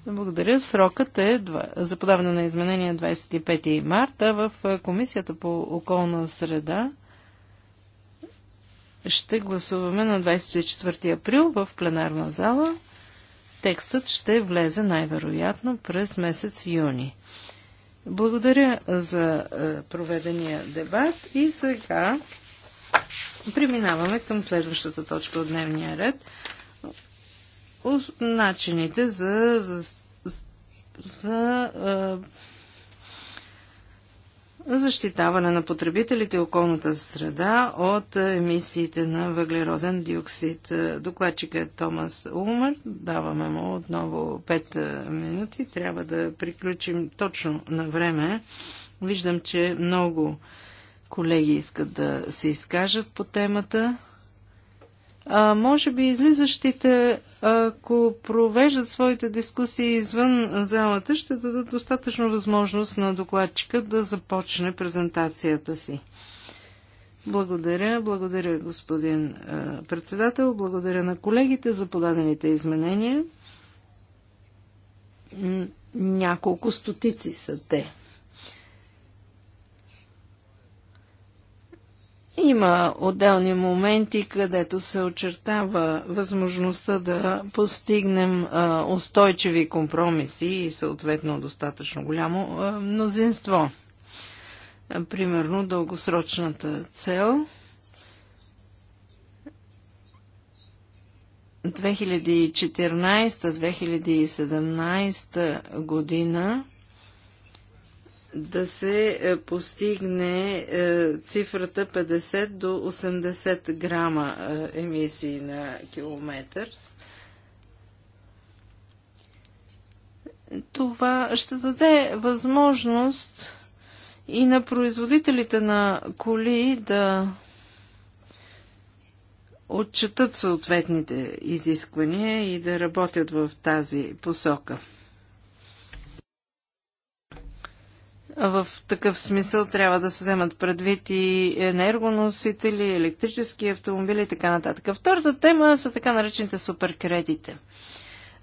Благодаря. Срокът е за подаване на изменения 25 марта в Комисията по околна среда. Ще гласуваме на 24 април в пленарна зала. Текстът ще влезе най-вероятно през месец юни. Благодаря за проведения дебат и сега преминаваме към следващата точка от дневния ред начините за, за, за а, защитаване на потребителите и околната среда от емисиите на въглероден диоксид. Докладчик е Томас Умър. Даваме му отново 5 минути. Трябва да приключим точно на време. Виждам, че много колеги искат да се изкажат по темата. А, може би излизащите, ако провеждат своите дискусии извън залата, ще дадат достатъчно възможност на докладчика да започне презентацията си. Благодаря, благодаря господин а, председател, благодаря на колегите за подадените изменения. Няколко стотици са те. Има отделни моменти, където се очертава възможността да постигнем а, устойчиви компромиси и съответно достатъчно голямо а, мнозинство. А, примерно дългосрочната цел 2014-2017 година да се е, постигне е, цифрата 50 до 80 грама е, емисии на километър. Това ще даде възможност и на производителите на коли да отчетат съответните изисквания и да работят в тази посока. В такъв смисъл трябва да се вземат предвид и енергоносители, електрически автомобили и така нататък. Втората тема са така наречените суперкредите.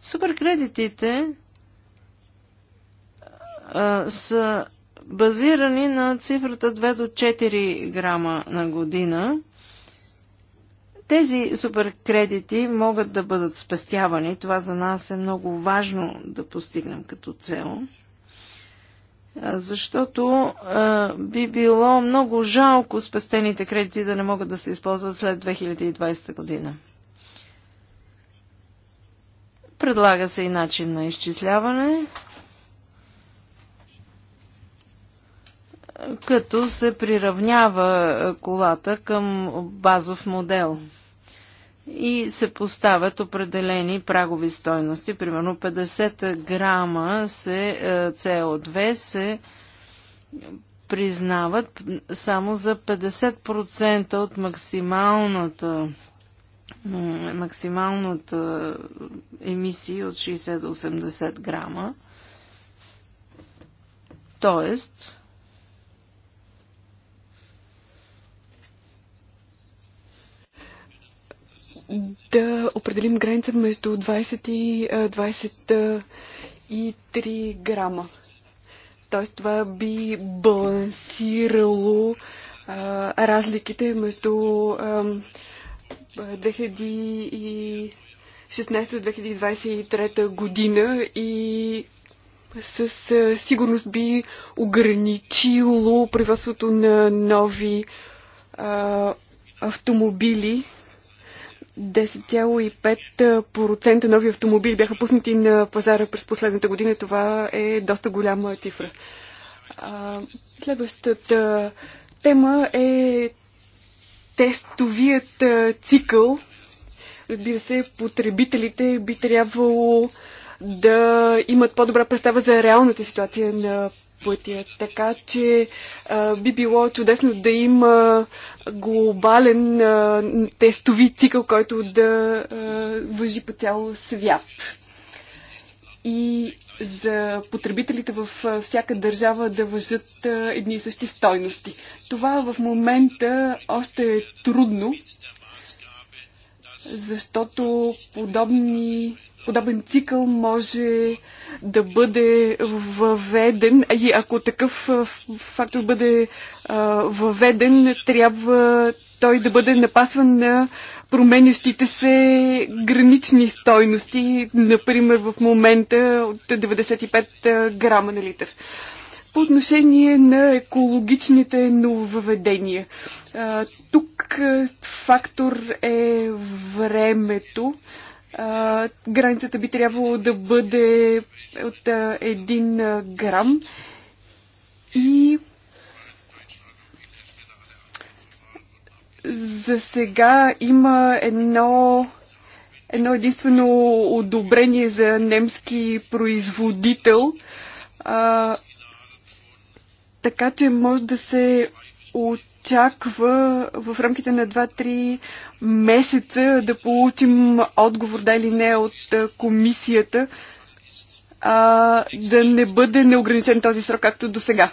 Суперкредитите а, са базирани на цифрата 2 до 4 грама на година. Тези суперкредити могат да бъдат спестявани. Това за нас е много важно да постигнем като цел защото а, би било много жалко спестените кредити да не могат да се използват след 2020 година. Предлага се и начин на изчисляване, като се приравнява колата към базов модел – и се поставят определени прагови стойности. Примерно 50 грама се, CO2 е, се признават само за 50% от максималната максималната емисия от 60 до 80 грама. Тоест, да определим граница между 20 и 23 грама. Тоест това би балансирало а, разликите между а, 2016-2023 година и със сигурност би ограничило производството на нови а, автомобили 10,5% нови автомобили бяха пуснати на пазара през последната година. Това е доста голяма цифра. Следващата тема е тестовият цикъл. Разбира се, потребителите би трябвало да имат по-добра представа за реалната ситуация на пътя. Така че а, би било чудесно да има глобален а, тестови цикъл, който да а, въжи по цял свят. И за потребителите в всяка държава да въжат едни и същи стойности. Това в момента още е трудно, защото подобни подобен цикъл може да бъде въведен. И ако такъв фактор бъде въведен, трябва той да бъде напасван на променящите се гранични стойности, например в момента от 95 грама на литър. По отношение на екологичните нововведения. Тук фактор е времето границата би трябвало да бъде от а, грам и за сега има едно едно единствено одобрение за немски производител. А, така че може да се от очаква в рамките на 2-3 месеца да получим отговор да или не от комисията, а, да не бъде неограничен този срок, както до сега.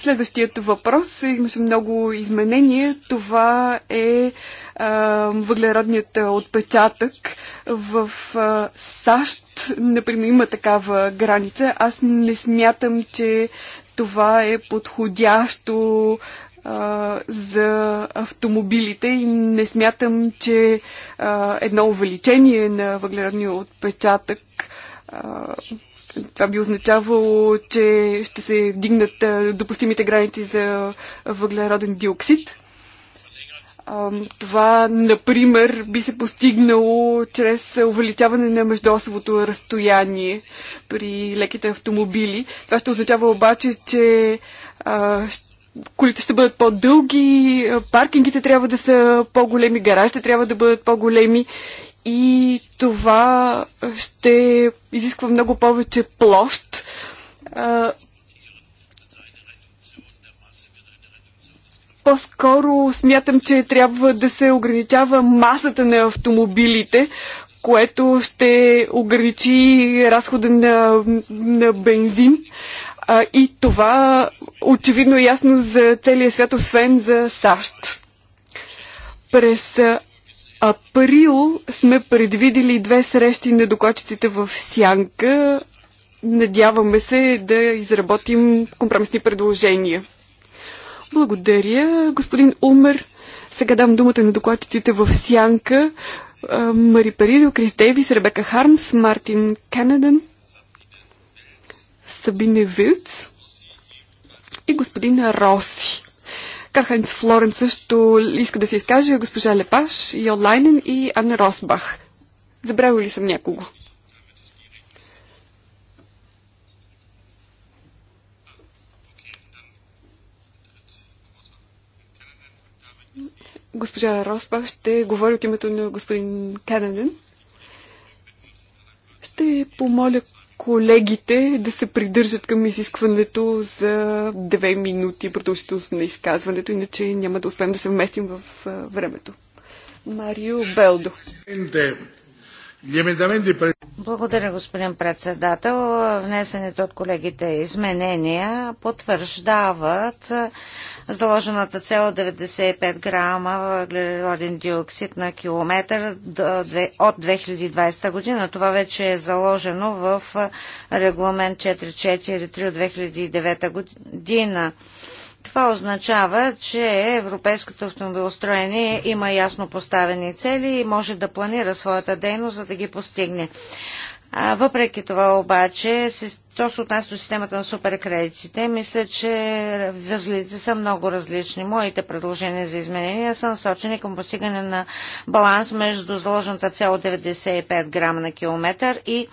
Следващият въпрос, имаше много изменения, това е а, въглеродният отпечатък. В а, САЩ, например, има такава граница. Аз не смятам, че това е подходящо а, за автомобилите и не смятам, че а, едно увеличение на въглеродния отпечатък а, това би означавало, че ще се вдигнат допустимите граници за въглероден диоксид. Това, например, би се постигнало чрез увеличаване на междуосовото разстояние при леките автомобили. Това ще означава обаче, че а, ще колите ще бъдат по-дълги, паркингите трябва да са по-големи, гаражите трябва да бъдат по-големи и това ще изисква много повече площ. По-скоро смятам, че трябва да се ограничава масата на автомобилите, което ще ограничи разхода на, на бензин. А, и това очевидно е ясно за целия свят, освен за САЩ. През април сме предвидели две срещи на докладчиците в Сянка. Надяваме се да изработим компромисни предложения. Благодаря, господин Умер. Сега дам думата на докладчиците в Сянка. Мари Паридо, Крис Дейвис, Ребека Хармс, Мартин Кенедън. Сабине Вилц и господин Роси. Кархайнц Флорен също иска да се изкаже госпожа Лепаш, Йолайнен и Анна Росбах. Забравил ли съм някого? Госпожа Росбах ще говори от името на господин Кенеден. Ще помоля колегите да се придържат към изискването за две минути продължителност на изказването, иначе няма да успеем да се вместим в времето. Марио Белдо. Благодаря, господин председател. Внесените от колегите изменения потвърждават заложената цел 95 грама въглероден диоксид на километър от 2020 година. Това вече е заложено в регламент 443 от 2009 година. Това означава, че европейското автомобилостроение има ясно поставени цели и може да планира своята дейност, за да ги постигне. А, въпреки това обаче, то се отнася до системата на суперкредитите, мисля, че възгледите са много различни. Моите предложения за изменения са насочени към постигане на баланс между заложената цел 95 грама на километър и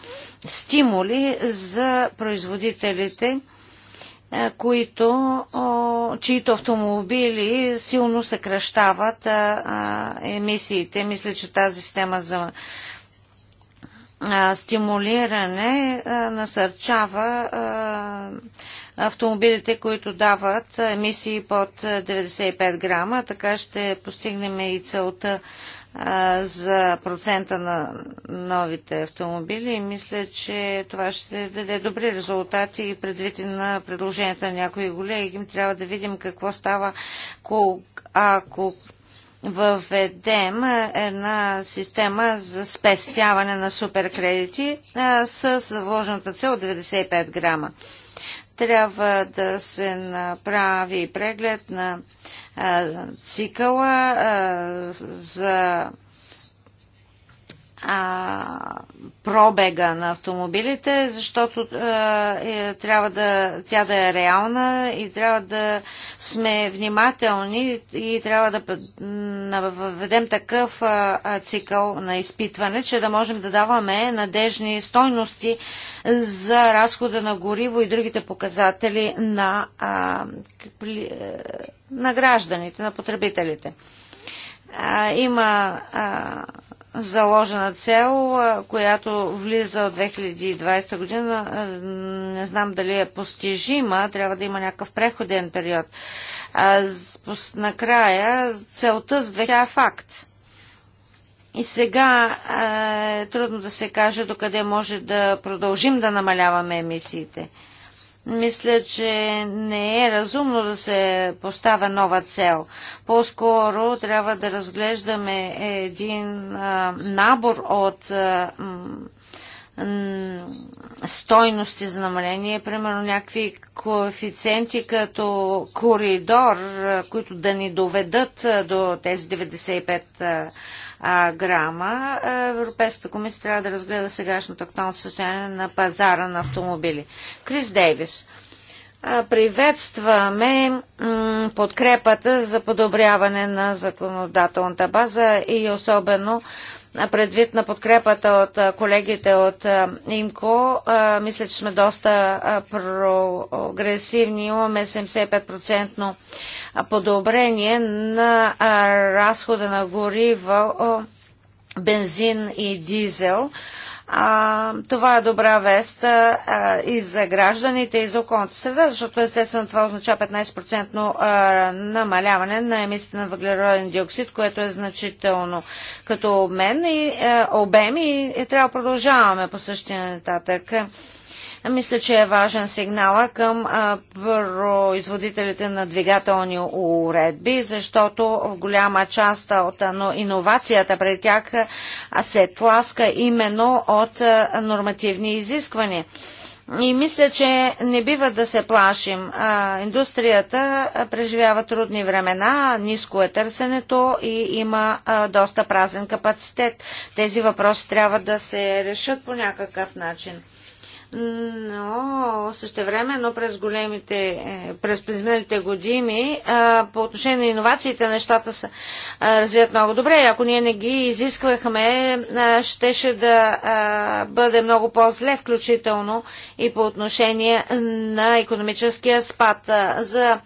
стимули за производителите – е, които, чието автомобили силно съкръщават е, е, емисиите. Мисля, че тази система за стимулиране насърчава автомобилите, които дават емисии под 95 грама. Така ще постигнем и целта за процента на новите автомобили и мисля, че това ще даде добри резултати и предвид на предложенията на някои колеги. Трябва да видим какво става, ако въведем една система за спестяване на суперкредити с заложената цел 95 грама. Трябва да се направи преглед на цикъла за а, пробега на автомобилите, защото а, е, трябва да, тя да е реална и трябва да сме внимателни и трябва да въведем такъв а, цикъл на изпитване, че да можем да даваме надежни стойности за разхода на гориво и другите показатели на, а, е, на гражданите, на потребителите. А, има а, заложена цел, която влиза от 2020 година. Не знам дали е постижима, трябва да има някакъв преходен период. А, накрая целта за 2000 е факт. И сега е трудно да се каже докъде може да продължим да намаляваме емисиите. Мисля, че не е разумно да се поставя нова цел. По-скоро трябва да разглеждаме един а, набор от а, стойности за намаление, примерно някакви коефициенти като коридор, които да ни доведат до тези 95 грама, Европейската комисия трябва да разгледа сегашното актуалното състояние на пазара на автомобили. Крис Дейвис. Приветстваме подкрепата за подобряване на законодателната база и особено предвид на подкрепата от колегите от ИМКО, мисля, че сме доста прогресивни. Имаме 75% подобрение на разхода на горива, бензин и дизел а, това е добра вест а, и за гражданите, и за околната среда, защото естествено това означава 15% намаляване на емисията на въглероден диоксид, което е значително като обмен и а, обем и, и трябва да продължаваме по същия нататък. Мисля, че е важен сигнала към производителите на двигателни уредби, защото в голяма част от иновацията при тях се тласка именно от нормативни изисквания. И мисля, че не бива да се плашим. индустрията преживява трудни времена, ниско е търсенето и има доста празен капацитет. Тези въпроси трябва да се решат по някакъв начин но също време, но през големите, е, през изминалите години е, по отношение на иновациите нещата се развият много добре. Ако ние не ги изисквахме, е, щеше да бъде много по-зле, включително и по отношение на економическия спад. За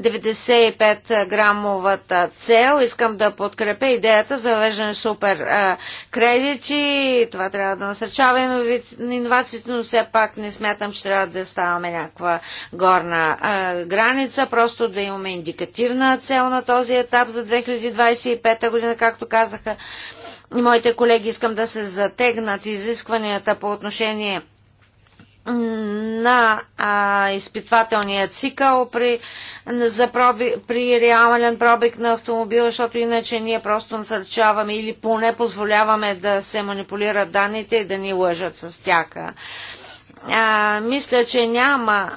95-грамовата цел. Искам да подкрепя идеята за въвеждане супер кредити. Това трябва да насърчава инновациите, но все пак не смятам, че трябва да ставаме някаква горна граница. Просто да имаме индикативна цел на този етап за 2025 година, както казаха моите колеги, искам да се затегнат изискванията по отношение на а, изпитвателния цикъл при, за проби, при реален пробег на автомобила, защото иначе ние просто насърчаваме или поне позволяваме да се манипулират данните и да ни лъжат с тях. А, мисля, че няма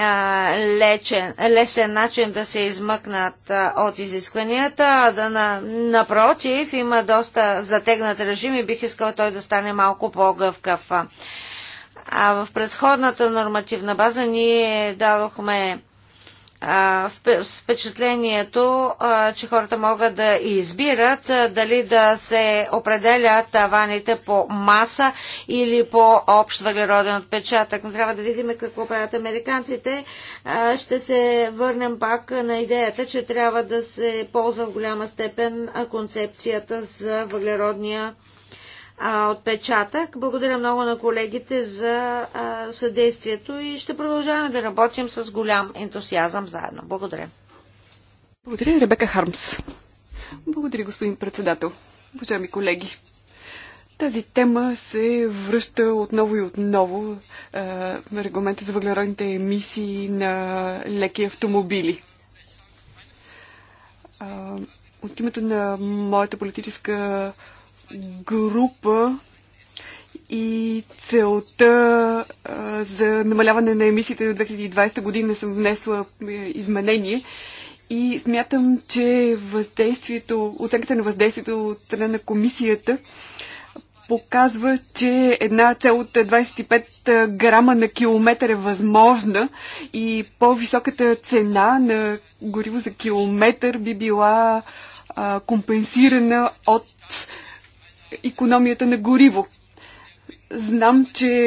а, лечен, лесен начин да се измъкнат а, от изискванията. Да на, напротив, има доста затегнат режим и бих искал той да стане малко по-гъвкав. А в предходната нормативна база ние дадохме впечатлението, че хората могат да избират дали да се определят таваните по маса или по общ въглероден отпечатък. Но трябва да видим какво правят американците. Ще се върнем пак на идеята, че трябва да се ползва в голяма степен концепцията за въглеродния отпечатък а, отпечатък. Благодаря много на колегите за а, съдействието и ще продължаваме да работим с голям ентусиазъм заедно. Благодаря. Благодаря, Ребека Хармс. Благодаря, господин председател. Уважаеми колеги, тази тема се връща отново и отново. на регламента за въглеродните емисии на леки автомобили. от името на моята политическа група и целта а, за намаляване на емисиите до 2020 година съм внесла е, изменение и смятам, че въздействието, оценката на въздействието от страна на комисията показва, че една цел от 25 грама на километър е възможна и по-високата цена на гориво за километър би била а, компенсирана от економията на гориво. Знам, че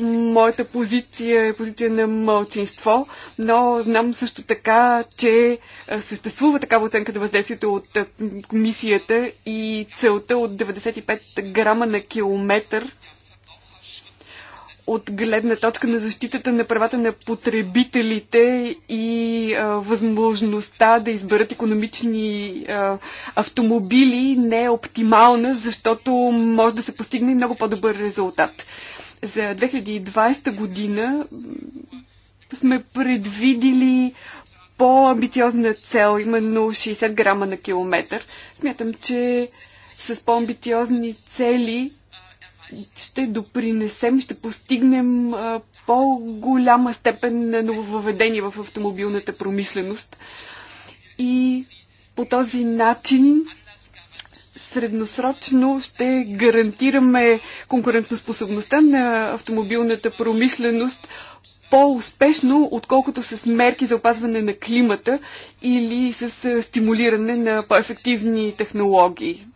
моята позиция е позиция на мълцинство, но знам също така, че съществува такава оценка на въздействието от комисията и целта от 95 грама на километър от гледна точка на защитата на правата на потребителите и а, възможността да изберат економични а, автомобили не е оптимална, защото може да се постигне много по-добър резултат. За 2020 година сме предвидили по-амбициозна цел, именно 60 грама на километър. Смятам, че с по-амбициозни цели ще допринесем, ще постигнем по-голяма степен на нововъведение в автомобилната промишленост. И по този начин средносрочно ще гарантираме конкурентоспособността на автомобилната промишленост по-успешно, отколкото с мерки за опазване на климата или с стимулиране на по-ефективни технологии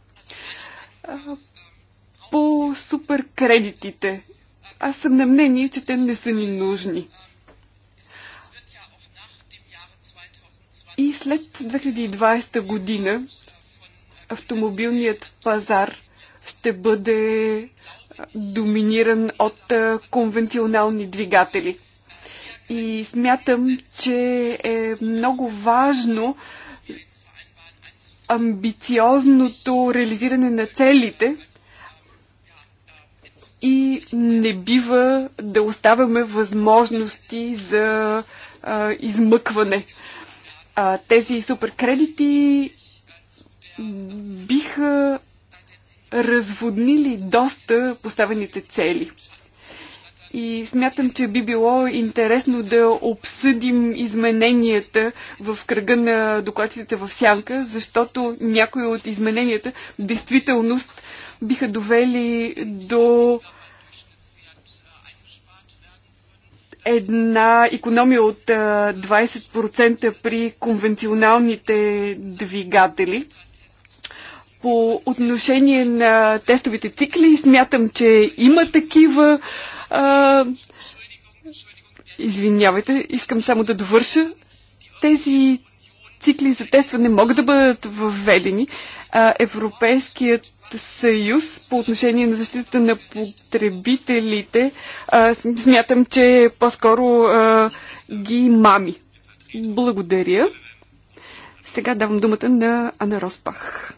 по суперкредитите. Аз съм на мнение, че те не са ни нужни. И след 2020 година автомобилният пазар ще бъде доминиран от конвенционални двигатели. И смятам, че е много важно амбициозното реализиране на целите и не бива да оставяме възможности за а, измъкване. А, тези суперкредити биха разводнили доста поставените цели. И смятам, че би било интересно да обсъдим измененията в кръга на докладчиците в сянка, защото някои от измененията в действителност биха довели до една економия от 20% при конвенционалните двигатели. По отношение на тестовите цикли, смятам, че има такива. А, извинявайте, искам само да довърша. Тези цикли за тестване могат да бъдат въведени. А, Европейският съюз по отношение на защитата на потребителите а, смятам, че по-скоро ги мами. Благодаря. Сега давам думата на Ана Роспах.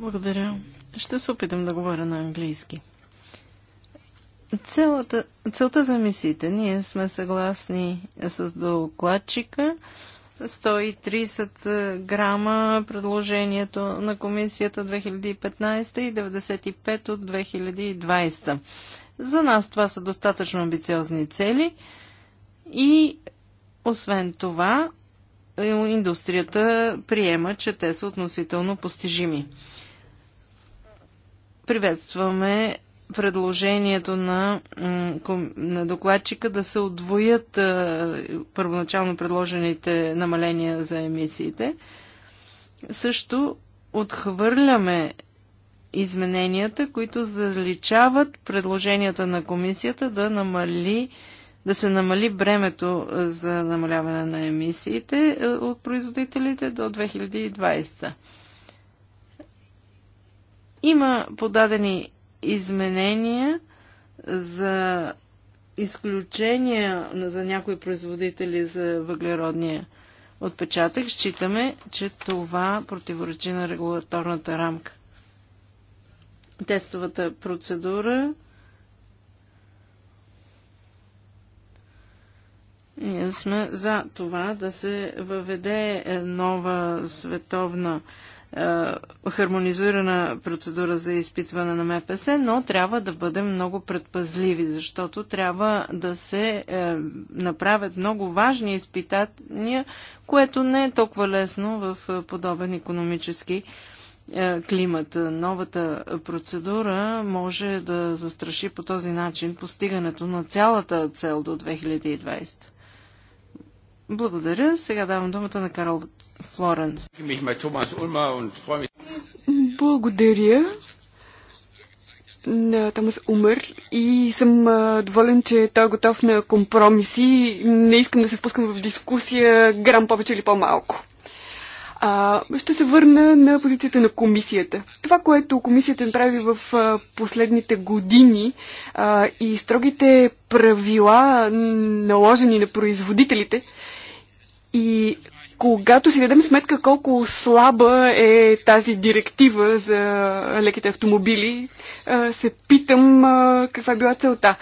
Благодаря. Ще се опитам да говоря на английски. Целата, целта за мисиите, ние сме съгласни с докладчика. 130 е, грама предложението на комисията 2015 и 95 от 2020. За нас това са достатъчно амбициозни цели и освен това е, индустрията приема, че те са относително постижими. Приветстваме предложението на, на докладчика да се отвоят първоначално предложените намаления за емисиите. Също отхвърляме измененията, които заличават предложенията на комисията да намали да се намали бремето за намаляване на емисиите е, от производителите до 2020. Има подадени изменения за изключения за някои производители за въглеродния отпечатък, считаме, че това противоречи на регулаторната рамка. Тестовата процедура Ние сме за това да се въведе нова световна е, хармонизирана процедура за изпитване на МПС, но трябва да бъдем много предпазливи, защото трябва да се е, направят много важни изпитания, което не е толкова лесно в е, подобен економически е, климат. Новата процедура може да застраши по този начин постигането на цялата цел до 2020. Благодаря. Сега давам думата на Карл Флоренс. Благодаря на Томас Умър и съм доволен, че той е готов на компромиси. Не искам да се впускам в дискусия грам повече или по-малко. А, ще се върна на позицията на комисията. Това, което комисията направи в а, последните години а, и строгите правила, наложени на производителите, и когато си дадем сметка колко слаба е тази директива за леките автомобили, се питам каква е била целта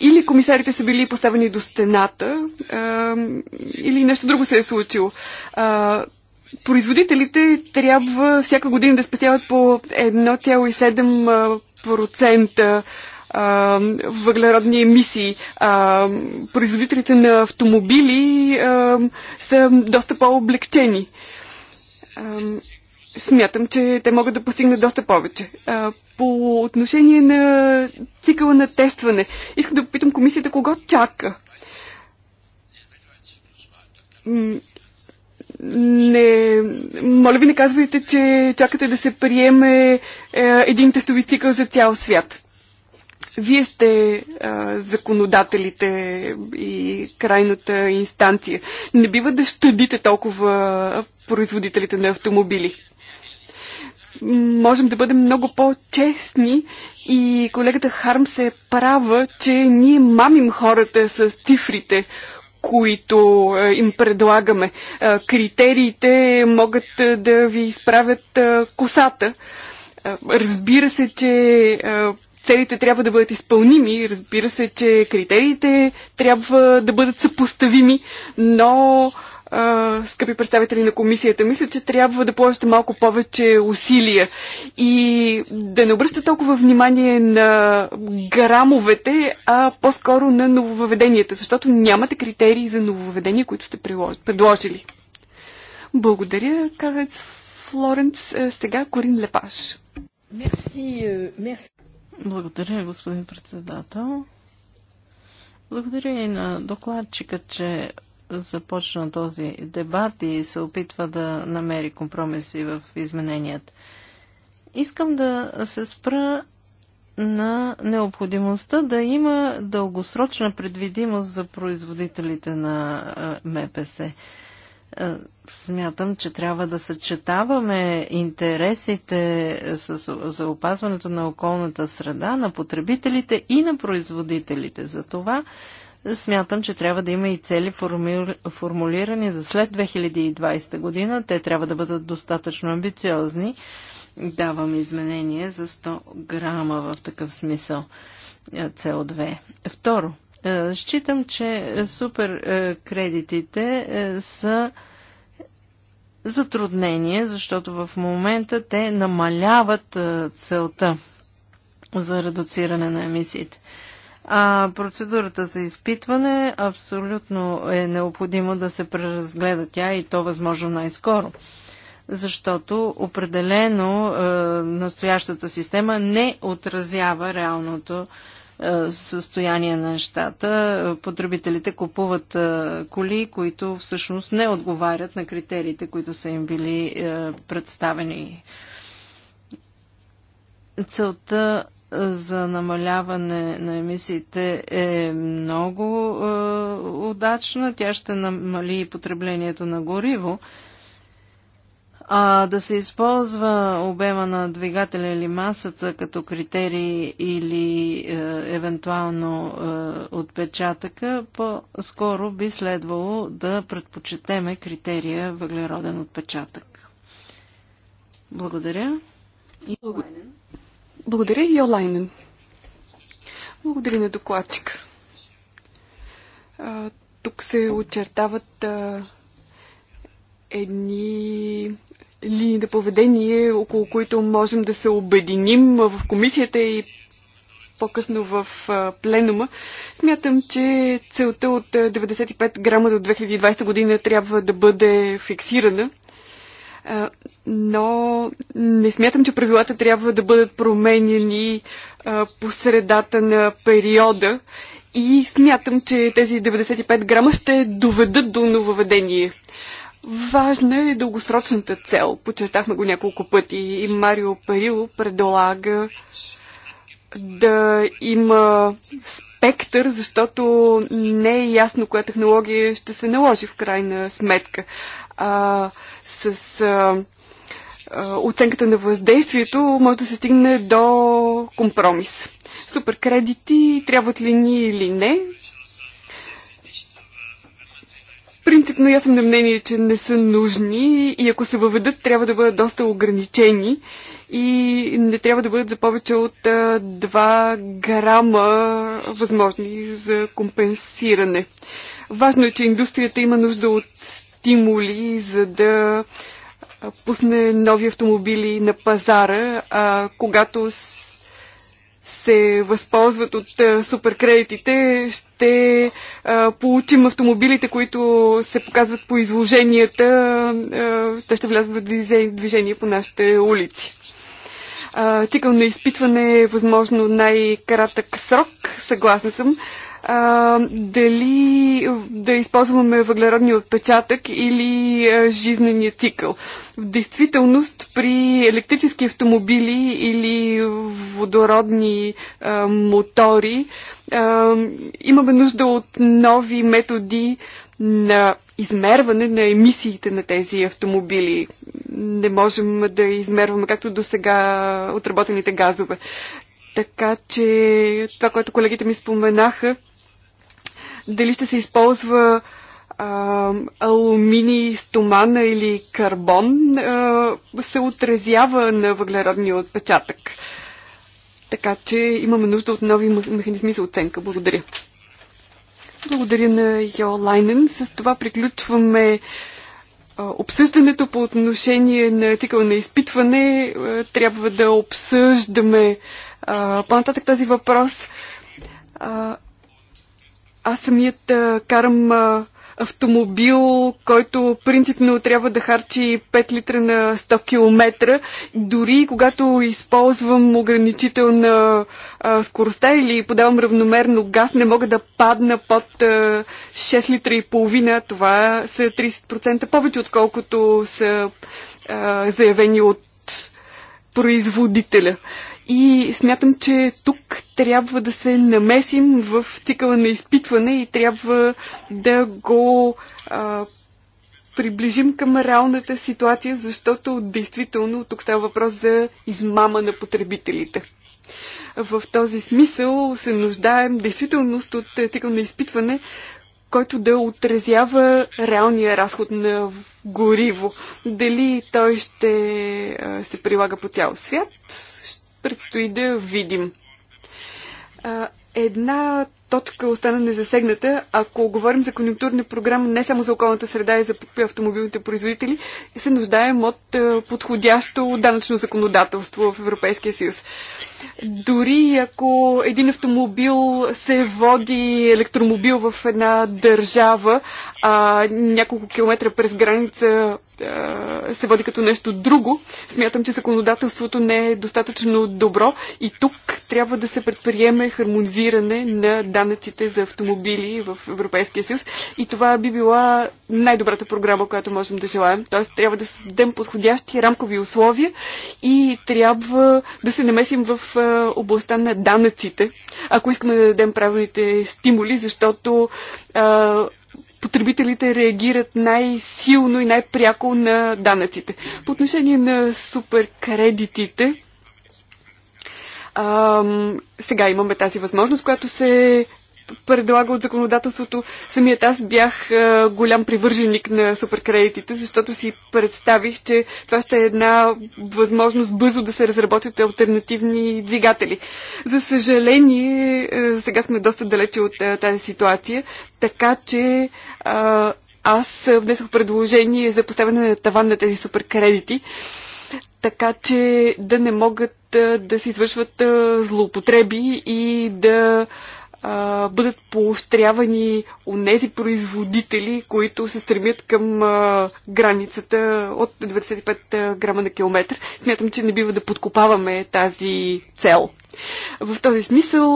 или комисарите са били поставени до стената, а, или нещо друго се е случило. А, производителите трябва всяка година да спестяват по 1,7% въглеродни емисии. А, производителите на автомобили а, са доста по-облегчени смятам, че те могат да постигнат доста повече. А, по отношение на цикъла на тестване, искам да попитам комисията кого чака. Не, моля ви, не казвайте, че чакате да се приеме е, един тестови цикъл за цял свят. Вие сте е, законодателите и крайната инстанция. Не бива да щадите толкова производителите на автомобили можем да бъдем много по-честни и колегата Харм се права, че ние мамим хората с цифрите, които е, им предлагаме. Е, критериите могат е, да ви изправят косата. Разбира се, че целите трябва да бъдат изпълними, разбира се, че критериите трябва да бъдат съпоставими, но скъпи представители на комисията, мисля, че трябва да положите малко повече усилия и да не обръщате толкова внимание на грамовете, а по-скоро на нововведенията, защото нямате критерии за нововведения, които сте предложили. Благодаря, Карец Флоренц. Е, сега Корин Лепаш. Мерси, е, мерси. Благодаря, господин председател. Благодаря и на докладчика, че започна този дебат и се опитва да намери компромиси в измененията. Искам да се спра на необходимостта да има дългосрочна предвидимост за производителите на МПС. Смятам, че трябва да съчетаваме интересите с, за опазването на околната среда, на потребителите и на производителите. За това Смятам, че трябва да има и цели формулирани за след 2020 година. Те трябва да бъдат достатъчно амбициозни. Давам изменение за 100 грама в такъв смисъл CO2. Е, Второ, е, считам, че супер е, кредитите са затруднение, защото в момента те намаляват целта за редуциране на емисиите. А процедурата за изпитване абсолютно е необходимо да се преразгледа тя и то възможно най-скоро. Защото определено е, настоящата система не отразява реалното е, състояние на нещата. Потребителите купуват е, коли, които всъщност не отговарят на критериите, които са им били е, представени. Целта за намаляване на емисиите е много е, удачна. Тя ще намали и потреблението на гориво. А да се използва обема на двигателя или масата като критерий или е, евентуално е, отпечатъка, по-скоро би следвало да предпочетеме критерия въглероден отпечатък. Благодаря. И... Благодаря. Благодаря, Йолайнен. Благодаря на докладчик. А, тук се очертават а, едни линии на поведение, около които можем да се обединим в комисията и по-късно в пленума. Смятам, че целта от 95 грама до 2020 година трябва да бъде фиксирана но не смятам, че правилата трябва да бъдат променени а, по средата на периода и смятам, че тези 95 грама ще доведат до нововедение. Важна е дългосрочната цел. Подчертахме го няколко пъти и Марио Парило предлага да има спектър, защото не е ясно коя технология ще се наложи в крайна сметка. А, с а, оценката на въздействието може да се стигне до компромис. Суперкредити трябват ли ни или не? Принципно я съм на мнение, че не са нужни и ако се въведат, трябва да бъдат доста ограничени и не трябва да бъдат за повече от 2 грама възможни за компенсиране. Важно е, че индустрията има нужда от стимули, за да пусне нови автомобили на пазара, а когато се възползват от суперкредитите, ще а, получим автомобилите, които се показват по изложенията. А, те ще влязат в движение по нашите улици. Цикъл на изпитване е възможно най-кратък срок, съгласна съм а, дали да използваме въглеродния отпечатък или а, жизнения цикъл. В действителност при електрически автомобили или водородни а, мотори а, имаме нужда от нови методи на измерване на емисиите на тези автомобили. Не можем да измерваме както до сега отработените газове. Така че това, което колегите ми споменаха, дали ще се използва а, алуминий, стомана или карбон, а, се отразява на въглеродния отпечатък. Така че имаме нужда от нови механизми за оценка. Благодаря. Благодаря на Йо Лайнен. С това приключваме обсъждането по отношение на цикъл на изпитване. Трябва да обсъждаме по-нататък този въпрос. Аз самият а, карам а, автомобил, който принципно трябва да харчи 5 литра на 100 км, дори когато използвам ограничител на а, скоростта или подавам равномерно газ, не мога да падна под а, 6 литра и половина. Това са 30% повече, отколкото са а, заявени от производителя. И смятам, че тук трябва да се намесим в цикъла на изпитване и трябва да го а, приближим към реалната ситуация, защото действително тук става въпрос за измама на потребителите. В този смисъл се нуждаем действителност от цикъл на изпитване, който да отразява реалния разход на гориво. Дали той ще се прилага по цял свят, ще предстои да видим. Една точка остана незасегната. Ако говорим за конъюнктурна програма не само за околната среда и за автомобилните производители, се нуждаем от е, подходящо данъчно законодателство в Европейския съюз. Дори ако един автомобил се води електромобил в една държава, а няколко километра през граница а, е, се води като нещо друго, смятам, че законодателството не е достатъчно добро и тук трябва да се предприеме хармонизиране на данъчно данъците за автомобили в Европейския съюз. И това би била най-добрата програма, която можем да желаем. Тоест трябва да създадем подходящи рамкови условия и трябва да се намесим в областта на данъците, ако искаме да дадем правилните стимули, защото а, потребителите реагират най-силно и най-пряко на данъците. По отношение на суперкредитите, а, сега имаме тази възможност, която се предлага от законодателството. Самият аз бях а, голям привърженик на суперкредитите, защото си представих, че това ще е една възможност бързо да се разработят альтернативни двигатели. За съжаление, а, сега сме доста далече от а, тази ситуация, така че а, аз внесох предложение за поставяне на таван на тези суперкредити. А, така че да не могат да се извършват злоупотреби и да бъдат поощрявани у нези производители, които се стремят към границата от 25 грама на километър. Смятам, че не бива да подкопаваме тази цел. В този смисъл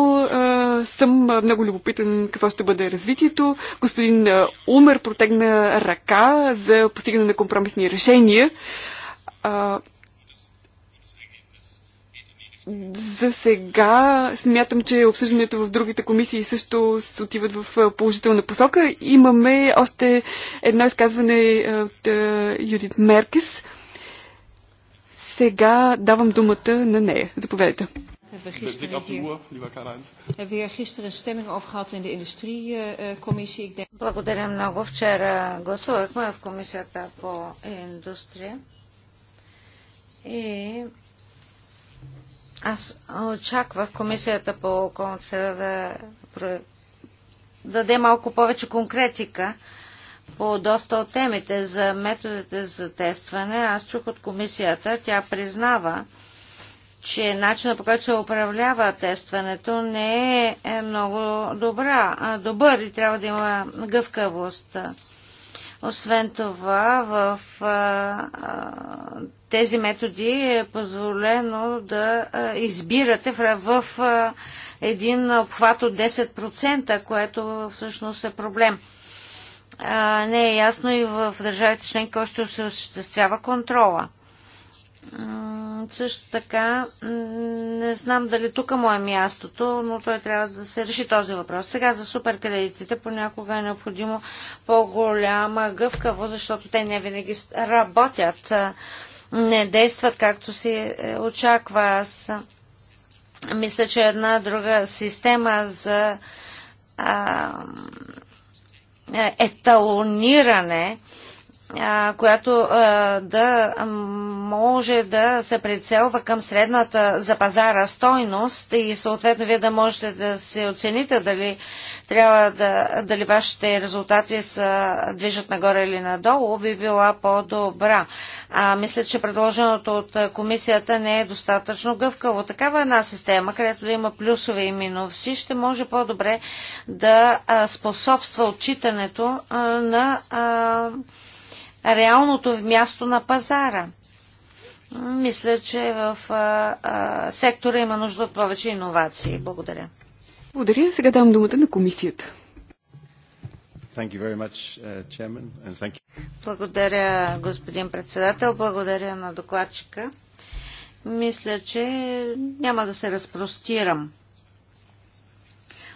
съм много любопитен какво ще бъде развитието. Господин Умер протегна ръка за постигане на компромисни решения. А, за сега смятам, че обсъждането в другите комисии също отиват в положителна посока. Имаме още едно изказване от Юдит Меркес. Сега давам думата на нея. Заповядайте. Благодаря много. Вчера гласувахме в комисията по индустрия. И аз очаквах комисията по околната да даде малко повече конкретика по доста от темите за методите за тестване. Аз чух от комисията, тя признава, че начинът по който се управлява тестването не е, е много добра, добър и трябва да има гъвкавост. Освен това, в тези методи е позволено да избирате в един обхват от 10%, което всъщност е проблем. Не е ясно и в държавите членки още се осъществява контрола също така, не знам дали тук му е мястото, но той трябва да се реши този въпрос. Сега за суперкредитите понякога е необходимо по-голяма гъвкаво, защото те не винаги работят, не действат както си е, очаква. Аз мисля, че една друга система за а, е, еталониране която да може да се прицелва към средната за пазара стойност и съответно вие да можете да се оцените дали трябва да, дали вашите резултати са движат нагоре или надолу, би била по-добра. А, мисля, че предложеното от комисията не е достатъчно гъвкаво. Такава е една система, където да има плюсове и минуси, ще може по-добре да способства отчитането на реалното място на пазара. Мисля, че в а, а, сектора има нужда от повече иновации. Благодаря. Благодаря. Сега давам думата на комисията. Much, uh, chairman, Благодаря, господин председател. Благодаря на докладчика. Мисля, че няма да се разпростирам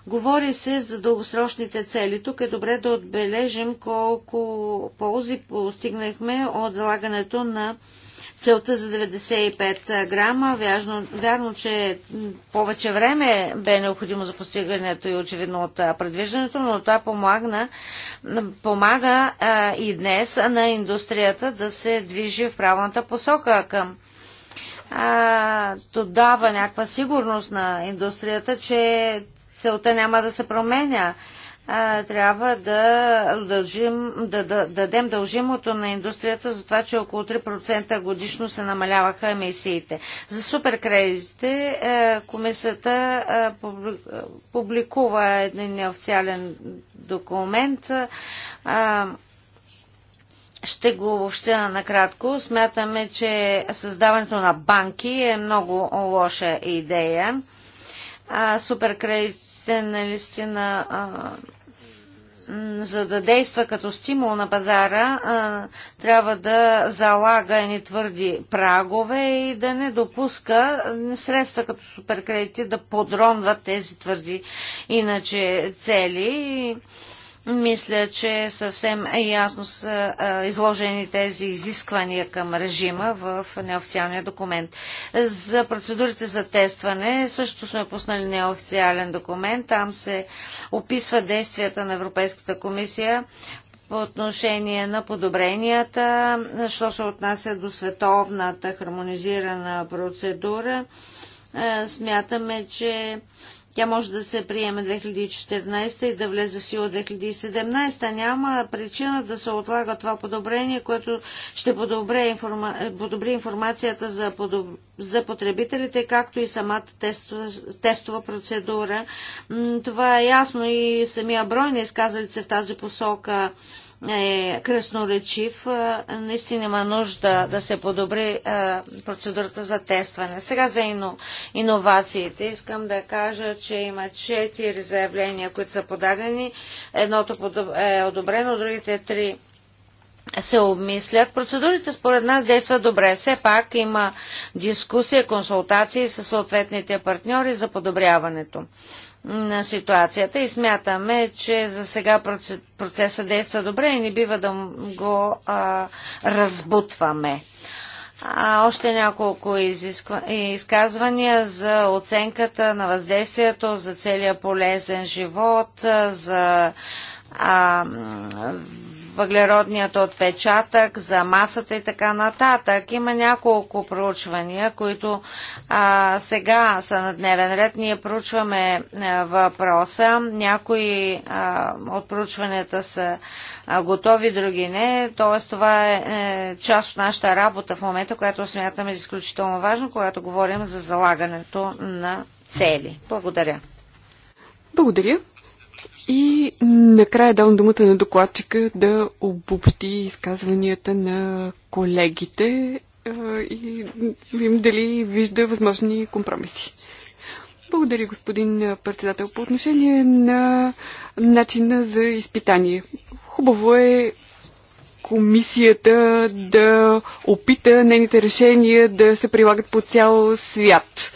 Говори се за дългосрочните цели. Тук е добре да отбележим колко ползи постигнахме от залагането на целта за 95 грама. Вярно, вярно, че повече време бе необходимо за постигането и очевидно от предвиждането, но това помагна, помага а, и днес на индустрията да се движи в правилната посока към а, то дава някаква сигурност на индустрията, че целта няма да се променя. А, трябва да, дължим, да, да дадем дължимото на индустрията за това, че около 3% годишно се намаляваха емисиите. За суперкредитите е, комисията е, публикува един неофициален документ. А, е, ще го въобще накратко. Смятаме, че създаването на банки е много лоша идея. А суперкредит ще нали, наистина за да действа като стимул на пазара, а, трябва да залага едни твърди прагове и да не допуска средства като суперкредити да подронват тези твърди иначе цели. И, мисля, че съвсем ясно са изложени тези изисквания към режима в неофициалния документ. За процедурите за тестване също сме пуснали неофициален документ. Там се описва действията на Европейската комисия по отношение на подобренията, що се отнася до световната хармонизирана процедура. Смятаме, че тя може да се приеме 2014 и да влезе в сила 2017. Няма причина да се отлага това подобрение, което ще подобри, информа... подобри информацията за, подоб... за потребителите, както и самата тестова, тестова процедура. Това е ясно и самия брой на изказали се в тази посока е кръсноречив, наистина има нужда да се подобри процедурата за тестване. Сега за иновациите искам да кажа, че има четири заявления, които са подадени. Едното е одобрено, другите три се обмислят. Процедурите според нас действат добре. Все пак има дискусия, консултации с съответните партньори за подобряването на ситуацията и смятаме, че за сега процесът действа добре и не бива да го а, разбутваме. А, още няколко изказвания за оценката на въздействието за целия полезен живот, за а, въглеродният отпечатък, за масата и така нататък. Има няколко проучвания, които а, сега са на дневен ред. Ние проучваме въпроса. Някои а, от проучванията са а, готови, други не. Тоест това е, е част от нашата работа в момента, която смятаме за изключително важно, когато говорим за залагането на цели. Благодаря. Благодаря. И накрая давам думата на докладчика да обобщи изказванията на колегите и им дали вижда възможни компромиси. Благодаря, господин председател. По отношение на начина за изпитание. Хубаво е комисията да опита нейните решения да се прилагат по цял свят.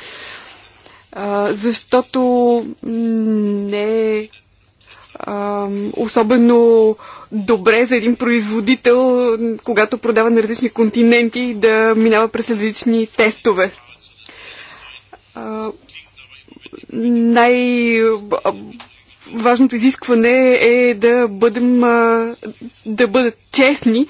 Защото не е особено добре за един производител, когато продава на различни континенти, да минава през различни тестове. А, най- важното изискване е да бъдем, да бъдат честни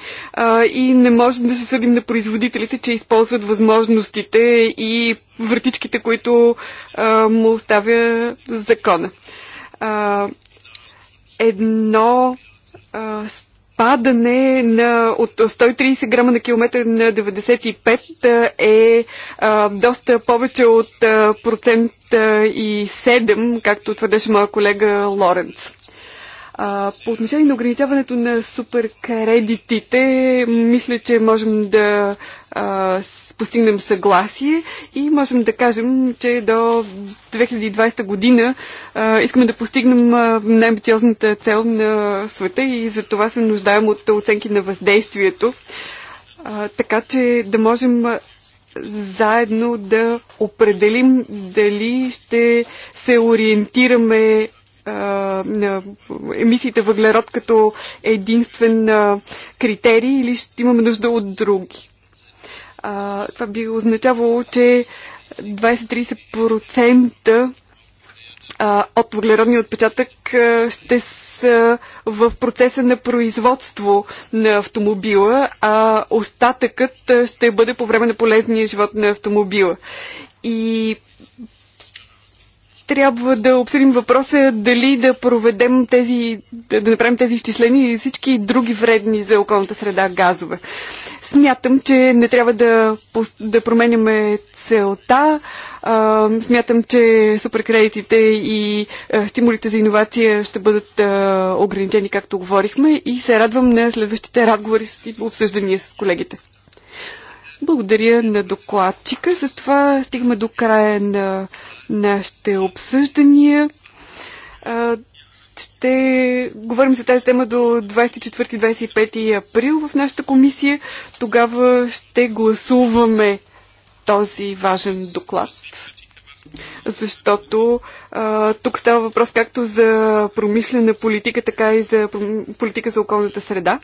и не можем да се съдим на производителите, че използват възможностите и вратичките, които му оставя закона едно а, падане на, от 130 грама на километър на 95 е а, доста повече от а, процент и 7, както твърдеше моя колега Лоренц. А, по отношение на ограничаването на суперкредитите, мисля, че можем да а, постигнем съгласие и можем да кажем, че до 2020 година а, искаме да постигнем най-амбициозната цел на света и за това се нуждаем от оценки на въздействието, а, така че да можем заедно да определим дали ще се ориентираме на емисиите въглерод като единствен критерий или ще имаме нужда от други. А, това би означавало, че 20-30% от въглеродния отпечатък ще са в процеса на производство на автомобила, а остатъкът ще бъде по време на полезния живот на автомобила. И трябва да обсъдим въпроса дали да проведем тези, да, направим тези изчисления и всички други вредни за околната среда газове. Смятам, че не трябва да, да променяме целта. смятам, че суперкредитите и стимулите за иновация ще бъдат ограничени, както говорихме, и се радвам на следващите разговори и обсъждания с колегите. Благодаря на докладчика. С това стигаме до края на нашите обсъждания. Ще говорим за тази тема до 24-25 април в нашата комисия. Тогава ще гласуваме този важен доклад защото а, тук става въпрос както за промишлена политика, така и за политика за околната среда.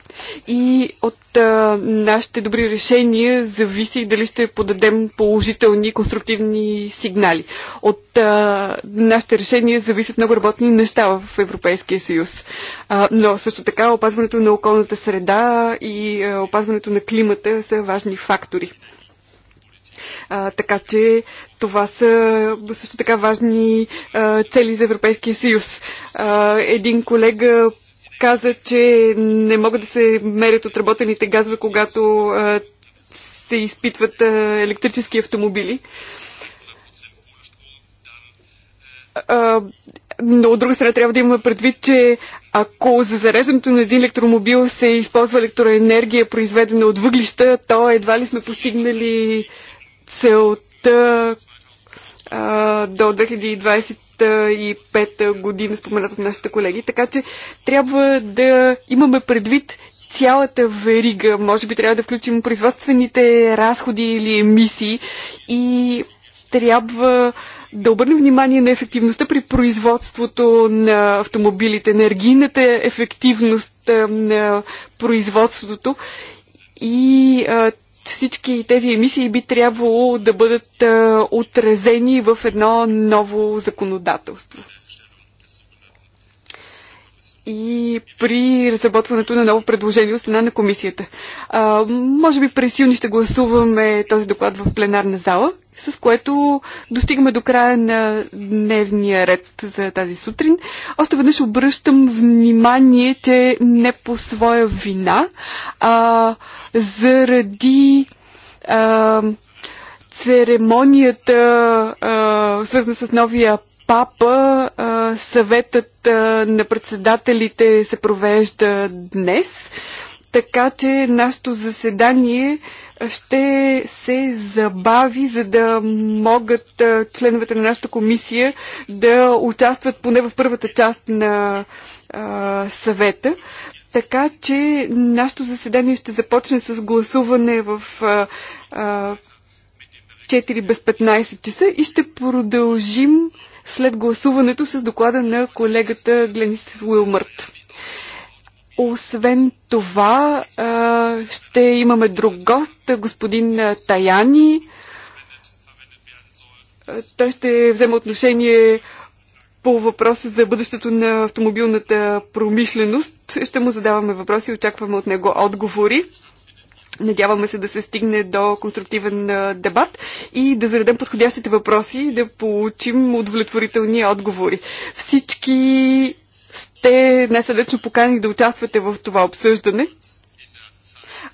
И от а, нашите добри решения зависи дали ще подадем положителни, конструктивни сигнали. От а, нашите решения зависят много работни неща в Европейския съюз. А, но също така опазването на околната среда и а, опазването на климата са важни фактори. А, така че това са също така важни а, цели за Европейския съюз. А, един колега каза, че не могат да се мерят отработените газове, когато а, се изпитват а, електрически автомобили. А, но от друга страна трябва да имаме предвид, че ако за зареждането на един електромобил се използва електроенергия, произведена от въглища, то едва ли сме постигнали целта а, до 2025 година, споменат от нашите колеги. Така че трябва да имаме предвид цялата верига. Може би трябва да включим производствените разходи или емисии и трябва да обърнем внимание на ефективността при производството на автомобилите, енергийната ефективност на производството и а, всички тези емисии би трябвало да бъдат отразени в едно ново законодателство и при разработването на ново предложение от страна на комисията. А, може би през юни ще гласуваме този доклад в пленарна зала, с което достигаме до края на дневния ред за тази сутрин. Още веднъж обръщам внимание, че не по своя вина, а заради а, церемонията, а, свързана с новия папа. Съветът на председателите се провежда днес, така че нашето заседание ще се забави, за да могат членовете на нашата комисия да участват поне в първата част на съвета. Така че нашето заседание ще започне с гласуване в 4 без 15 часа и ще продължим след гласуването с доклада на колегата Гленис Уилмърт. Освен това, ще имаме друг гост, господин Таяни. Той ще вземе отношение по въпроса за бъдещето на автомобилната промишленост. Ще му задаваме въпроси и очакваме от него отговори. Надяваме се да се стигне до конструктивен дебат и да заведем подходящите въпроси и да получим удовлетворителни отговори. Всички сте най-сърдечно покани да участвате в това обсъждане.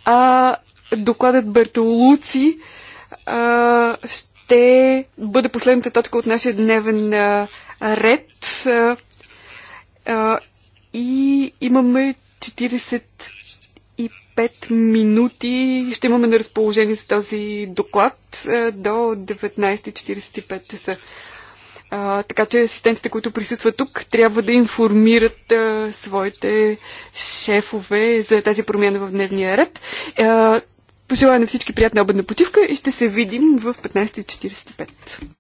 А докладът Бертолуци а, ще бъде последната точка от нашия дневен а, ред. А, а, и имаме 40 5 минути ще имаме на разположение за този доклад до 19.45 часа. А, така че асистентите, които присъстват тук, трябва да информират а, своите шефове за тази промяна в дневния ред. А, пожелая на всички приятна обедна почивка и ще се видим в 15.45.